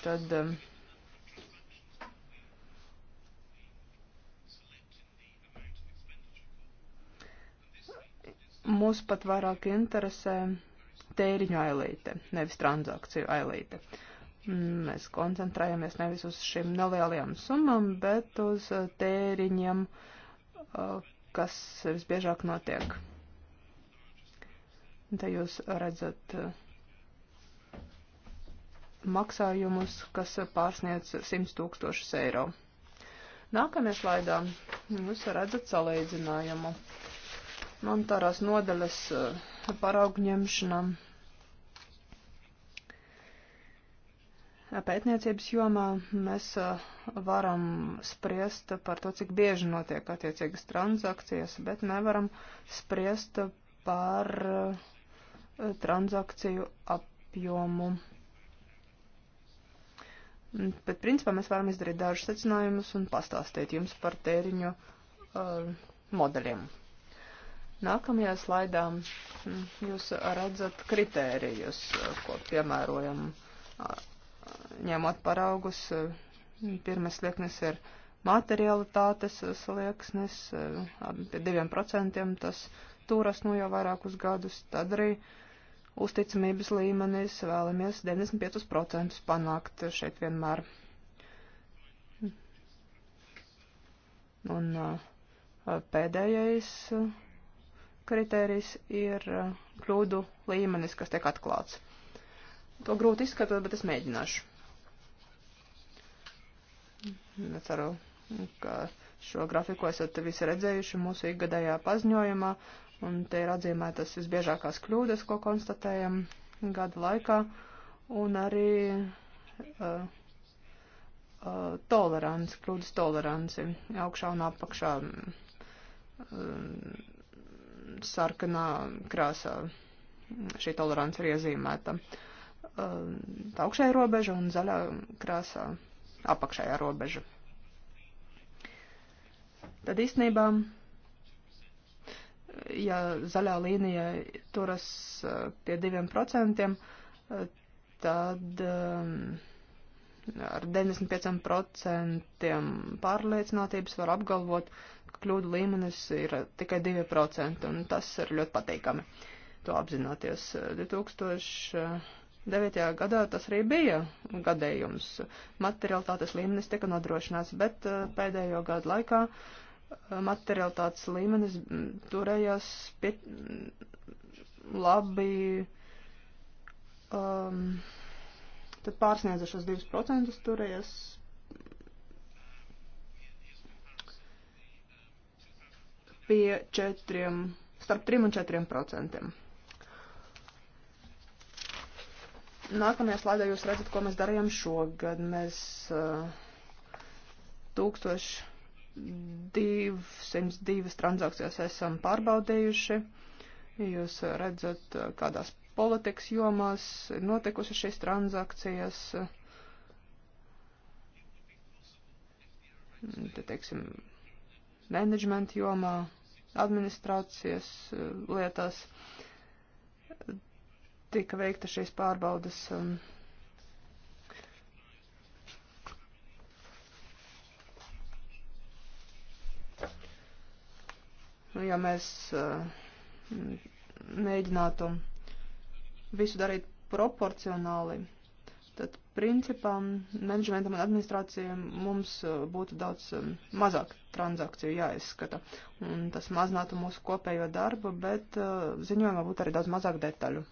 Tad um, mūs pat vairāk interesē tēriņu ailīte, nevis transakciju ailīte. Uh, Mēs koncentrējamies nevis uz šīm nelielajām summām, bet uz tēriņiem, kas visbiežāk notiek. Te jūs redzat maksājumus, kas pārsniec 100 tūkstošus eiro. Nākamajā slaidā jūs redzat salīdzinājumu monetārās nodaļas paraugņemšanām pētniecības jomā mēs eh, varam spriest par to, cik bieži notiek attiecīgas transakcijas, bet nevaram spriest par eh, transakciju apjomu. Bet, principā, mēs varam izdarīt dažus secinājumus un pastāstīt jums par tēriņu uh, modeļiem. Nākamajā slaidā mm, jūs redzat kritērijus, ko piemērojam ņemot paraugus, eh, pirmais lieknis ir materialitātes eh, slieksnis, eh, pie diviem procentiem tas turas nu jau vairākus gadus, tad arī uzticamības līmenis vēlamies 95% panākt šeit vienmēr. Un pēdējais kritērijs ir kļūdu līmenis, kas tiek atklāts. To grūti izskatīt, bet es mēģināšu. Es ceru, ka šo grafiku esat visi redzējuši mūsu ikgadējā paziņojumā, un te ir atzīmētas visbiežākās kļūdas, ko konstatējam gada laikā, un arī uh, uh, toleranci, kļūdas toleranci augšā un apakšā uh, sarkanā krāsā. Šī tolerance ir iezīmēta. Uh, tā augšējā robeža un zaļā krāsā apakšējā robeža. Tad īstenībā, ja zaļā līnija turas eh, pie diviem procentiem, eh, tad eh, ar 95% pārliecinātības var apgalvot, ka kļūdu līmenis ir tikai 2%, un tas ir ļoti pateikami to apzināties. 2000 9. gadā tas arī bija gadējums. Materialitātes līmenis tika nodrošināts, bet uh, pēdējo gadu laikā uh, materialitātes līmenis mm, turējās pie, mm, labi, um, tad pārsniedzušos 2% turējās pie 4, starp 3 un 4 procentiem. Nākamajā slaidā jūs redzat, ko mēs darījām šogad. Mēs uh, eh, 1202 transakcijas esam pārbaudījuši. Jūs redzat, eh, kādās politikas jomās ir notikusi šīs transakcijas. Te, teiksim, menedžmenta jomā, administrācijas eh, lietās tika veikta šīs pārbaudas. Um, ja mēs uh, mēģinātu visu darīt proporcionāli, tad principā menedžmentam un administrācijai mums uh, būtu daudz um, mazāk transakciju jāizskata. Un tas mazinātu mūsu kopējo darbu, bet uh, ziņojumā būtu arī daudz mazāk detaļu.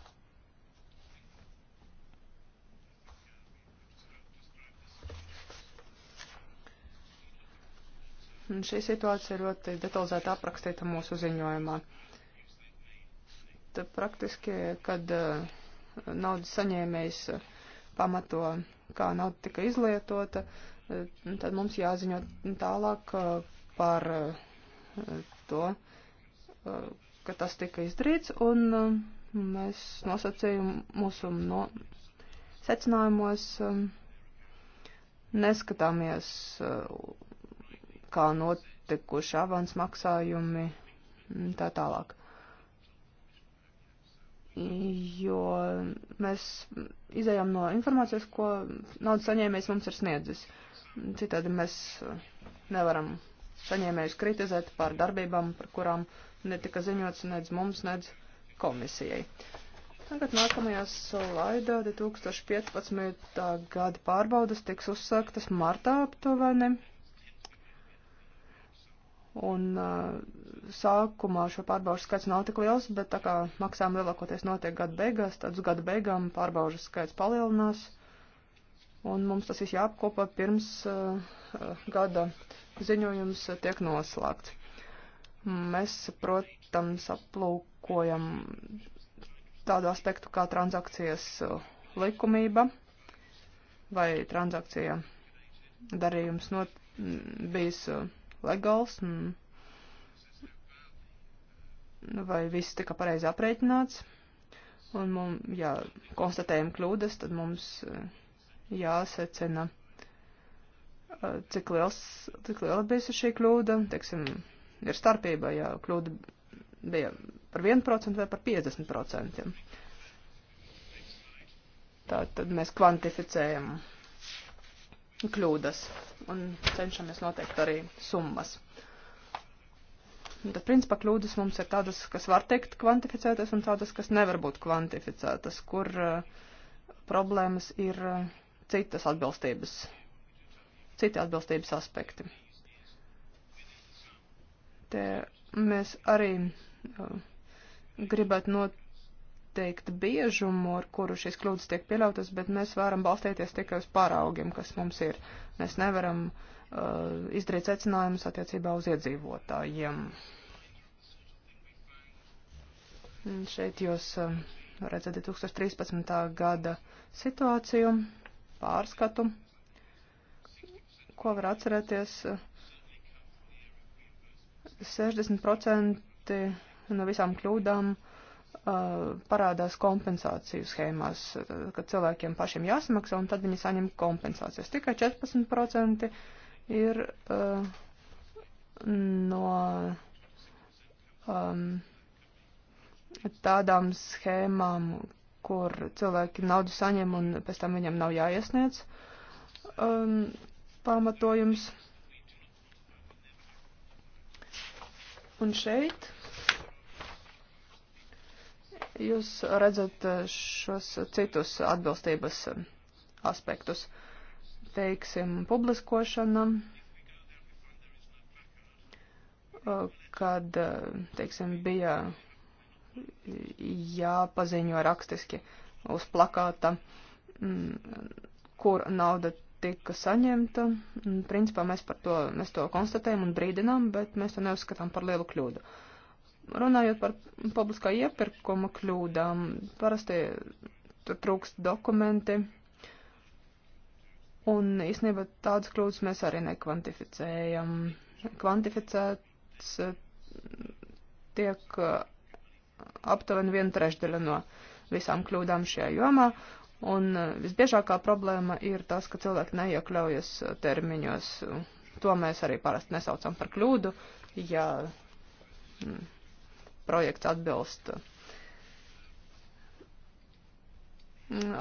Un šī situācija ļoti detalizēti aprakstīta mūsu ziņojumā. Tad praktiski, kad eh, naudas saņēmējs eh, pamato, kā nauda tika izlietota, eh, tad mums jāziņo tālāk par to, ka tas tika izdarīts, un mēs nosacījām mūsu no secinājumos neskatāmies kā notikuši avans maksājumi un tā tālāk. Jo mēs izējām no informācijas, ko naudas saņēmējs mums ir sniedzis. Citādi mēs nevaram saņēmējus kritizēt par darbībām, par kurām netika ziņots nedz mums, nedz komisijai. Tagad nākamajā slaidā 2015. gada pārbaudas tiks uzsāktas martā aptuveni. Un uh, sākumā šo pārbaužu skaits nav tik liels, bet tā kā maksājumi lielākoties notiek gada beigās, tad uz gada beigām pārbaužu skaits palielinās. Un mums tas viss jāapkopā pirms uh, uh, gada ziņojums tiek noslēgts. Mēs, protams, aplūkojam tādu aspektu kā transakcijas uh, likumība vai transakcija darījums not, bijis. Uh, legāls. Mm. Un... Nu, vai viss tika pareizi aprēķināts? Un, mums, ja konstatējam kļūdas, tad mums eh, jāsecina, eh, cik, liels, cik liela bija šī kļūda. Teiksim, ir starpība, ja kļūda bija par 1% vai par 50%. Tā tad mēs kvantificējam kļūdas un cenšamies noteikt arī summas. Tad, principā, kļūdas mums ir tādas, kas var teikt kvantificētas un tādas, kas nevar būt kvantificētas, kur uh, problēmas ir uh, citas atbilstības, citi atbilstības aspekti. Te mēs arī uh, gribētu not noteikti biežumu, ar kuru šīs kļūdas tiek pieļautas, bet mēs varam balstīties tikai uz pāraugiem, kas mums ir. Mēs nevaram uh, izdarīt secinājumus attiecībā uz iedzīvotājiem. Un šeit jūs uh, redzat 2013. gada situāciju, pārskatu, ko var atcerēties. 60% uh, no visām kļūdām uh, Uh, parādās kompensāciju schēmās, uh, kad cilvēkiem pašiem jāsamaksā un tad viņi saņem kompensācijas. Tikai 14% ir uh, no um, tādām schēmām, kur cilvēki naudu saņem un pēc tam viņam nav jāiesniedz um, pamatojums. Un šeit jūs redzat eh, šos citus atbilstības eh, aspektus? Teiksim, publiskošana, eh, kad, teiksim, bija jāpaziņo rakstiski uz plakāta, mm, kur nauda tika saņemta. Mm, principā mēs par to, mēs to konstatējam un brīdinām, bet mēs to neuzskatām par lielu kļūdu. Uh, Runājot par publiskā iepirkuma kļūdām, parasti tur trūkst dokumenti. Un īstenībā tādas kļūdas mēs arī nekvantificējam. Kvantificēts eh, tiek eh, aptuveni viena trešdaļa no visām kļūdām šajā jomā. Un eh, visbiežākā problēma ir tas, ka cilvēki neiekļaujas termiņos. To mēs arī parasti nesaucam par kļūdu, ja mm, projekts atbilst,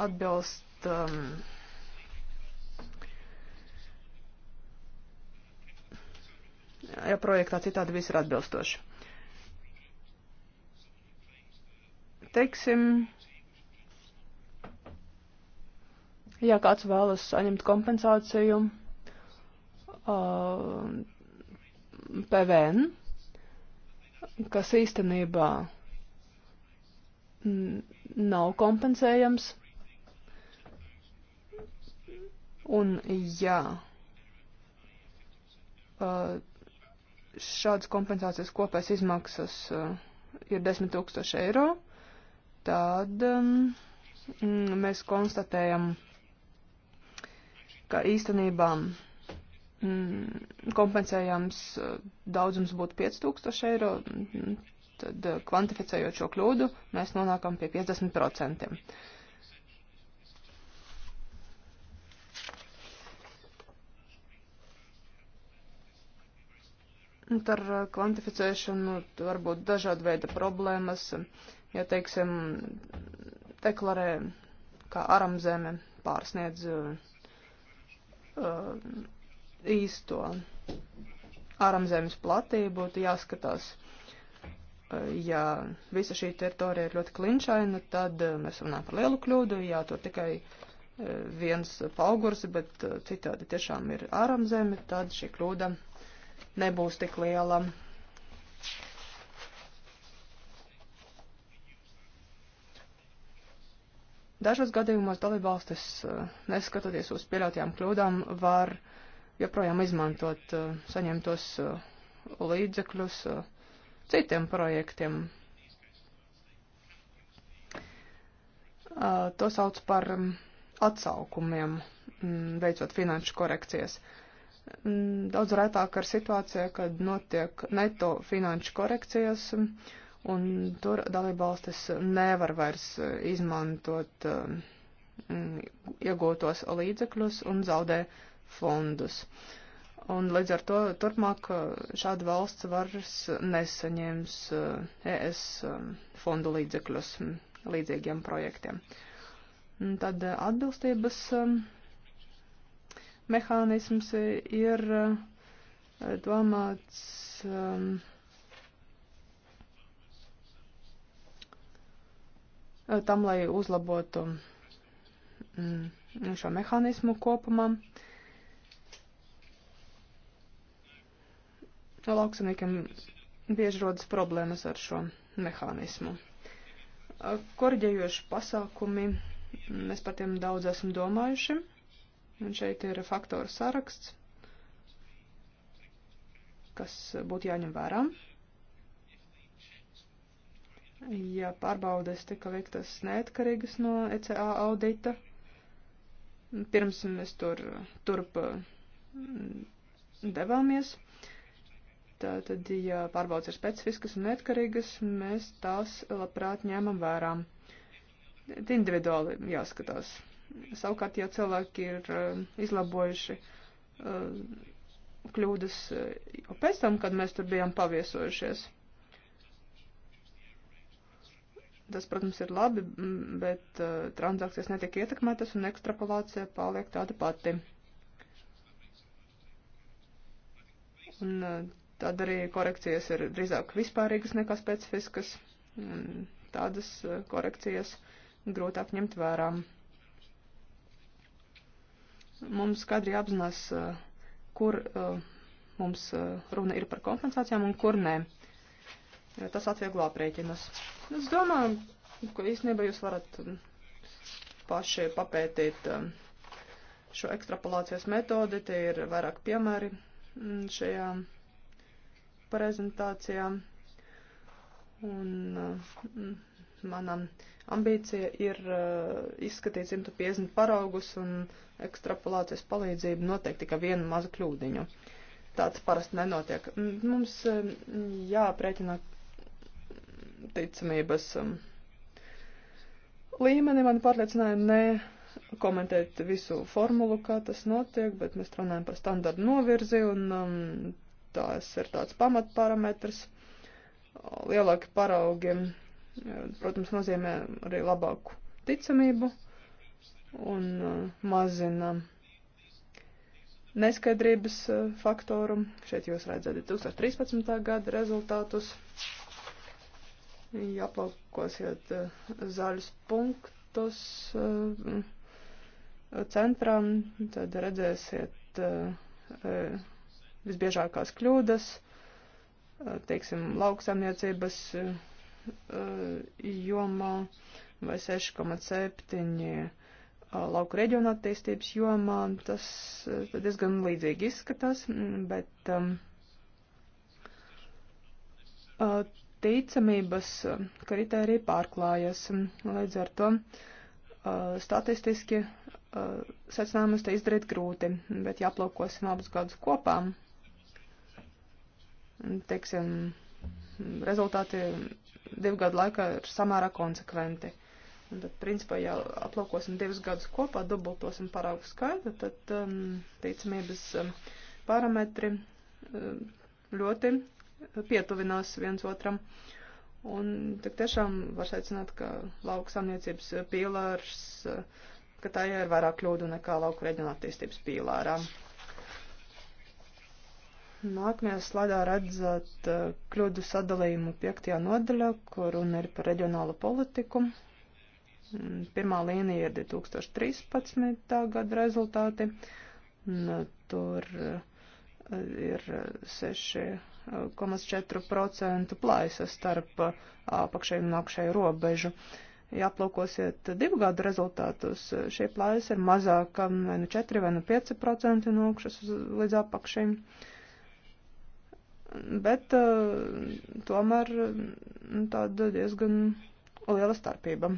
atbilst um, ja projektā citādi viss ir atbilstoši. Teiksim, ja kāds vēlas saņemt kompensāciju uh, PVN, kas īstenībā nav kompensējams. Un jā, šādas kompensācijas kopējas izmaksas ir 10 tūkstoši eiro, tad mēs konstatējam, ka īstenībā Mm, kompensējams eh, daudzums būtu 5000 eiro, mm, tad eh, kvantificējot šo kļūdu, mēs nonākam pie 50%. Ar eh, kvantificēšanu var būt dažāda veida problēmas, ja, teiksim, deklarē, kā aramzeme pārsniedz uh, īsto ārzemes platību, tad jāskatās, eh, ja visa šī teritorija ir ļoti klinšaina, tad eh, mēs runājam par lielu kļūdu, ja tur tikai eh, viens paugurs, bet citādi tiešām ir ārzeme, tad šī kļūda nebūs tik liela. Dažos gadījumos dalībvalstis, neskatoties uz pieļautajām kļūdām, var uh, joprojām izmantot eh, saņemtos eh, līdzekļus eh, citiem projektiem. To sauc par mm, atsaukumiem, mm, veicot finanšu korekcijas. Mm, daudz retāk ir situācija, kad notiek neto finanšu korekcijas, un tur dalībvalstis nevar vairs izmantot iegūtos līdzekļus un zaudē fondus. Un līdz ar to turpmāk eh, šāda valsts varas nesaņems ES eh, e eh, fondu līdzekļus mm, līdzīgiem projektiem. Tad atbilstības mehānisms ir domāts tam, lai uzlabotu mm, šo mehānismu kopumā. Uh, Lauksaniekiem bieži rodas problēmas ar šo mehānismu. Korģējoši pasākumi, mēs par tiem daudz esam domājuši, un šeit ir faktoru saraksts, kas būtu jāņem vērā. Ja pārbaudes tika veiktas neatkarīgas no ECA audita, pirms mēs tur turp devāmies, Tātad, ja pārbaudas ir specifiskas un neatkarīgas, mēs tās labprāt ņemam vērā. Individuāli jāskatās. Savukārt, ja cilvēki ir eh, izlabojuši eh, kļūdas eh, jau pēc tam, kad mēs tur bijām paviesojušies, tas, protams, ir labi, bet uh, transakcijas netiek ietekmētas un ekstrapolācija paliek tāda pati. Un uh, Tad arī korekcijas ir drīzāk vispārīgas nekā specifiskas. Tādas eh, korekcijas grūtāk ņemt vērā. Mums kadri jāapzinās, eh, kur eh, mums runa ir par kompensācijām un kur nē. Tas atvieglo aprēķinus. Es domāju, ka īstenībā jūs varat mm, paši papētīt šo ekstrapolācijas metodi. Te ir vairāk piemēri mm, šajā prezentācijām. Un uh, mana ambīcija ir uh, izskatīt 150 paraugus un ekstrapolācijas palīdzību noteikti tikai vienu mazu kļūdiņu. Tāds parasti nenotiek. Mums uh, um, jāprēķina ticamības um, līmeni, man pārliecināja, ne komentēt visu formulu, kā tas notiek, bet mēs runājam par standartu novirzi un um, tās ir tāds pamatparametrs. Lielāki paraugi, e, protams, nozīmē arī labāku ticamību un e, mazina neskaidrības e, faktoru. Šeit jūs redzat 2013. gada rezultātus. Jāpalkosiet zaļus punktus centrā, tad redzēsiet visbiežākās kļūdas, eh, teiksim, lauksaimniecības eh, jomā vai 6,7 eh, lauku reģionu attīstības jomā. Tas diezgan līdzīgi izskatās, mm, bet um, ticamības kriteriji pārklājas. Līdz ar to uh, statistiski uh, secinājumus te izdarīt grūti, bet jāplaukosim abus gadus kopā, teiksim, rezultāti divu gadu laikā ir samērā konsekventi. Un tad, principā, ja aplūkosim divus gadus kopā, dubultosim paraugu skaitu, tad um, ticamības um, parametri um, ļoti pietuvinās viens otram. Un tik tiešām var secināt, ka lauku samniecības pīlārs, uh, ka tā jau ir vairāk kļūdu nekā lauku reģionā attīstības pīlārā. Nākamajā slaidā redzat eh, kļūdu sadalījumu piektajā nodaļā, kur runa ir par reģionālu politiku. Pirmā līnija ir 2013. gada rezultāti. Eh, tur eh, ir 6,4% plājas starp apakšēju un augšēju robežu. Ja aplūkosiet divu gadu rezultātus, šie plājas ir mazāka, vai nu 4, vai nu 5% no augšas līdz apakšējiem bet eh, tomēr mm, tāda diezgan liela starpība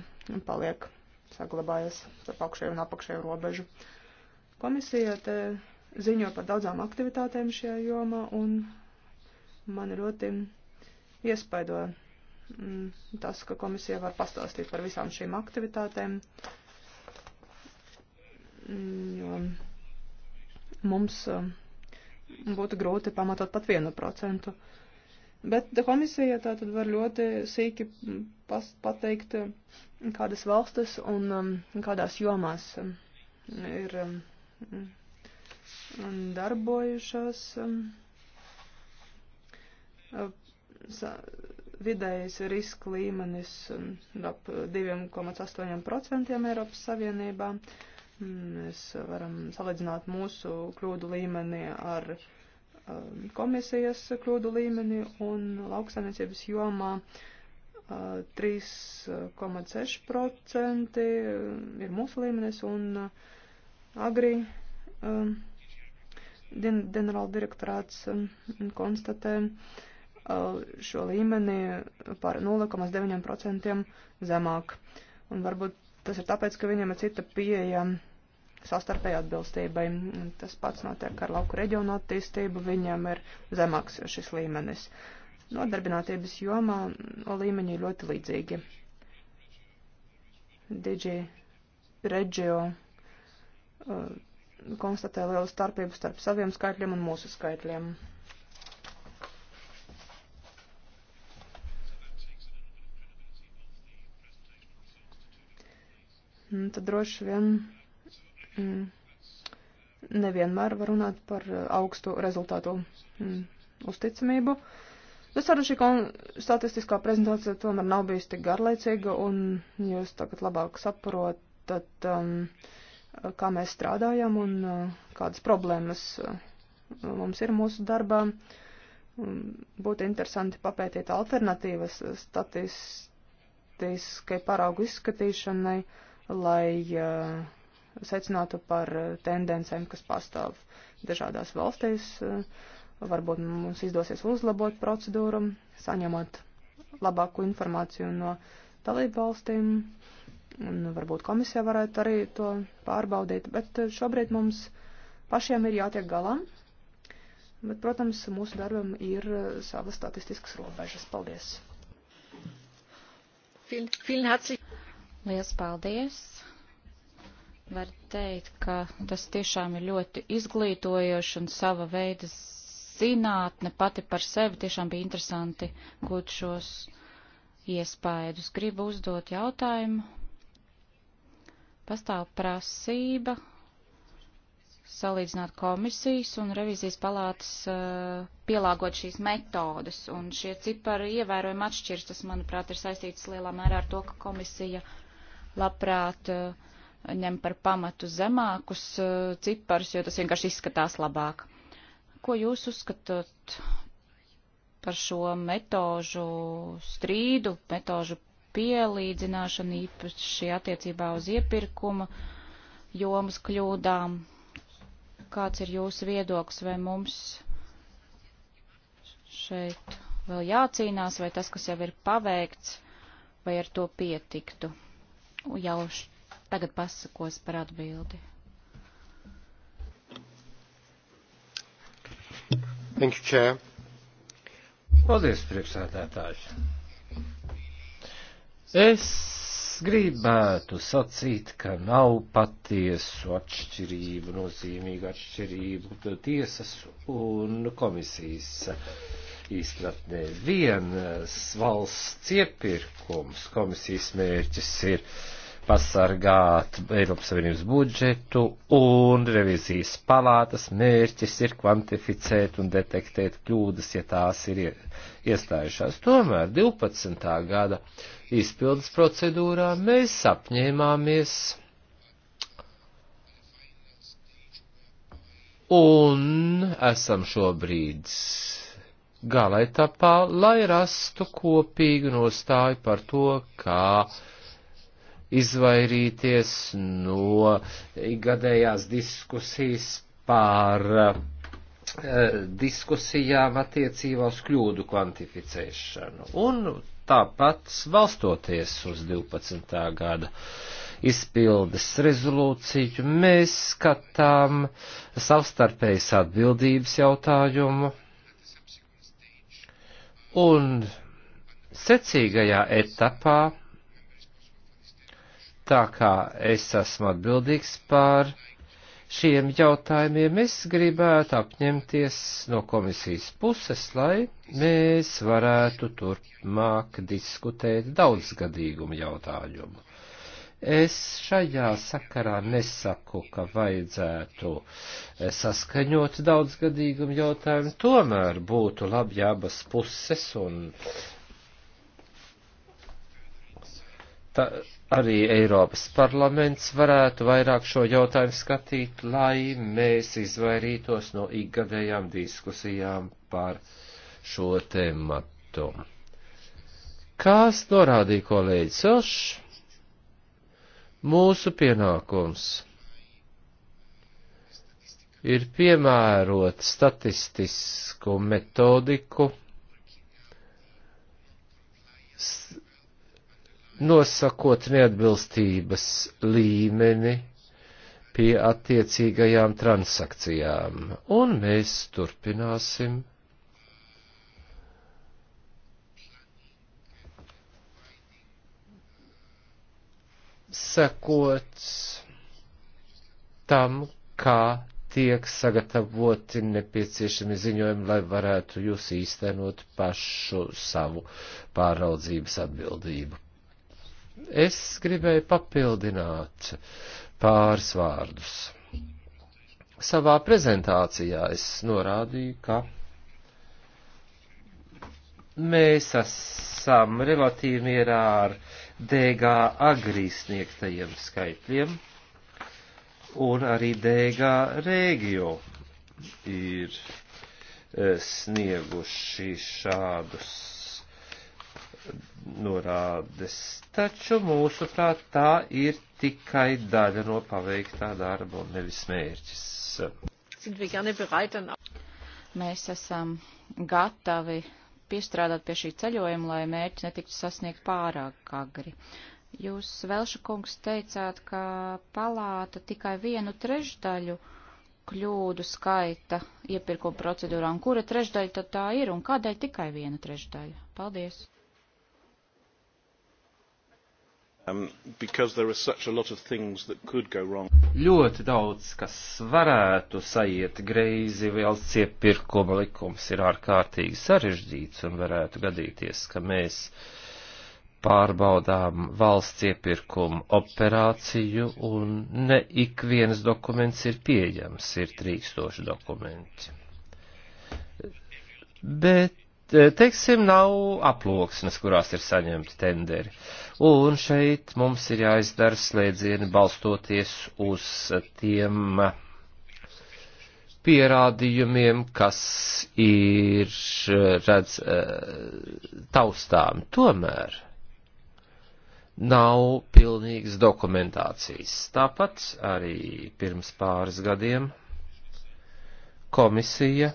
paliek saglabājas starp augšējo un apakšējo robežu. Komisija te ziņo par daudzām aktivitātēm šajā jomā un man ļoti iespaido mm, tas, ka komisija var pastāstīt par visām šīm aktivitātēm, mm, jo mums uh, būtu grūti pamatot pat vienu procentu. Bet komisija tā tad var ļoti sīki pas, pateikt, kādas valstis un um, kādās jomās um, ir um, darbojušās. Um, sa, vidējais riska līmenis um, ap 2,8% Eiropas Savienībā. Um, Mēs varam salīdzināt mūsu kļūdu līmeni ar um, komisijas kļūdu līmeni un lauksaimniecības jomā 3,6% uh, um, ir mūsu līmenis un uh, agri um, ģenerāla direktorāts konstatē uh, šo līmeni par 0,9% zemāk. Un varbūt tas ir tāpēc, ka viņiem ir cita pieeja sastarpēji atbilstībai. Tas pats notiek ar lauku reģionu attīstību, viņam ir zemāks šis līmenis. Nodarbinātības jomā līmeņi ir ļoti līdzīgi. Digi Regio uh, konstatē lielu starpību starp saviem skaitļiem un mūsu skaitļiem. Un tad droši vien Mm. nevienmēr var runāt par uh, augstu rezultātu mm, uzticamību. Es ceru, šī statistiskā prezentācija tomēr nav bijusi tik garlaicīga, un jūs tagad labāk saprotat, um, kā mēs strādājam un uh, kādas problēmas uh, mums ir mūsu darbā. Um, būtu interesanti papētīt alternatīvas statistiskai paraugu izskatīšanai, lai uh, secinātu par eh, tendencēm, kas pastāv dažādās valstīs. Eh, varbūt mums izdosies uzlabot procedūru, saņemot labāku informāciju no dalību valstīm. Un varbūt komisija varētu arī to pārbaudīt, bet eh, šobrīd mums pašiem ir jātiek galā. Bet, protams, mūsu darbam ir savas statistiskas robežas. Paldies! Liels paldies! Var teikt, ka tas tiešām ir ļoti izglītojoši un sava veida zinātne pati par sevi tiešām bija interesanti gūt šos iespējas. Gribu uzdot jautājumu. Pastāv prasība salīdzināt komisijas un revizijas palātas uh, pielāgot šīs metodes, un šie cipari ievērojami atšķirs. Tas, manuprāt, ir saistīts lielā mērā ar to, ka komisija labprāt uh, ņem par pamatu zemākus e, ciparus, jo tas vienkārši izskatās labāk. Ko jūs uzskatāt par šo metožu strīdu, metožu pielīdzināšanu īpaši attiecībā uz iepirkuma jomas kļūdām? Kāds ir jūsu viedoklis, vai mums šeit vēl jācīnās, vai tas, kas jau ir paveikts, vai ar to pietiktu? Jau št tagad pasakos par atbildi. Thank you, Chair. Paldies, priekšsēdētājs. Es gribētu sacīt, ka nav patiesu atšķirību, nozīmīgu atšķirību tiesas un komisijas izpratnē. Vienas valsts iepirkums komisijas mērķis ir pasargāt Eiropas Savienības budžetu, un revizijas palātas mērķis ir kvantificēt un detektēt kļūdas, ja tās ir iestājušās. Tomēr 12. gada izpildes procedūrā mēs apņēmāmies un esam šobrīd gala etapā, lai rastu kopīgu nostāju par to, kā izvairīties no gadējās diskusijas par eh, diskusijām attiecībā uz kļūdu kvantificēšanu. Un tāpat valstoties uz 12. gada izpildes rezolūciju, mēs skatām savstarpējas atbildības jautājumu un secīgajā etapā tā kā es esmu atbildīgs pār šiem jautājumiem, es gribētu apņemties no komisijas puses, lai mēs varētu turpmāk diskutēt daudzgadīgumu jautājumu. Es šajā sakarā nesaku, ka vajadzētu saskaņot daudzgadīgumu jautājumu, tomēr būtu labi abas puses un ta, arī Eiropas parlaments varētu vairāk šo jautājumu skatīt, lai mēs izvairītos no ikgadējām diskusijām par šo tematu. Kās norādīja kolēģis Ošs, mūsu pienākums ir piemērot statistisku metodiku nosakot neatbilstības līmeni pie attiecīgajām transakcijām, un mēs turpināsim. Sekot tam, kā tiek sagatavoti nepieciešami ziņojumi, lai varētu jūs īstenot pašu savu pāraudzības atbildību. Es gribēju papildināt pāris vārdus. Savā prezentācijā es norādīju, ka mēs esam relatīvi mierā ar DG agrī sniegtajiem skaitļiem, un arī DG rēgio ir eh, snieguši šādus norādes. Taču mūsuprāt tā ir tikai daļa no paveiktā darba un nevis mērķis. Mēs esam gatavi piestrādāt pie šī ceļojuma, lai mērķis netiktu sasniegt pārāk agri. Jūs, Velša kungs, teicāt, ka palāta tikai vienu trešdaļu kļūdu skaita iepirkuma procedūrā, un kura trešdaļa tad tā ir, un kādēļ tikai viena trešdaļa? Paldies! Um, Ļoti daudz, kas varētu saiet greizi, valsts iepirkuma likums ir ārkārtīgi sarežģīts un varētu gadīties, ka mēs pārbaudām valsts iepirkumu operāciju un ne ik viens dokuments ir pieejams, ir trīkstoši dokumenti. Bet Eh, teiksim, nav aploksnes, kurās ir saņemti tenderi. Un šeit mums ir jāizdara slēdzieni balstoties uz tiem pierādījumiem, kas ir redz eh, taustām. Tomēr nav pilnīgas dokumentācijas. Tāpat arī pirms pāris gadiem komisija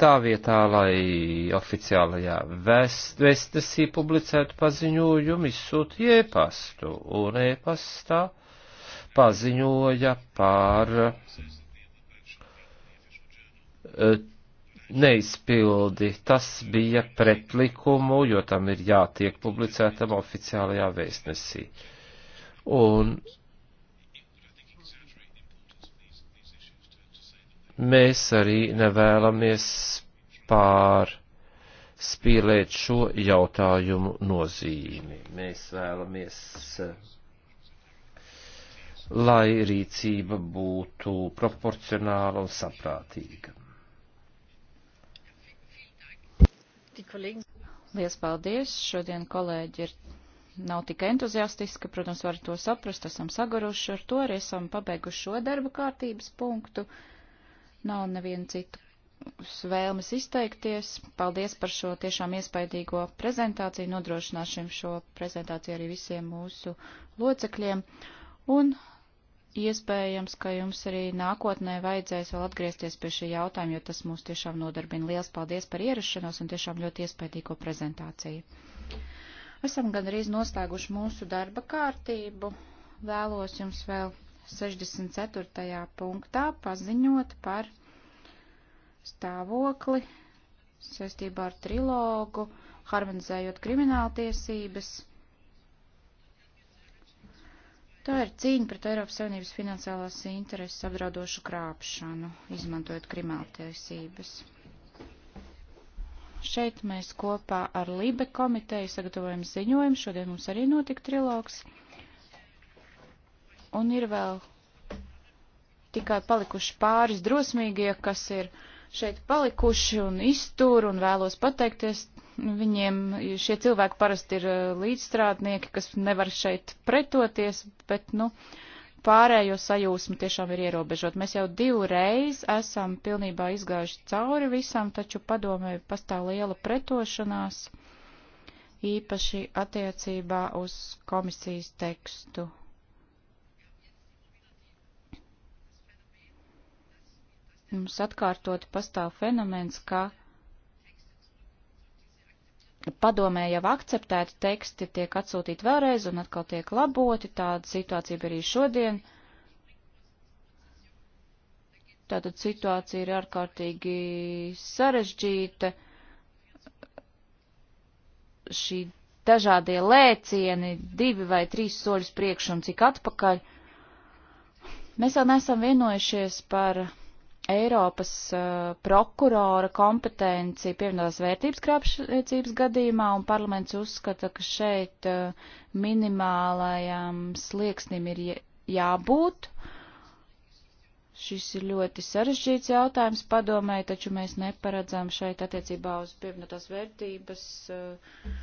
tā vietā, lai oficiālajā vēst, vēstesī publicētu paziņojumu, izsūtīja e-pastu, un e-pastā paziņoja par e, neizpildi. Tas bija pretlikumu, jo tam ir jātiek publicētam oficiālajā vēstnesī. Un Mēs arī nevēlamies pār spīlēt šo jautājumu nozīmi. Mēs vēlamies, lai rīcība būtu proporcionāla un saprātīga. Lies paldies! Šodien kolēģi ir nav tik entuziastiski, protams, var to saprast, esam saguruši, ar to arī esam pabeiguši šo darba kārtības punktu. Nav neviena cita vēlmes izteikties. Paldies par šo tiešām iespaidīgo prezentāciju. Nodrošināsim šo prezentāciju arī visiem mūsu locekļiem. Un iespējams, ka jums arī nākotnē vajadzēs vēl atgriezties pie šī jautājuma, jo tas mūs tiešām nodarbina. Lielas paldies par ierašanos un tiešām ļoti iespaidīgo prezentāciju. Esam gandrīz noslēguši mūsu darba kārtību. Vēlos jums vēl 64. punktā paziņot par stāvokli saistībā ar trilogu, harmonizējot krimināltiesības. Tā ir cīņa pret Eiropas Savienības finansiālās intereses apdraudošu krāpšanu, izmantojot krimināltiesības. Šeit mēs kopā ar Libe komiteju sagatavojam ziņojumu, šodien mums arī notika trilogs un ir vēl tikai palikuši pāris drosmīgie, kas ir šeit palikuši un iztur un vēlos pateikties. Viņiem šie cilvēki parasti ir eh, līdzstrādnieki, kas nevar šeit pretoties, bet, nu, pārējo sajūsmu tiešām ir ierobežot. Mēs jau divu reizi esam pilnībā izgājuši cauri visam, taču padomē pastāv liela pretošanās, īpaši attiecībā uz komisijas tekstu. Mums atkārtot pastāv fenomens, ka padomē jau akceptēti teksti tiek atsūtīti vēlreiz un atkal tiek laboti. Tāda situācija bija arī šodien. Tātad situācija ir ārkārtīgi sarežģīta. Šī dažādie lēcieni, divi vai trīs soļus priekš un cik atpakaļ. Mēs vēl neesam vienojušies par Eiropas uh, prokurora kompetenci pievienotās vērtības krāpniecības gadījumā, un parlaments uzskata, ka šeit uh, minimālajam slieksnim ir jābūt. Šis ir ļoti sarežģīts jautājums padomē, taču mēs neparedzam šeit attiecībā uz pievienotās vērtības uh,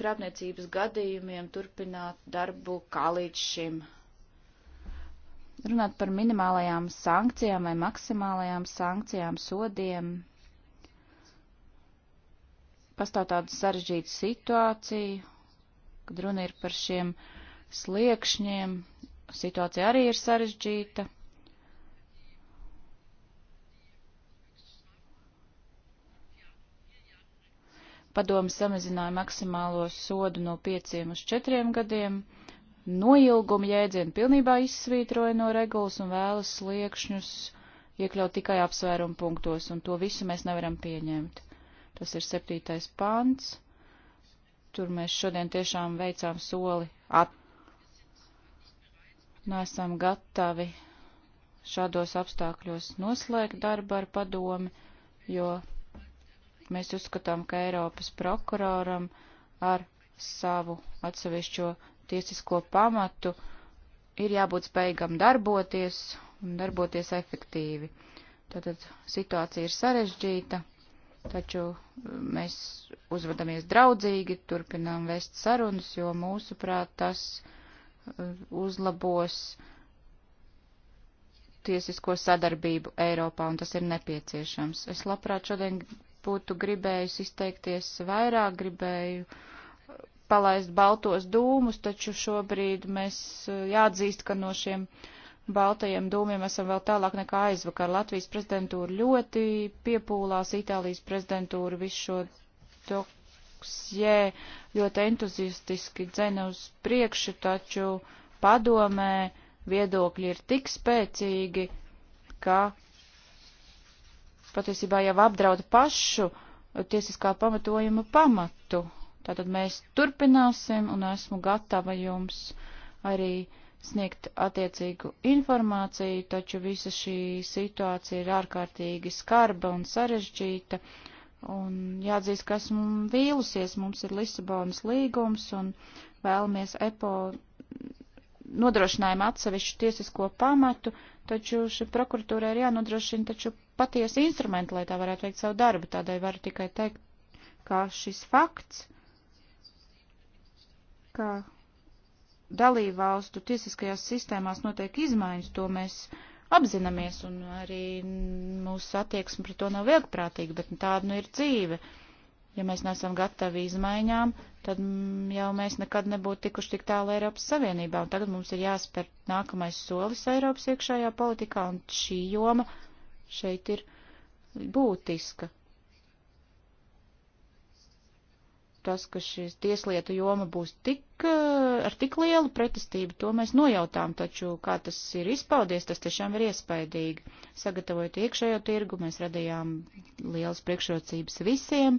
krāpniecības gadījumiem turpināt darbu kā līdz šim runāt par minimālajām sankcijām vai maksimālajām sankcijām, sodiem. Pastāv tāda sarežģīta situācija, kad runa ir par šiem sliekšņiem. Situācija arī ir sarežģīta. Padomi samazināja maksimālo sodu no pieciem uz četriem gadiem noilguma jēdzienu pilnībā izsvītroja no regulas un vēlas sliekšņus iekļaut tikai apsvērumu punktos, un to visu mēs nevaram pieņemt. Tas ir septītais pants. Tur mēs šodien tiešām veicām soli at. Nesam nu, gatavi šādos apstākļos noslēgt darbu ar padomi, jo mēs uzskatām, ka Eiropas prokuroram ar savu atsevišķo tiesisko pamatu, ir jābūt spējīgam darboties un darboties efektīvi. Tātad situācija ir sarežģīta, taču uh, mēs uzvedamies draudzīgi, turpinām vest sarunas, jo mūsuprāt tas uh, uzlabos tiesisko sadarbību Eiropā, un tas ir nepieciešams. Es labprāt šodien būtu gribējusi izteikties vairāk, gribēju uh, palaist baltos dūmus, taču šobrīd mēs eh, jāatzīst, ka no šiem baltajiem dūmiem esam vēl tālāk nekā aizvakar. Latvijas prezidentūra ļoti piepūlās, Itālijas prezidentūra visu šo doksjē ļoti entuziastiski dzena uz priekšu, taču padomē viedokļi ir tik spēcīgi, ka patiesībā jau apdraud pašu tiesiskā pamatojuma pamatu. Tātad mēs turpināsim un esmu gatava jums arī sniegt attiecīgu informāciju, taču visa šī situācija ir ārkārtīgi skarba un sarežģīta. Un jāatzīst, ka esmu vīlusies, mums ir Lisabonas līgums un vēlamies EPO nodrošinājumu atsevišķu tiesisko pamatu, taču šī prokuratūra ir jānodrošina taču patiesi instrumenti, lai tā varētu veikt savu darbu. Tādai varu tikai teikt, ka šis fakts ka dalībvalstu tiesiskajās sistēmās notiek izmaiņas, to mēs apzināmies, un arī mūsu attieksme pret to nav vieglprātīga, bet tāda nu ir dzīve. Ja mēs neesam gatavi izmaiņām, tad jau mēs nekad nebūtu tikuši tik tālu Eiropas Savienībā, un tagad mums ir jāspēr nākamais solis Eiropas iekšējā politikā, un šī joma šeit ir būtiska. tas, ka šīs tieslietu joma būs tik, eh, ar tik lielu pretestību, to mēs nojautām, taču kā tas ir izpaudies, tas tiešām ir iespaidīgi. Sagatavojot iekšējo tirgu, mēs radījām lielas priekšrocības visiem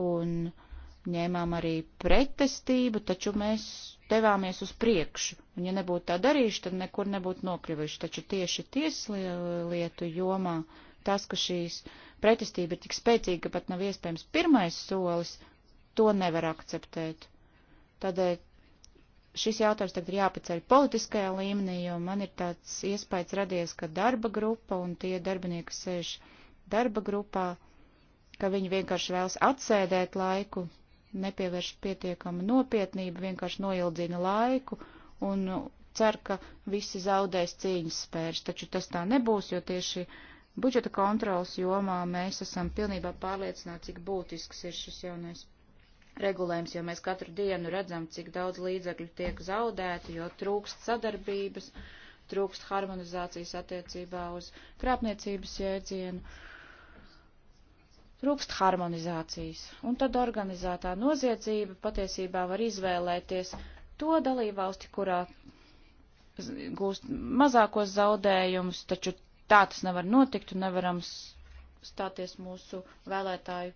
un ņēmām arī pretestību, taču mēs devāmies uz priekšu. Un ja nebūtu tā darījuši, tad nekur nebūtu nokļuvuši. Taču tieši tieslietu jomā tas, ka šīs pretestība ir tik spēcīga, ka pat nav iespējams pirmais solis, to nevar akceptēt. Tādēļ šis jautājums tagad ir jāpaceļ politiskajā līmenī, jo man ir tāds iespējas radies, ka darba grupa un tie darbinieki, kas sēž darba grupā, ka viņi vienkārši vēlas atsēdēt laiku, nepievērš pietiekama nopietnība, vienkārši noildzina laiku un cer, ka visi zaudēs cīņas spērs. Taču tas tā nebūs, jo tieši budžeta kontrolas jomā mēs esam pilnībā pārliecināti, cik būtisks ir šis jaunais regulējums, jo mēs katru dienu redzam, cik daudz līdzekļu tiek zaudēti, jo trūkst sadarbības, trūkst harmonizācijas attiecībā uz krāpniecības jēdzienu, trūkst harmonizācijas. Un tad organizētā noziedzība patiesībā var izvēlēties to dalībvalsti, kurā gūst mazākos zaudējumus, taču tā tas nevar notikt un nevaram stāties mūsu vēlētāju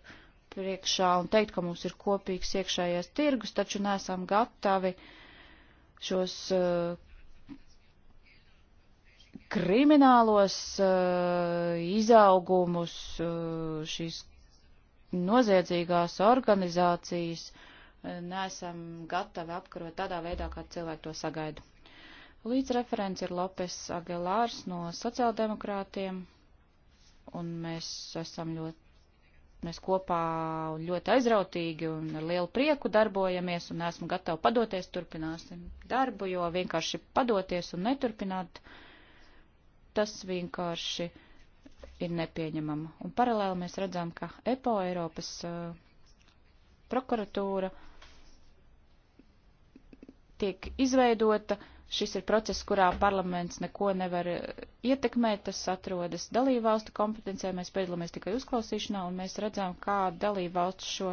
priekšā un teikt, ka mums ir kopīgs iekšējais tirgus, taču nesam gatavi šos uh, kriminālos uh, izaugumus, uh, šīs noziedzīgās organizācijas, nesam gatavi apkarot tādā veidā, kā cilvēki to sagaida. Līdz referents ir Lopes Agelārs no sociāldemokrātiem, un mēs esam ļoti Mēs kopā ļoti aizrautīgi un ar lielu prieku darbojamies un esmu gatava padoties, turpināsim darbu, jo vienkārši padoties un neturpināt, tas vienkārši ir nepieņemama. Un paralēli mēs redzam, ka EPO Eiropas uh, prokuratūra tiek izveidota, uh, Šis ir process, kurā parlaments neko nevar eh, ietekmēt, tas atrodas dalībvalstu kompetencijā, mēs piedalāmies tikai uzklausīšanā, un mēs redzam, kā dalībvalstu šo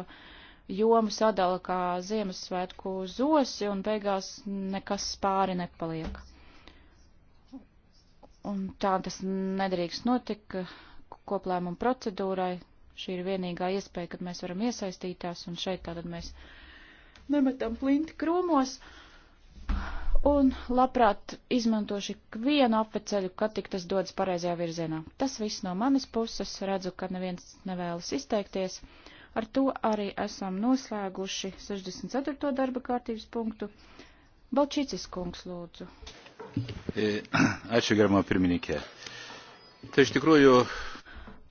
jomu sadala kā Ziemassvētku zosi, un beigās nekas pāri nepaliek. Un tā tas nedrīkst notikt koplēmumu procedūrai. Šī ir vienīgā iespēja, kad mēs varam iesaistītās, un šeit tātad mēs nemetam plinti krūmos un labprāt izmantošu ikvienu apveceļu, kad tik tas dodas pareizajā virzienā. Tas viss no manas puses, redzu, ka neviens nevēlas izteikties. Ar to arī esam noslēguši 64. darba kārtības punktu. Balčīcis kungs, lūdzu. E, ačiū, garmā pirmininkē. Tai iš tikrųjų.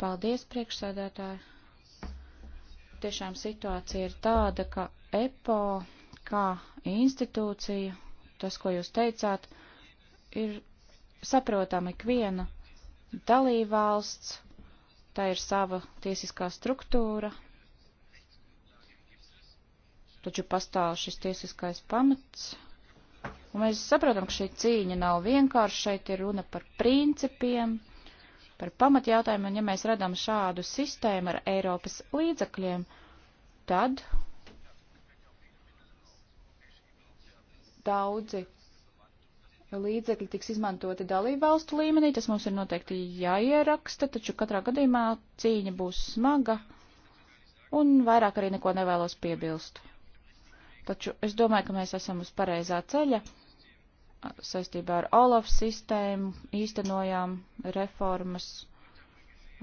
Paldies, priekšsēdētāji. Tiešām situācija ir tāda, ka EPO kā institūcija tas, ko jūs teicāt, ir saprotama ikviena dalībvalsts, tā ir sava tiesiskā struktūra, taču pastāv šis tiesiskais pamats. Un mēs saprotam, ka šī cīņa nav vienkārši, šeit ir runa par principiem, par pamatjautājumiem, un ja mēs redzam šādu sistēmu ar Eiropas līdzakļiem, tad daudzi līdzekļi tiks izmantoti dalībvalstu līmenī, tas mums ir noteikti jāieraksta, taču katrā gadījumā cīņa būs smaga un vairāk arī neko nevēlos piebilst. Taču es domāju, ka mēs esam uz pareizā ceļa. Saistībā ar Olaf sistēmu īstenojām reformas.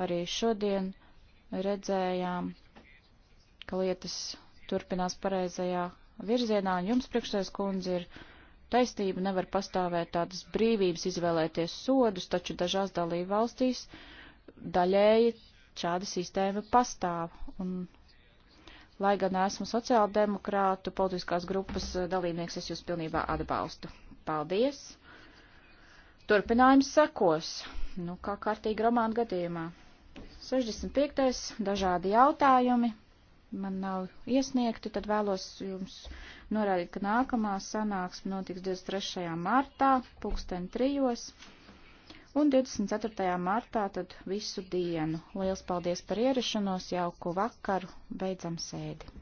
Arī šodien redzējām, ka lietas turpinās pareizajā virzienā, un jums priekšsēs kundze ir taistība, nevar pastāvēt tādas brīvības izvēlēties sodus, taču dažās dalību valstīs daļēji šāda sistēma pastāv. Un, lai gan esmu sociāldemokrātu politiskās grupas dalībnieks, es jūs pilnībā atbalstu. Paldies! Turpinājums sekos, nu kā kārtīgi romāna gadījumā. 65. dažādi jautājumi man nav iesniegti, tad vēlos jums norādīt, ka nākamā sanāksme notiks 23. martā, pulksten trijos, un 24. martā tad visu dienu. Liels paldies par ierašanos, jauku vakaru, beidzam sēdi!